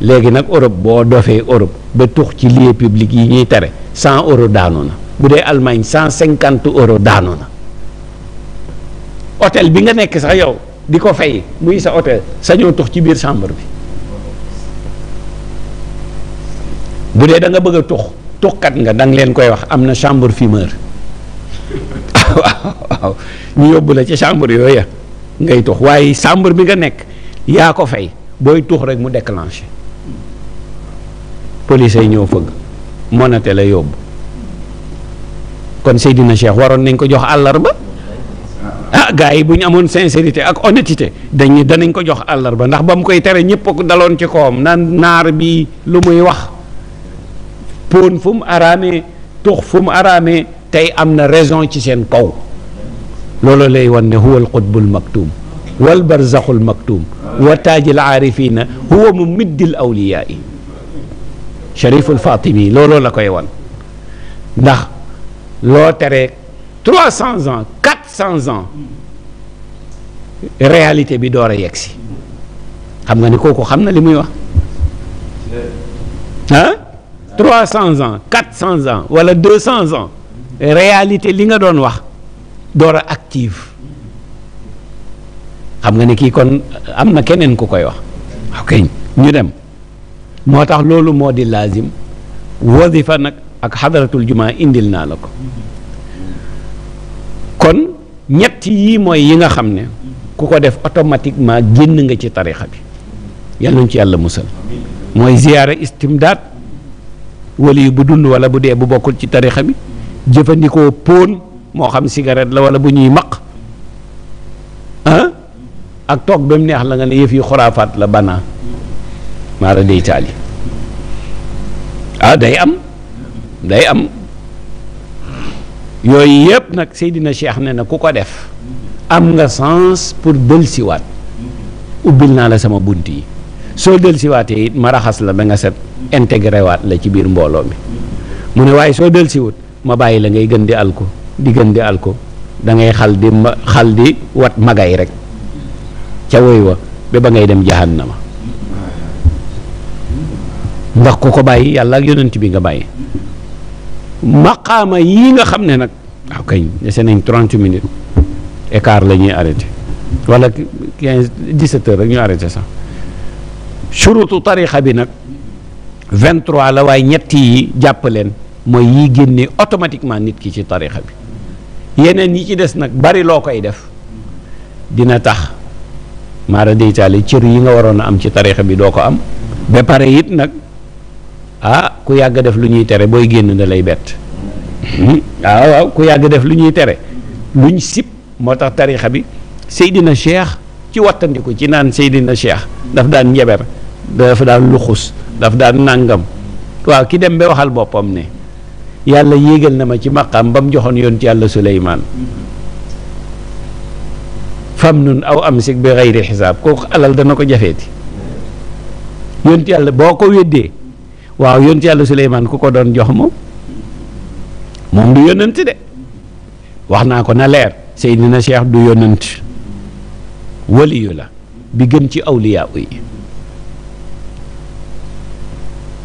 léegi nag Europe boo dofee Europe ba tux ci lieu public yi ñuy tere cent euro daanu na bu dee Allemagne cent cinquante euro daanu na hôtel bi nga nekk sax yow di ko fay muy sa hôtel sañoo tux ci biir chambre bi bu dee danga nga bëgg a tux tuxkat nga da leen koy wax am na chambre fumeur waaw waaw ñu yóbbu la ci chambre yooya ngay tux waaye chambre bi nga nekk yaa ko fay booy tux rek mu déclenché police yi ñëw fëgg monate la yóbbu kon Seydina Cheikh waroon nañ ko jox àllarba. ah gars yi bu ñu amoon sincérité ak honnêteté dañ danañ ko jox àllarba ndax ba mu koy tere ñëpp ko daloon ci kawam naan naar bi lu muy wax pon fu mu araamee tux fu mu araamee tey am na raison ci seen kaw loolu lay won ne huwa alqutbul maktum wal barzaxul maktum wa taajil aarifina huwa mu middil awliyaai shariful fatimi looloo la koy wan ndax loo tere trois cents cents ans réalité bi door a yegg si xam nga ni kooku xam na li muy wax ah trois cents ans quatre cents ans wala deux cents ans réalité li nga doon wax door a active xam nga ni kii kon am na keneen ku koy wax ok ñu dem moo tax loolu moo di laazim wazifa nag ak xadaratul jumaa indil naa la ko kon ñett yii mooy yi nga xam ne ku ko def automatiquement génn nga ci tarixa bi yàlla nañu ci yàlla musal mooy ziyaara istimdaad wali bu dund wala bu dee bu bokkul ci tarixa bi jëfandikoo póon moo xam cigarette la wala bu ñuy maq ah ak toog ba mu neex la nga ne yëf yi xuraafaat la banaa maara day taali ah day am day am yooyu yëpp nag dina Cheikh ne na ku ko def am nga sens pour dellusiwaat ubbil naa la sama bunt yi soo dellusiwaatee it ma raxas la ba nga set intégré waat la ci biir mbooloo mi mu ne waaye soo dellusiwut ma bàyyi la ngay gën di alko di gën di alko da ngay xal di ma xal di wat magay rek ca woy wa ba ba ngay dem jahannama ndax ku ko bàyyi yàlla ak yonent bi nga bàyyi maqaama yii nga xam ne nag waaw kañ dese nañ 30 minutes écart la ñuy arrêté wala 15 17 heures rek ñu arrêté sax surutu tarixa bi nag 23 la waaye ñetti yi jàpp leen mooy yi génne automatiquement nit ki ci tarixa bi yeneen yi ci des nag bari loo koy def dina tax maara deytaale cër yi nga waroon a am ci tarixa bi doo ko am ba it nag ah ku yàgg def lu ñuy tere booy génn da lay bett waaw hmm? ah, waaw ku yàgg def lu ñuy tere luñ sib moo tax tarixa bi Seydina Cheikh ci wattandiku ci naan Seydina Cheikh daf daan njaber dafa daan luxus daf daan nàngam waaw ki dem ba waxal boppam ne yàlla yéegal na ma ci maqaam ba mu joxoon yoon ci yàlla Suleymaan fam nun aw amsik bi xayri xisaab kooku alal dana ko jafeeti yoon ci yàlla boo ko weddee waaw yonent yàlla Suleymaan ku ko doon jox moom moom du yonent de wax naa ko na leer Seydina Cheikh du yonent waliyu la bi gën ci awliyaa yi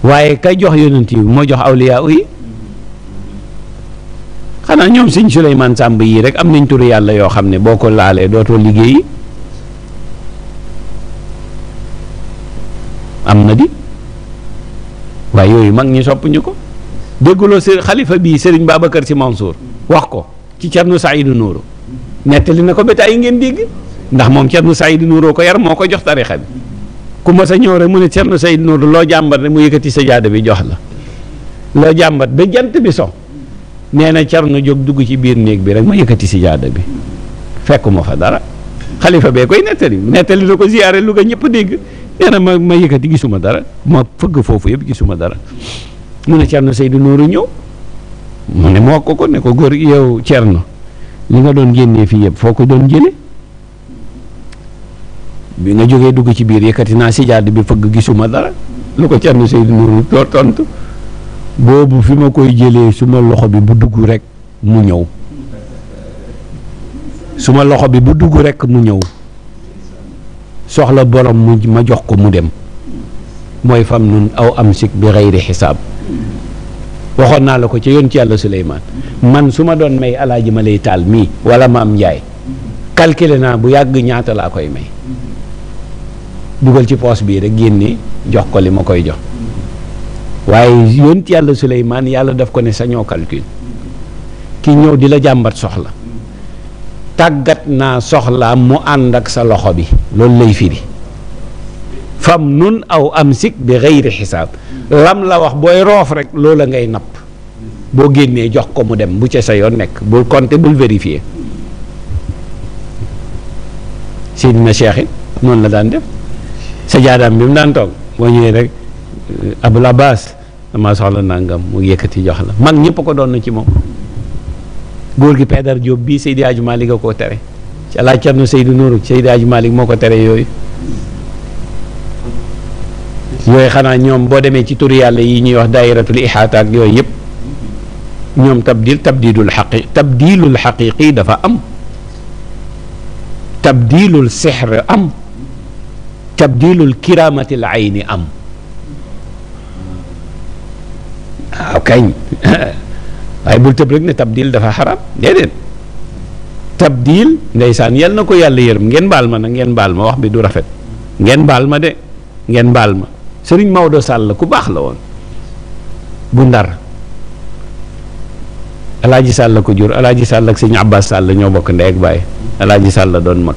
waaye kay jox yonent yi moo jox awliyaa yi xanaa ñoom sëñ Souleymane Samb yii rek am nañ turu yàlla yoo xam ne boo ko laalee dootoo liggéeyi am na di waaye yooyu mag ñi soppuñu ko dégguloo së xalifa bii sëriñ Serigne Babacar Sy Mansour wax ko ci Thierno Saïdou Nourou nettali na ko ba ay yi ngeen dégg ndax moom Thierno Saïdou Nourou ko yar moo ko jox tarixa bi ku sa ñëw rek mu ne Thierno Saïdou Nourou loo jàmbat rek mu yëkkati sa jaada bi jox la loo jàmbat ba jant bi so nee na Thierno jóg dugg ci biir néeg bi rek ma yëkkati si jaada bi fekkuma fa dara xalifa bee koy nettali nettali na ko ziyaare Louga ñëpp dégg nee na ma ma yëkkati gisuma dara ma fëgg foofu yëpp gisuma dara mu ne Thierno Seydou Nourou ñëw mu ne ma ko ko ne ko góor yow Thierno li nga doon génnee fii yëpp foo ko doon jële bi nga jógee dugg ci biir yëkkati naa si bi fëgg gisuma dara lu ko Thierno Seydou Nourou too tontu boobu fi ma koy jëlee suma loxo bi bu dugg rek mu ñëw suma loxo bi bu dugg rekk mu ñëw. soxla borom mu ma jox ko mu dem mooy fam nun aw am sik bi xeyri xisaab waxoon naa la ko ci yoon ci yàlla Suleymaan man su ma doon may alaaji ma lay taal mii wala ma am njaay calculé naa bu yàgg ñaata laa koy may dugal ci poos bii rek génne jox ko li ma koy jox waaye yonent yàlla Suleymaan yàlla daf ko ne sañoo calcul ki ñëw di la jàmbat soxla tàggat naa soxlaam mu ànd ak sa loxo bi loolu lay firi fam nun aw am amsik bi xëyri xisaab lam la wax booy roof rek loolu la ngay napp boo génnee jox ko mu dem bu ca sa yoon nekk bul compter bul vérifier Seydina Cheikh it noonu la daan def sa jaadaam bi mu daan toog boo ñëwee rek Abul Abbas dama soxla nangam mu yëkkati jox la mag ñëpp ko doon na ci moom góor gi Paydar Diop bii Seydi Hadji Malick a koo tere ci Alaaji Cerno Seydou Nourou Seydi Hadji Malick moo ko tere yooyu yooyu xanaa ñoom boo demee ci tur yàlla yi ñuy wax daayiratul ihaat ak yooyu yëpp ñoom tabdil tabdilul xaqi tabdilul dafa am tabdilul sixr am tabdilul kiraamatil ayni am waaw kañ waaye bul tëb rek ne tabdil dafa xaram déedéet tabdil ndeysaan yal na ko yàlla yërëm ngeen baal ma nag ngeen baal ma wax bi du rafet ngeen baal ma de ngeen baal ma sëriñ Maodo Sall ku baax la woon bu ndar alaaji Sall ko jur alaaji Sall ak sëñ Abbas Sall ñoo bokk ndey ak baay alaaji la doon mag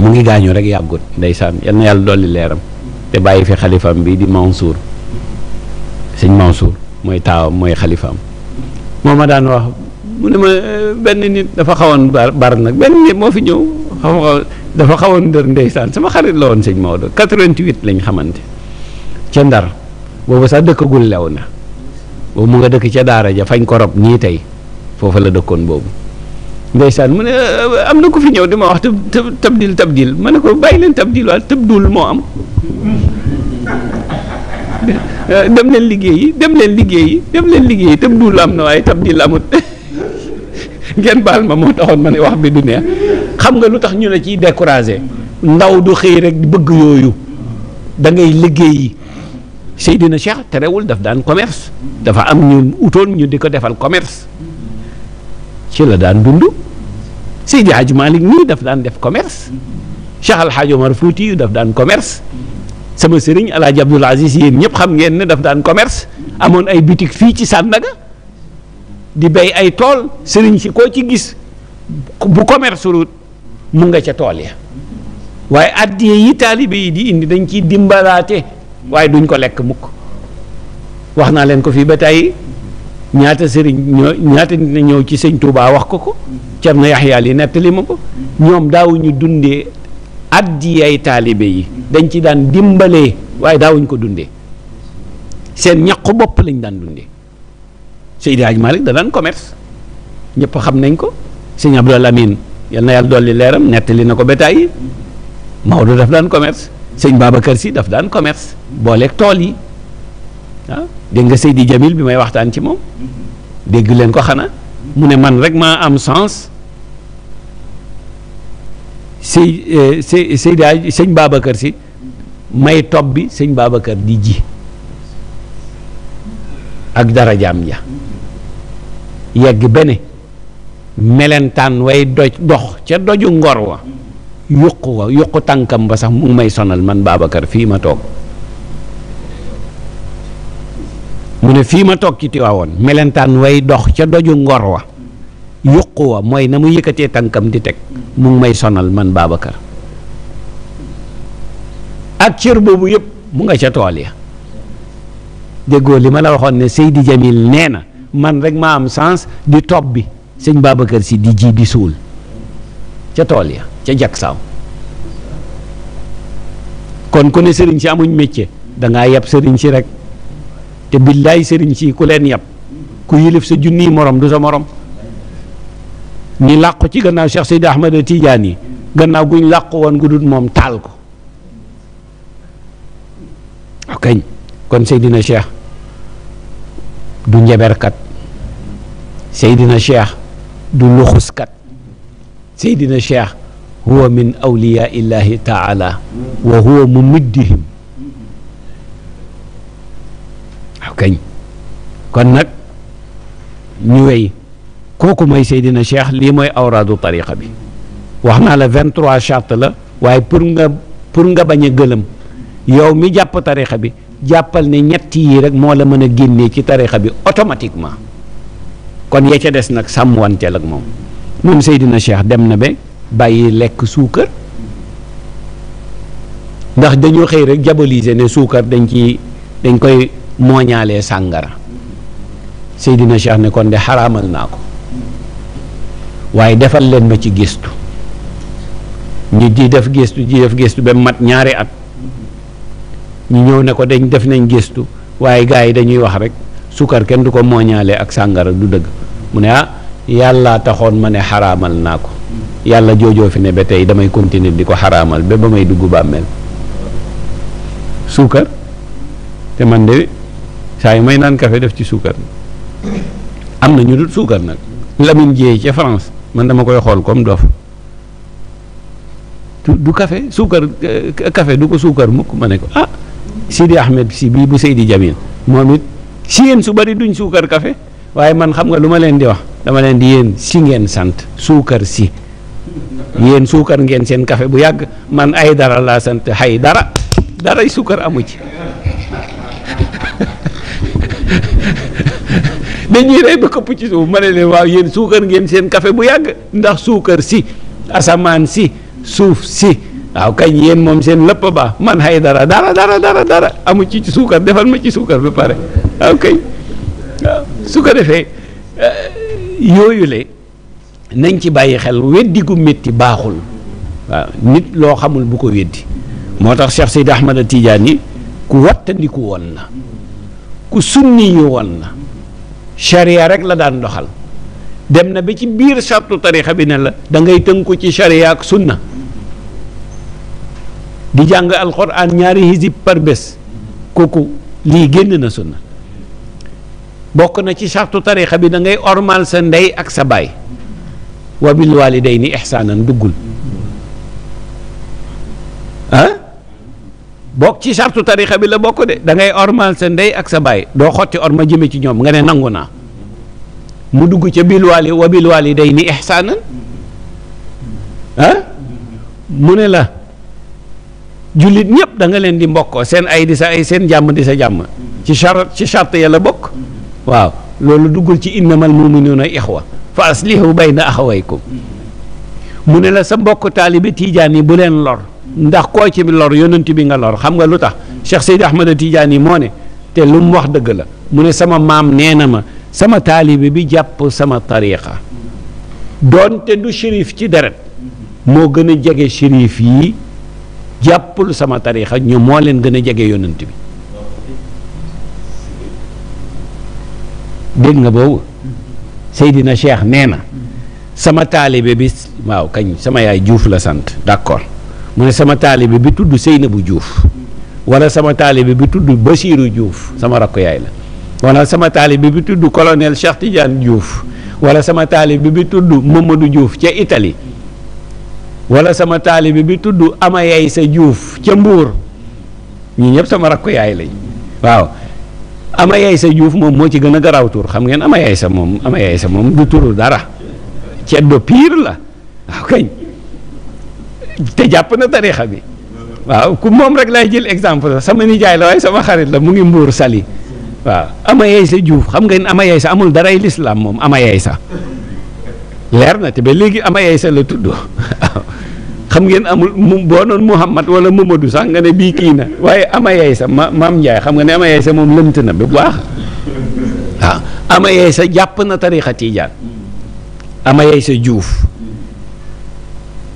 mu ngi gaañu rek yàggut ndeysaan yal na yàlla dolli leeram te bàyyi fi xalifam bii di Mansour sëñ Mansour mooy taawam mooy xalifam moo ma daan wax mu ne ma eh, benn nit dafa xawoon bar bar nag benn nit moo fi ñëw xaw dafa xawoon ndër ndeysaan sama xarit la woon sëñ Maodo 88 lañ xamante ca Ndar boobu sax dëkkagul lew na boobu mu nga dëkk ca Daara ja fañ ko rob nii tey foofu la dëkkoon boobu ndeysaan mu ne eh, am na ku fi ñëw di ma wax tab tab tabdil tabdil ma ne ko bàyyi leen tabdil waat tabdul moo am dem leen liggéeyi dem leen liggéeyi dem leen liggéeyi tëb duul am na waaye tab di amut ngeen baal ma moo taxoon ma ne wax bi du neex xam nga lu tax ñu ne ci découragé ndaw du xëy rek bëgg yooyu da ngay liggéeyi Seydina Cheikh terewul daf daan commerce dafa am ñu utoon ñu di ko defal commerce ci la daan dund Seydi Hadj Malick nii daf daan def commerce Cheikh Al Hadj Omar Fouti daf daan commerce. sama sëriñ El Hadj Abdoul yéen ñëpp xam ngeen ne daf daan commerce amoon ay boutique fii ci Sandaga di béy ay tool sëriñ si koo ci gis bu commerce ruut mu nga ca tool ya waaye addiye yi taalibe yi di indi dañ ciy dimbalaate waaye duñ ko lekk mukk wax naa leen ko fii ba tey ñaata sëriñ ñoo ñaata nit na ñëw ci sëñ Touba wax ko ko Cerno Yaxya li nettali ma ko ñoom daawuñu dundee addiyay taalibe yi dañ ci daan dimbalee waaye daawuñ ko dundee seen ñaqu bopp lañ daan dundee Seydi Hadj Malick da daan commerce ñëpp xam nañ ko sëñ Abdoul Amine yal na yàlla dolli leeram nettali na ko bétaay yi Maodo daf daan commerce sëñ baaba kër si daf daan commerce booleek tool yi ah dégg nga Seydi Jamil bi may waxtaan ci moom dégg leen ko xana mu ne man rek maa am sens Eh, sëy sëy sëy sëñ Babacar si may topp bi sëñ Babacar di ji ak darajaam ja yegg bene melentaan way doj dox ca doju ngor wa yuqu wa yuqu tànkam ba sax mu ngi may sonal man Babacar fii ma toog mu ne fii ma toog ci Tiwaawoon melentaan way dox ca doju ngor wa yuqu mooy na mu yëkkatee tànkam di teg mu ngi may sonal man Babacar ak cër boobu yëpp mu nga ca tool ya déggoo li ma la waxoon ne Seydi Jamil nee na man rek ma am sens di topp bi sëñ Babacar si di ji di suul ca tool ya ca jak saaw kon ku ne sëriñ si amuñ métier dangaa yab sëriñ si rek te billaay sëriñ si ku leen yab ku yilif sa junniy morom du sa morom ñi làqu ci gannaaw Cheikh Seydi Ahmad Tidiane yi gannaaw guñ làqu woon gu dul moom taal ko okañ ah, kon Seydina Cheikh du njaberkat Seydina Cheikh du luxuskat Seydina Cheikh huwa min awliyaa illahi taala wa huwa mumiddihim okañ ah, kon nag ñu wéy kooku mooy Seydina Cheikh lii mooy awraadu tariqa bi wax naa la vingt trois charte la waaye pour nga pour nga bañ a gëlëm yow mi jàpp tariqa bi jàppal ne ñetti yii rek moo la mën a génnee ci tariqa bi automatiquement kon ya ca des nag wanteel ak moom moom Seydina Cheikh dem na ba bàyyi lekk suukar ndax dañoo xëy rek diaboliser ne suukar dañ ci dañ koy mooñaalee sàngara Seydina Cheikh ne kon de xaraamal naa ko waaye defal leen ma ci gëstu ñi ji def gëstu ji def gëstu ba mat ñaari at ñu ñëw ne ko dañ def nañ géstu waaye gars yi dañuy wax rek suukar kenn du ko mooñaale ak sàngara du dëgg mu ne ah yàlla taxoon ma ne xaraamal naa ko yàlla joojoo fi ne ba tey damay continuer di ko xaraamal ba ba may dugg bàmmeel suukar te man de saa yu may naan kafe def ci suukar am na ñu dul suukar nag Lamine Dieye ca France man dama koy xool comme dof du kafe suukar kafe euh, du ko suukar mukk ma ne ko ah Sidi Ahmed si bii bu Seydi Jamil moom it si yéen su bari duñ suukar kafe waaye man xam nga lu ma leen di wax dama leen di yéen si ngeen sant suukar si yéen suukar ngeen seen café bu yàgg man ay dara laa sant xay dara daray suukar amu ci dañuy rey ba këpp ci suuf ma ne leen waaw yéen suukar ngeen seen kafe bu yàgg ndax suukar si asamaan si suuf si waaw kañ yéen moom seen lëpp baax man xay dara dara dara dara dara amu ci ci suukar defal ma ci suukar ba pare waaw waaw su ko defee euh, yooyu le nañ ci bàyyi xel weddi gu métti baaxul waaw nit loo xamul bu ko weddi moo tax Cheikh Seydi Ahmad Tidiane yi ku wattandiku woon na ku sunni yu woon na charia rekk la daan doxal dem na ba ci biir sartu tarixa bi ne la dangay ngay tënku ci charia ak sunna di jàng alquran ñaari hizib par bés kooku lii génn na sunna bokk na ci sartu tarixa bi da ngay ormal sa ndey ak sa baay wa bil walidayni ihsanan duggul ah? bokk ci sartu tarixa bi la bokk de da ngay ormal sa ndey ak sa baay doo xotti orma jëme ci ñoom nga ne nangu naa mu dugg ca bilwaali wa yi day ni ihsaanan ah mu ne la jullit ñëpp da nga leen di mbokkoo seen ay di sa ay seen jàmm di sa jàmm ci char ci charte ya la bokk waaw loolu duggul ci innamal muminuuna ixwa fa aslihu bayna axawaykum mu ne la sa mbokk taalibe tiijaan yi bu leen lor ndax koo ci lor yonent bi nga lor xam nga lu tax Cheikh Seydi Ahmada Tidiane yi moo ne te lu mu wax dëgg la mu ne sama maam nee na ma sama taalibe bi jàpp sama tariqa doonte du shérif ci deret moo gën a jege shérif yi jàppul sama tariqa ñu moo leen gën a jege yonent bi dégg nga boobu Seydina Cheikh nee na sama taalibe bi waaw kañ sama yaay Juuf la sant d'accord mu ne sama taalibe bi tudd Seynabou juuf wala sama taalibe bi tudd Bachirou juuf sama rakk yaay la wala sama taalibe bi tudd colonel Cheikh Tidiane Diouf wala sama taalibe bi tudd Mamadou Diouf ca itali wala sama taalibi bi tudd Ama sa juuf ca Mbuur ñii ñëpp sama rakk yaay lañ waaw Ama Yaysa juuf moom moo ci gën a garaaw tur xam ngeen Ama Yaysa moom Ama Yaysa moom du turu dara ceddo piir la waaw kañ te jàpp na tariixa bi waaw ku moom rek laay jël exemple sama nijaay la waaye sama xarit la mu ngi mbuur sali waaw ama yey sa juuf xam ngeen ama yey sa amul daray lislaam moom ama yey sa leer ba léegi ama yey la tudd ngeen amul mu boo noon Muhammad wala Mamadou sax nga ne bii kii na waaye ama yey sa ma maam Njaay xam nga ne ama yey sa moom lënt na bu baax waaw ama yey sa jàpp na tariixa tiijaan ama yey sa juuf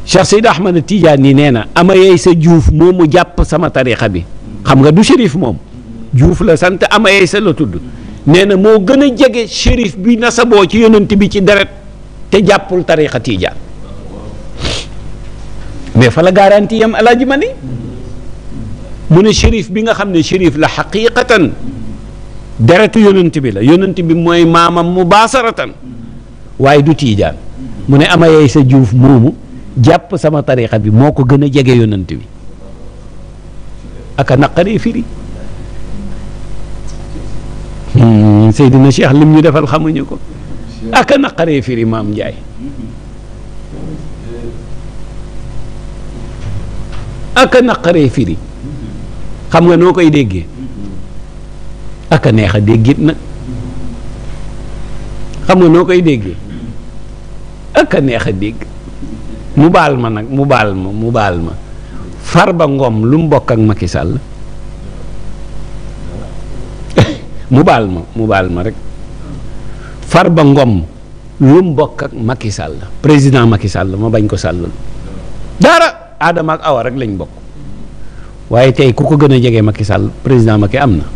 Cheikh Seyd Ahmad tiijaan yi nee na ama yey sa juuf moomu jàpp sama tarixa bi xam nga du shérif moom juuf la sant ama yey sa la tudd nee na moo gën a jege shérif bi nasaboo ci yonent bi ci deret te jàppul tarixa Tidiane mais fa la garantie yam alaaji ma ni mu ne shérif bi nga xam ne shérif la xaqiqatan deretu yonent bi la yonent bi mooy maamam mu baasaratan waaye du tiijaan mu ne ama yey sa juuf moomu jàpp sama tarixa bi moo ko gën a jege yonent bi aka naqaree firi hmm, Seydina Cheikh lim ñu defal xamuñu ko aka naqaree firi maam Njaay aka naqaree firi xam nga noo koy déggee aka neex a déggit nag xam nga noo koy déggee aka neex a dégg mu baal ma nag mu baal ma mu baal ma Farba Ngom lu mu bokk ak Macky Sall mu baal ma mu baal ma rek Farba Ngom lu mu bokk ak Macky Sall président Macky Sall ma bañ ko sàllul dara Adama ak Awa lañ bokk waaye tey ku ko gën a jege Macky Sall président Macky am na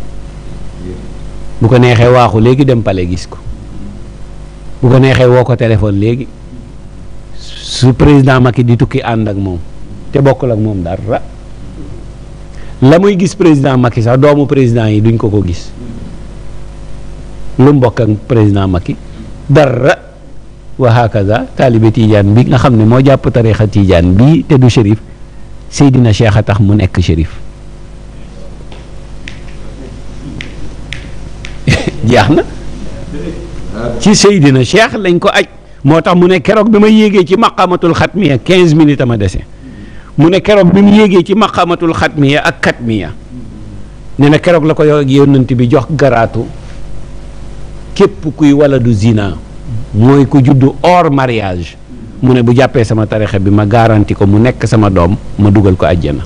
bu ko neexee waaxu léegi dem pale gis ko bu ko neexee woo ko téléphone léegi. su président Macky di tukki ànd ak moom te bokkul ak moom dara la muy gis président Macky sax doomu président yi duñ ko ko gis lu mbokk bokk ak président Macky dara wa hakaza taalibe Tidiane bi nga xam ne moo jàpp tarixa Tidiane bii te du shérif Seydina Cheikh a tax mu nekk shérif jeex na ci Seydina Cheikh lañ ko aj moo tax mu ne keroog bi ma yéegee ci maqamatul xatmiya 15 minutes ma dese mu ne keroog bi mu yéegee ci maqamatul xatmiya ak xatmiya ne na keroog la ko yónnante bi jox garaatu képp kuy walla du zina mooy ko juddu hors mariage mu ne bu jàppee sama tarixa bi ma garanti ko mu nekk sama doom ma dugal ko àjjana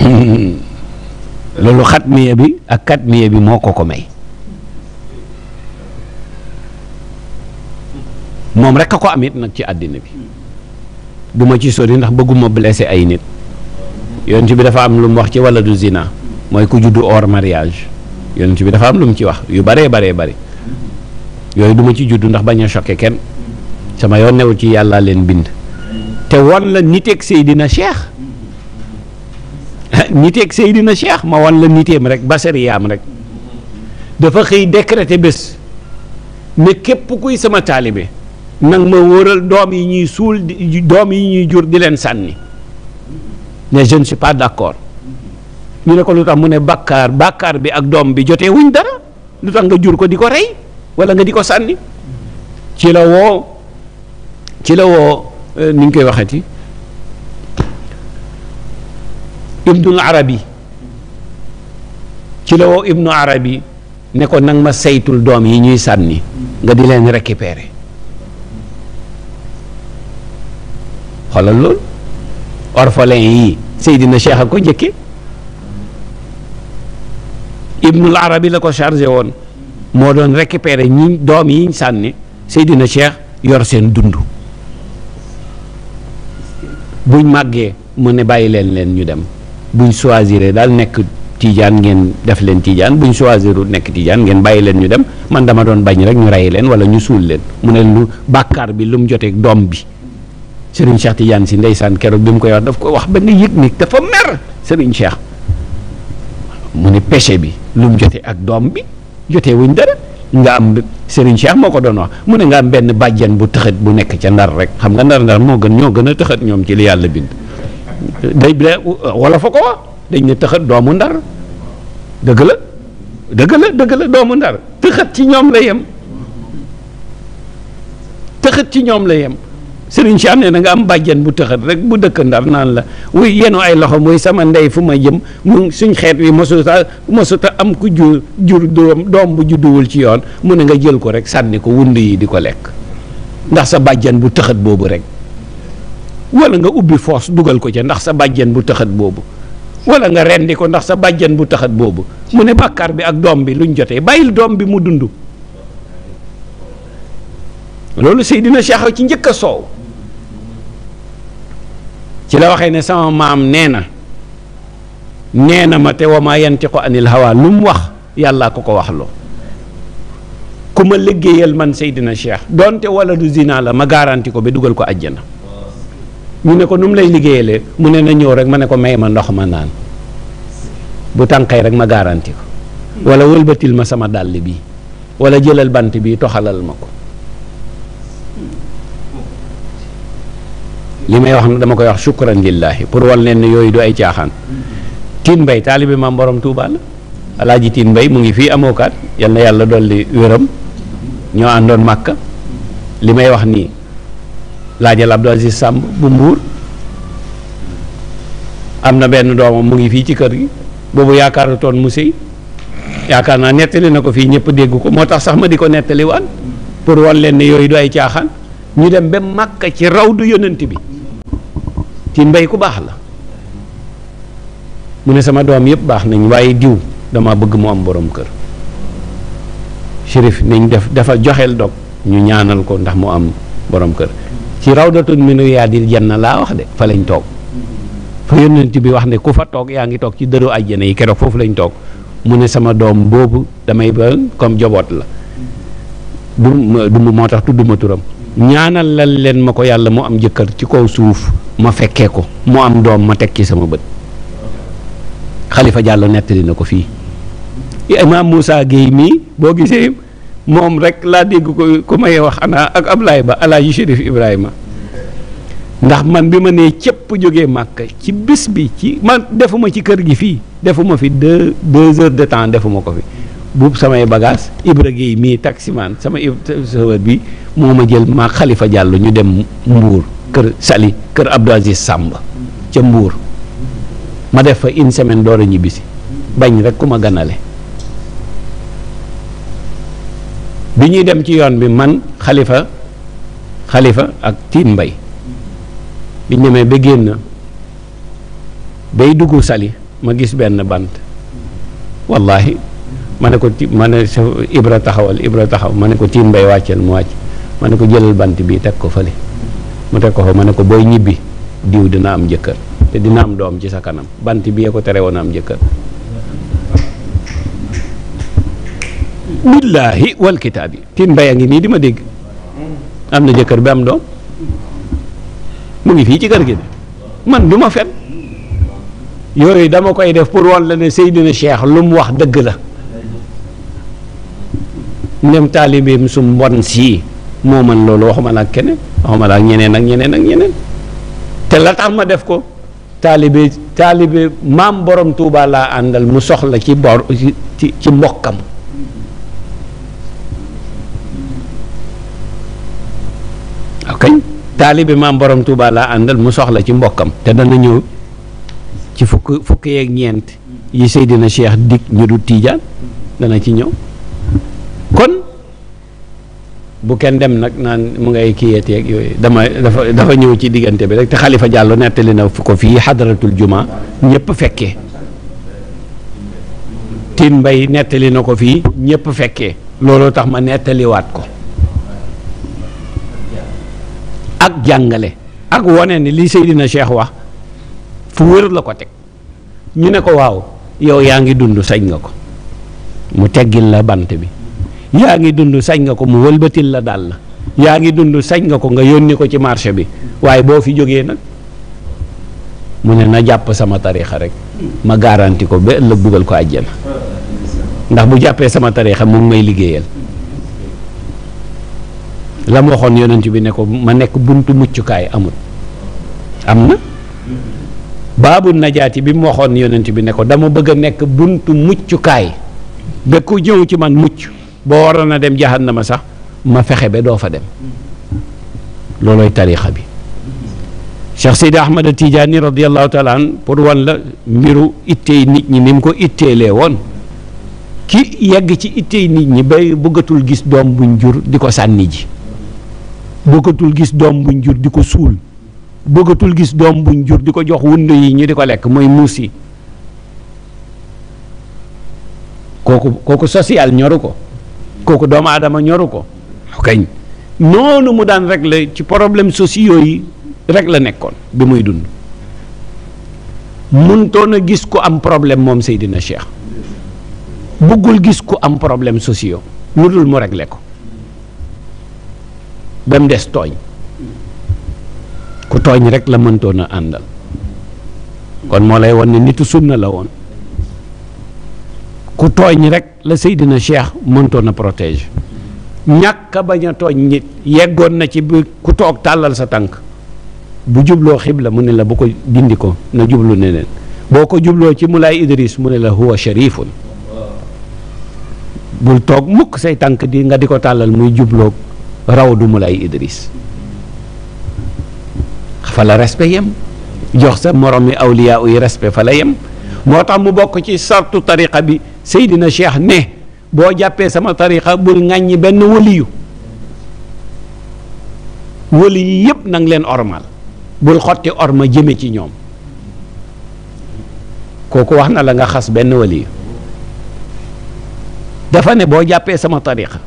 hmm. loolu xatmiya bi ak katmiya bi moo ko ko may moom rek a ko am it nag ci àddina bi du ma ci sori ndax bëgguma blessé ay nit yonent bi dafa am lu wax ci walla du zina mooy ku juddu hors mariage yonent bi dafa am lu mu ci wax yu baree baree bari yooyu du ma ci juddu ndax bañ a choqué kenn sama yoon newul ci yàllaa leen bind te won la niteeg dina Cheikh niteeg Seydina Cheikh ma wan la niteem rek basariyaam rek dafa xëy décréter bés ne képp kuy sama taalibe nag ma wóoral doom yi ñuy suul doom yi ñuy jur di leen sànni ne je ne suis pas d'accord ñu ne ko lu tax mu ne bàkkaar bàkkaar bi ak doom bi jotee wuñ dara lu tax nga jur ko di ko rey wala nga di ko sànni ci la woo ci la woo euh, ni ñu koy waxati ibnul arabi ci la woo ibnu arabi ne ko nag ma seytul doom yi ñuy sànni nga di leen récupérer xoolal loolu orphelin yi Seydina Cheikh a ko njëkke ibnul arabi la ko chargé woon moo doon récupérer ñi doom yiñ sànni Seydina Cheikh yor seen dund bu màggee mu ne bàyyi leen leen ñu dem buñ choisiree daal nekk tijaan ngeen def leen tijaan buñ choisirul nekk tijaan ngeen bàyyi leen ñu dem man dama doon bañ rek ñu rey leen wala ñu suul leen mu ne lu bàkkaar bi lu mu joteeg doom bi Serigne Cheikh Tidiane si ndeysaan keroog bi mu koy wax daf ko wax ba nga yëg ni dafa mer Cheikh mu ne péché bi lu jotee ak doom bi jotee wuñ dara nga am Serigne Cheikh moo ko doon wax mu ne nga am benn bàjjan bu tëxët bu nekk ca ndar rek xam nga ndar-ndar moo gën ñoo gën a tëxët ñoom ci li yàlla bind. day bi wala fa ko wax dañ ne tëxat doomu ndar dëgg la dëgg la dëgg doomu ndar tëxat ci ñoom la yem tëxat ci ñoom la yem sëriñ si am ne na nga am bàjjen bu tëxat rek bu dëkk ndar naan la wuy yenu ay loxo muy sama ndey fu ma jëm mu suñ xeet wi masuta masuta am ku jur doom bu judduwul ci yoon mu ne nga jël ko rek sànni ko wund yi di ko lekk ndax sa bàjjan bu tëxat boobu rek wala nga ubbi foos dugal ko ca ndax sa bàjjen bu taxat boobu wala nga rendi ko ndax sa bàjjan bu taxat boobu mu ne bàkkaar bi ak doom bi luñ jotee bàyyil doom bi mu dund loolu Seydina Cheikh ci njëkk a soow ci la waxee ne sama maam nee na nee na ma te wa maa yantiqu anil hawa lu mu wax yàllaa ko ko wax loo ku ma liggéeyal man Seydina Cheikh donte wala du zina la ma garanti ko ba dugal ko àjjana ñu ne ko nu mu lay liggéeyalee mu ne na ñëw rek ma ne ko may ma ndox ma naan bu tànqee rek ma garanti ko wala wëlbatil ma sama dàll bii wala jëlal bant bii toxalal ma ko li may wax na dama koy wax shukran lillahi pour wal leen ne yooyu du ay caaxaan Tine Mbaye taalibe maam borom Touba la alaaji Tine Mbaye mu ngi fii amookaat yal na yàlla dolli wéram ñoo àndoon màkka li may wax nii laajal Abdou Aziz Samb bu mbuur am na benn doomam mu ngi fii ci kër gi boobu yaakaar na toon mu sëy yaakaar naa nettali na ko fii ñëpp dégg ko moo tax sax ma di ko nettali waan pour wan leen ne yooyu du ay caaxaan ñu dem ba makk ci raw du yonent bi ci mbay ku baax la mu ne sama doom yëpp baax nañ waaye diw dama bëgg mu am boroom kër shérif nañ def dafa joxeel dog ñu ñaanal ko ndax mu am boroom kër ci rawdatun min riyaadil janna laa wax de fa lañ toog fa yónnent bi wax ne ku fa toog yaa ngi toog ci dëru àjjana yi keroog foofu lañ toog mu ne sama doom boobu damay ba comme joboot la du du moo tax ma turam ñaanal lal leen ma ko yàlla mu am jëkkër ci kaw suuf ma fekkee ko mu am doom ma teg ci sama bët xalifa Diallo nettali na ko fii imaam Moussa Guèye mii boo gisee moom rek laa dégg ko ku may wax ana ak Ablaay ba alaaji Chérif Ibrahima ndax man bi ma nee cëpp jógee màkk ci bis bi ci man defuma ci kër gi fii defuma fi deux deux heures de temps defuma ko fi buub samay bagage Ibra Gueye mii taximaan sama sofër bi moo ma jël maa Xalifa jàll ñu dem Mbuur kër Sali kër Abdou Aziz Sàmba ca Mbuur ma def fa une semaine door a ñibbisi bañ rek ku ma ganale bi ñuy dem ci yoon bi man xalifa xalifa ak tiin mbay bi ñu demee ba génn bay dugg sali ma gis benn bant wallahi ma ne ko ti ma ne sa ibra taxawal ibra taxaw ma ne ko tiin mbay wàcceel mu wàcc ma ne ko jëlal bant bii teg ko fële mu teg ko fa ma ne ko booy ñibbi diw dina am jëkkër te dina am doom ci sa kanam bant bi yee ko tere woon am jëkkër billaahi wal kitaabi tin mbay a ngi nii di ma dégg am na jëkkër bi am doom mu ngi fii ci kër gi de man du ma fen yooyu dama koy def pour won la ne Seydina Cheikh lu mu wax dëgg la nem taalibeem su mbon sii moo mën loolu waxuma la ak keneen waxuma la ak ñeneen ak ñeneen ak ñeneen te la tax ma def ko taalibe taalibe maam borom Touba laa àndal mu soxla ci bor ci ci mbokkam ok taalibe maam borom Touba àndal mu soxla ci mbokkam te dana ñëw ci fukk fukk yeeg ñeent yi Seydina Cheikh dig ñu du Tiijaan dana ci ñëw kon bu kenn dem nag naan mu ngay kiyeeteeg yooyu dama dafa dafa ñëw ci diggante bi rek te Xalifa Jàllo nettali na ko fii xadaratul juma ñëpp fekkee Tine mbay nettali na ko fii ñëpp fekkee looloo tax ma nettaliwaat ko ak jàngale ak wane ni li Seydina Cheikh wax fu wér la ko teg ñu ne ko waaw yow yaa ngi dund sañ nga ko mu teggil la bant bi yaa ngi dund sañ nga ko mu wëlbatil la daal la yaa ngi dundu sañ nga ko nga yónni ko ci marché bi waaye boo fi jógee nag mu ne na jàpp sama tariixa rek ma garanti ko ba la dugal ko àjjana ndax bu jàppee sama tariixa mu ngi may liggéeyal la mu waxoon yonent bi ne ko ma nekk buntu muccukaay amul am na baabu najaati bi mu waxoon yonent bi ne ko dama bëgg a nekk buntu muccukaay ba ku jëw ci man mucc boo waroon a dem jahannama sax ma fexe ba doo fa dem loolooy tariixa bi Cheikh Seydi Ahmad Tijaani radiyallahu taala an pour wan la mbiru ittey nit ñi ni mu ko itteelee woon ki yegg ci ittey nit ñi bay bëggatul gis doom buñ jur di ko sànniji bëggatul gis doom buñ jur di ko suul bëggatul gis doom buñ jur di ko jox wund yi ñu di ko lekk mooy muus yi kooku kooku social ñoru ko kooku doomu aadama ñoru ko kañ noonu mu daan régler ci problème sociaux yi rek la nekkoon bi muy dund mëntoon a gis ku am problème moom Seydina Cheikh bëggul gis ku am problème sociaux lu dul mu régler ko ba mu des tooñ ku tooñ rek la mëntoon a àndal kon moo lay won ne nitu sunna la woon ku tooñ rek la Seydina Cheikh mëntoon a protéger ñàkk a bañ tooñ nit yeggoon na ci bi ku toog tàllal sa tànk bu jubloo xibla mu ne la bu ko dindi ko na jublu neneen boo ko jubloo ci Moulay Idris mu ne la huwa sharifun bul toog mukk say tànk di nga di ko tàllal muy jubloo raw du mu lay Idris fa la respect yem jox sa moromi awliya yi respe fa la yem moo tax mu bokk ci sartu tariqa bi Seydina Cheikh ne boo jàppee sama tariqa bul ŋàññi benn waliyu wali yi yëpp na nga leen ormal bul xotti orma jëme ci ñoom kooku wax na la nga xas benn waliyu dafa ne boo jàppee sama tariqa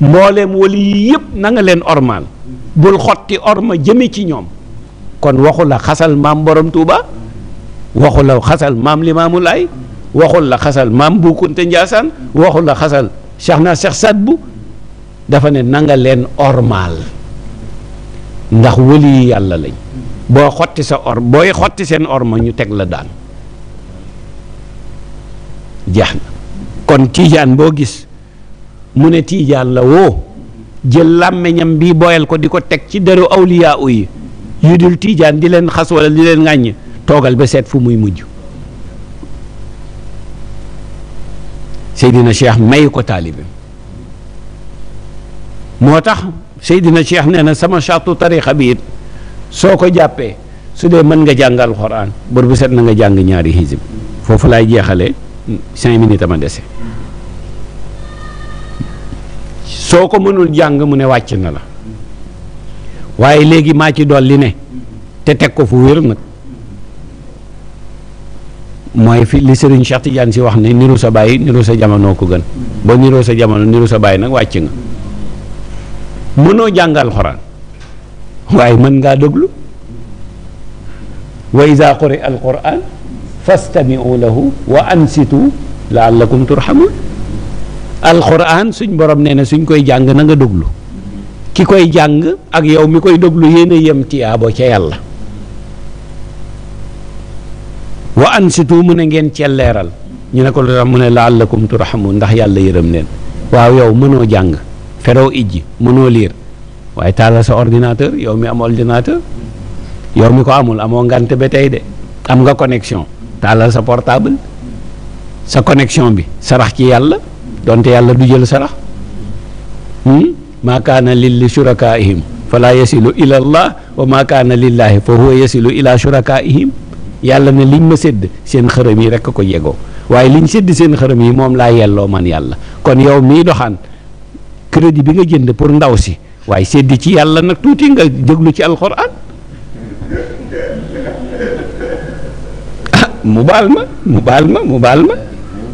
mbooleem wali yi yëpp nanga leen ormaal bul xotti orma jëme ci ñoom kon waxu la xasal maam borom Touba waxu la xasal maam Limaamu Laay waxul la xasal maam Bu Kunta Njaasaan waxul la xasal Cheikh na sat bu dafa ne nanga leen ormaal ndax wali yi yàlla lañ boo xotti sa or booy xotti seen orma ñu teg la daan jeex na kon tiijaan boo gis mu ne tiijaan la woo jël làmmiñam bi boyal ko di ko teg ci deru awliyaa yi yu dul tiijaan di leen xas wala di leen ŋàññ toogal ba seet fu muy mujj Seydina Cheikh may ko taalibe moo tax Seydina Cheikh nee na sama chatu tarixa bi soo ko jàppee su dee mën nga jàng alxuraan bor bu set na nga jàng ñaari xisib foofu laay jeexale cinq minutes ama dese soo ko mënul jàng mu ne wàcc na la waaye léegi maa ci doon li ne te teg ko fu wér nag mooy fi li Serigne Cheikh Tidiane si wax ne niru sa bàyyi niru sa jamono ko gën ba niroo sa jamono niru sa bàyyi nag wàcc nga mënoo jàngal xoraan waaye mën ngaa déglu wa iza quri al quran fastami'u lahu wa ansitu la'allakum turhamun alxuraan suñ borom nee na suñ koy jàng na nga déglu ki koy jàng ak yow mi koy déglu yéen a yem tiyaabo ca yàlla wa ansitu mu ne ngeen ceel leeral ñu ne ko lu tax mu ne laallakum turhamun ndax yàlla yërëm leen waaw yow mënoo jàng feroo ijji mënoo liir waaye taalal sa ordinateur yow mi am ordinateur yow mi ko amul amoo ngante ba tey de am nga connexion taalal sa portable sa connexion bi sarax ci yàlla donte yàlla du jël sarax hmm? maa kaana lil shurakaihim fala yasilu ila allah wa maa kaana lillahi fa huwa yasilu ila shurakaihim yàlla ne liñ ma sedd seen xërëm yi rekk ko yegoo waaye liñ sédd seen xërëm yi moom laa yelloo man yàlla kon yow mii doxaan crédit bi nga jënd pour ndaw si waaye sédd ci yàlla nag tuuti nga jéglu ci alxuraan ah, mu baal ma mu baal ma mu baal ma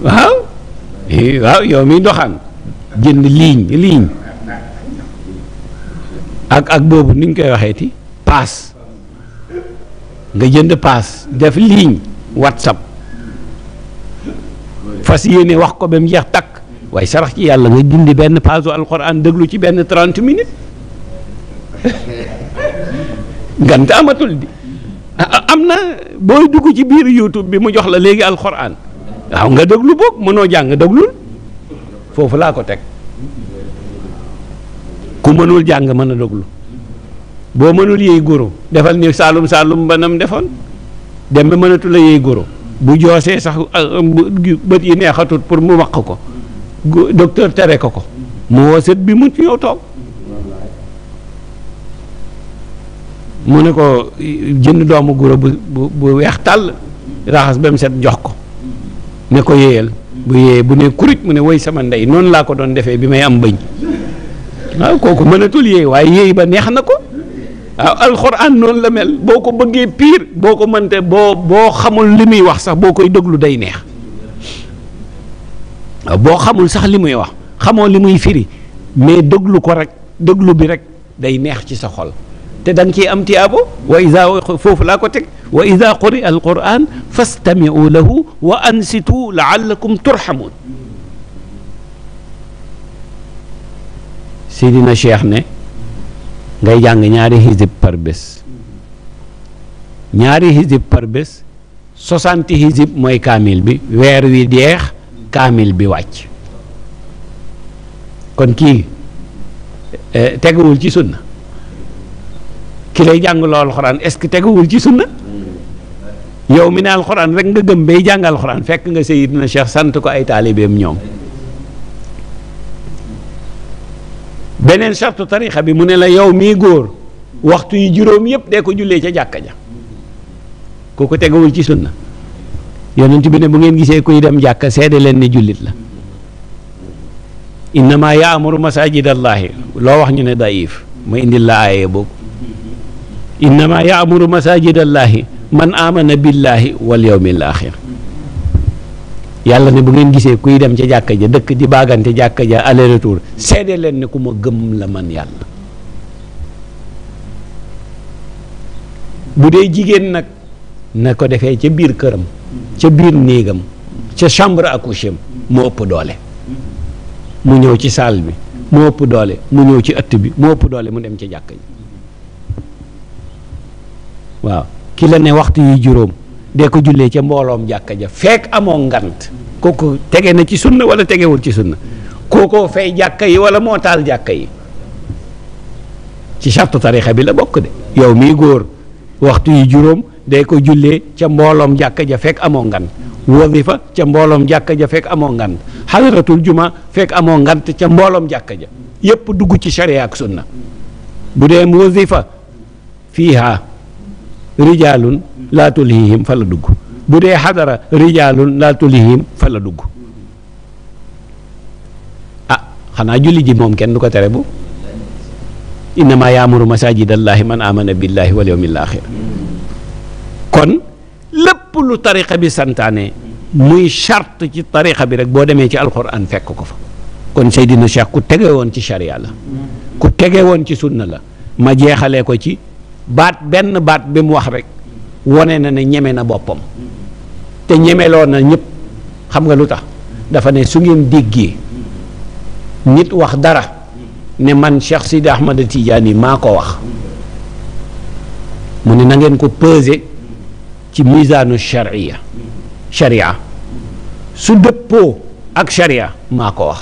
waaw Eh, waaw yow miy doxaan jënd ligne ligne ak ak boobu ni ñu koy waxeeti paas nga jënd paas def ligne whatsapp fas yéene wax ko ba mu jeex takk waaye sarax ci yàlla nga dindi benn paasu alxuraan déglu ci benn trent minutes ngant amatul di ah, ah, am na booy dugg ci biir YouTube bi mu jox la léegi alxuraan. waaw nga déglu boog mënoo jàng déglul foofu laa ko teg ku mënul jàng mën a déglu boo mënul yëy goro defal ni saalum saalum banam defoon dem ba mënatu yëy goro bu joosee sax ah, bët yi neexatut pour mu wax ko docteur tere ko ko mu woo sët bi mu ci ñëw toog mu ne ko jënd doomu goro bu bu bu weex tàll raxas ba mu set jox ko ne ko yéyal bu yéyee bu ne kurit mu ne woy sama ndey noonu laa ko doon defee bi may am bëñ waaw kooku mënatul yéey waaye yéey ba neex na ko waaw alxuraan noonu la mel boo ko bëggee piir boo ko mënte boo boo xamul li muy wax sax boo koy déglu day neex waaw boo xamul sax li muy wax xamoo li muy firi mais déglu ko rek déglu bi rek day neex ci sa xol te da nga am tiyaabo wa isa foofu laa ko teg wa isa quri al quran fastami'u lahu wa ansitu laallakum turhamun sidina cheikh ne ngay jàng ñaari hizib par bés ñaari hizib par bés hizib mooy kaamil bi weer wi deex kaamil bi wàcc kon kii eh, teguwul ci sunna ki lay jàngaloo alxuraan est-ce que teguwul ci sunna yow mi ne alxuraan rek nga gëm bay jàng alxuraan fekk nga na Cheikh sant ko ay taalibeem ñoom beneen sartu tarixa bi mu ne la yow mii góor waxtu yu juróom yëpp dee ko jullee ca jàkka ja ku ko tegawul ci sunna yonent bi ne bu ngeen gisee kuy dem jàkka seede leen jullit la innama yaamuru masajid allahi loo wax ñu ne daif ma indil la aayee boobu innama yaamuru masajid allaahi man amana billaahi wal yawmil axir yàlla ne bu ngeen gisee kuy dem ca jàkka ja dëkk di baagante jàkka ja aller retour leen ne ku ma gëm la man yàlla bu dee jigéen nag na ko defee ca biir këram ca biir néegam ca chambre à coucher mu ëpp doole mu ñëw ci salle bi mu ëpp doole mu ñëw ci ëtt bi mu ëpp doole mu dem ca jàkka ji waaw ki la ne waxtu yi juróom dee ko jullee ca mbooloom jàkk ja fekk amoon ngant kooku tege na ci sunna wala tegewul ci sunna kookoo fay jàkk yi wala moo taal jàkk yi ci sartu tarixa bi la bokk de yow mii góor waxtu yi juróom day ko jullee ca mbooloom jàkka ja fekk amoo ngant wasifa ca mbooloom jàkka ja fekk amoo ngant xadaratul juma fekk amoon ngant ca mbooloom jàkka ja yépp dugg ci sharia ak sunna bu dee wasifa fiiha rijaalun laa tulhihim fa la dugg bu dee xadara rijaalun laa tulhihim fa la dugg a ah, xanaa julli ji moom kenn du ko tere bu innama yaamuru masajidallaahi man amana billaahi wal yawmil axir kon lépp lu tariqa bi santaane muy charte ci tariqa bi rek boo demee ci alquran fekk ko fa kon Seydina Cheikh ku tege woon ci charia la ku tege woon ci sunna la ma jeexalee ko ci baat benn baat bi wax rek wone na ne ñeme na boppam te ñeme ñemeloo na ñëpp xam nga lu tax dafa ne su ngeen déggee nit wax dara ne man Cheikh Sidi Ahmad Tidiane maa ko wax mu ne na ngeen ko peser ci misaanu charia charia su dëppoo ak charia maa ko wax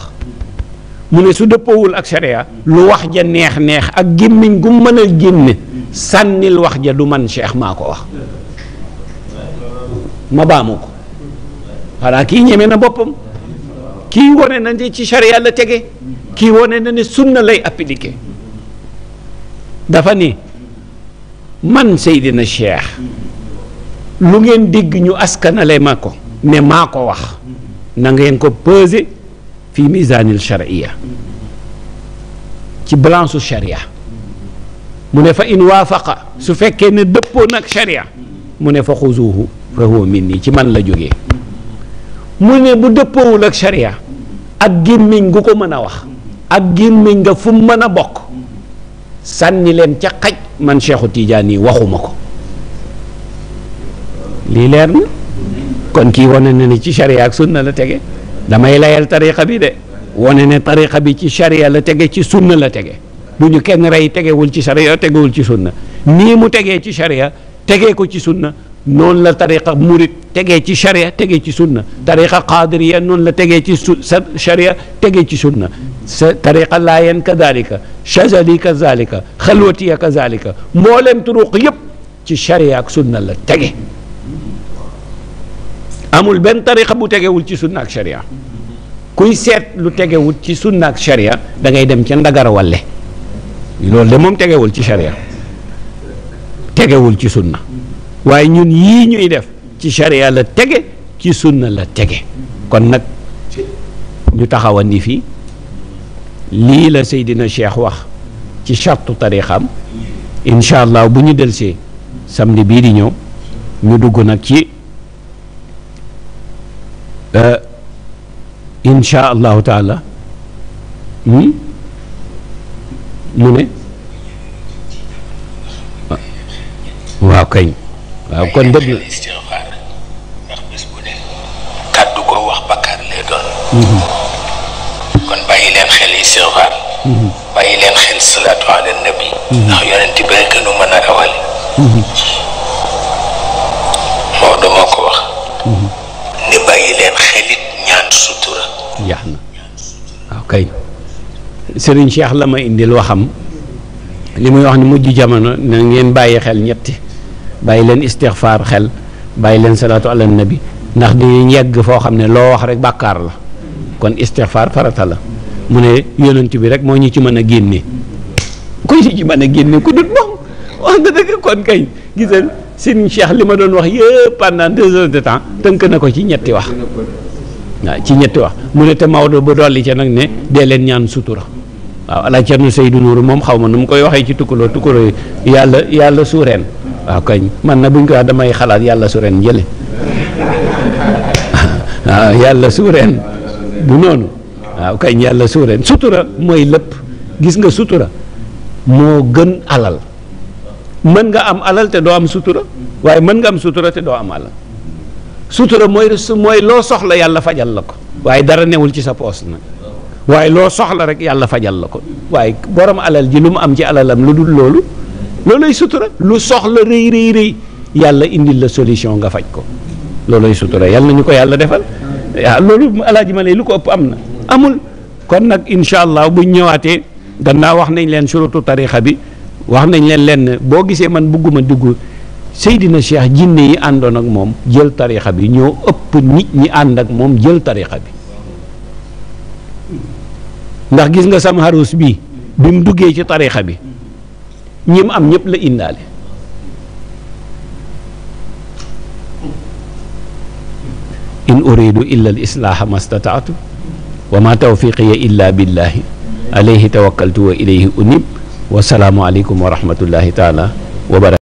mu ne su dëppoowul ak charia lu wax ja neex-neex ak gémmiñ gu mën a génne sànnil wax ja du man cheikh maa ko wax ma baamu ko xanaa kii ñeme na boppam kii wone na ne ci charia la tege kii wone na ne sunna lay appliqué dafa ni man Seydina Cheikh lu ngeen dégg ñu askanale ma ko ne maa ko wax na ngeen ko peser fi misanil charia ci balance su mu ne fa in waafaqa su fekkee ne dëppoo nag sharia mu ne fa xuzuuhu fa huwa minni ci man la jógee mu ne bu dëppoowul ak sharia ak gémmiñ gu ko mën a wax ak gémmiñ nga fu mën a bokk sànni leen ca xaj man Cheikhu Tidiane waxuma ko lii leer na kon kii wane na ni ci sharia ak sunna la tege damay layal tariqa bi de wane ne tariqa bi ci sharia la tege ci sunna la tege bu ñu kenn rey tegewul ci sharia tegewul ci sunna nii mu tegee ci sharia tegee ko ci sunna noonu la tariqa murit tegee ci sharia tegee ci sunna tariqa qadiriya noonu la tegee ci su sa sharia tegee ci sunna sa tariqa laayeen kadalika chazali kadalika xalwatiya kadalika mboolem turuq yëpp ci sharia ak sunna la tege amul benn tariqa bu tegewul ci sunna ak sharia kuy seet lu tegewul ci sunna ak sharia da ngay dem ca ndagara walle loolu de moom tegewul ci sharia tegewul ci sunna waaye ñun yii ñuy def ci sharia la tege ci sunna la tege kon nag ñu taxawan ni fii lii la Seydina Cheikh wax ci chartu tariqam incha allah bu ñu delsee samedi bii di ñëw ñu dugg nag ci euh, incha taala hmm? mu ne waaw kañ waaw kon dëgg la ndax bés bu kàddu ko wax bakkaar lay doon mhm. kon bàyyi leen xel istixfaar mhm. bàyyi leen xel salaatu ala nabi mhm. ndax yonent bi rekk ko wax ne bàyyi leen xelit ñaan sutura yaax na waaw kay sëriñ Cheikh la ma indil waxam li muy wax ni mujj jamono na ngeen bàyyi xel ñetti bàyyi leen istixfaar xel bàyyi leen salaatu ala nabi ndax di yegg foo xam ne loo wax rek bàkkaar la kon istixfaar farata la mu ne yonent bi rek moo ñu ci mën a génne ku ñu ci mën a génne ku dut moom wax nga dëgg kon kay gisal sëriñ Cheikh li ma doon wax yëpp pendant deux heures de temps tënk na ko ci ñetti wax waaw ci ñetti wax mu ne te Maodo ba dolli ca nag ne dee leen ñaan sutura waaw alaaj Cerno Seydou Nourou moom xaw ma nu mu koy waxee ci tukkuloo tukkuloo yàlla yàlla suureen waaw kañ man na buñ ko wax damay xalaat yàlla suureen jële waaw ah, yàlla suureen bu noonu waaw kañ yàlla suureen sutura mooy lépp gis nga sutura moo gën alal mën nga am alal te doo am sutura waaye mën nga am sutura te doo am alal sutura mooy mooy loo soxla yàlla fajal la ko waaye dara newul ci sa poos nag waaye loo soxla rek yàlla fajal la ko waaye borom alal ji lu mu am ci am lu dul loolu loolay sutura lu soxla rëy rëy rëy yàlla indil la solution nga faj ko loolay sutura yàlla ñu ko yàlla defal waaw ah, loolu alaaji ma lay lu ko ëpp am na amul kon nag incha allah buñ ñëwaatee gannaaw wax nañ leen suratu tarixa bi wax nañ leen lenn boo gisee man bugguma dugg Seydina Cheikh jinne yi àndoon ak moom jël tarixa bi ñoo ëpp nit ñi ànd ak moom jël tarixa bi ndax gis nga sam harus bi bi mu duggee ci tarixa bi ñi mu am ñëpp la indaale in uridu illa al islaaha ma stataatu wa ma tawfiqiya illa billahi alayhi tawakkaltu wa ilayhi unib wa salaamu aleykum wa rahmatullahi taala wa barakatu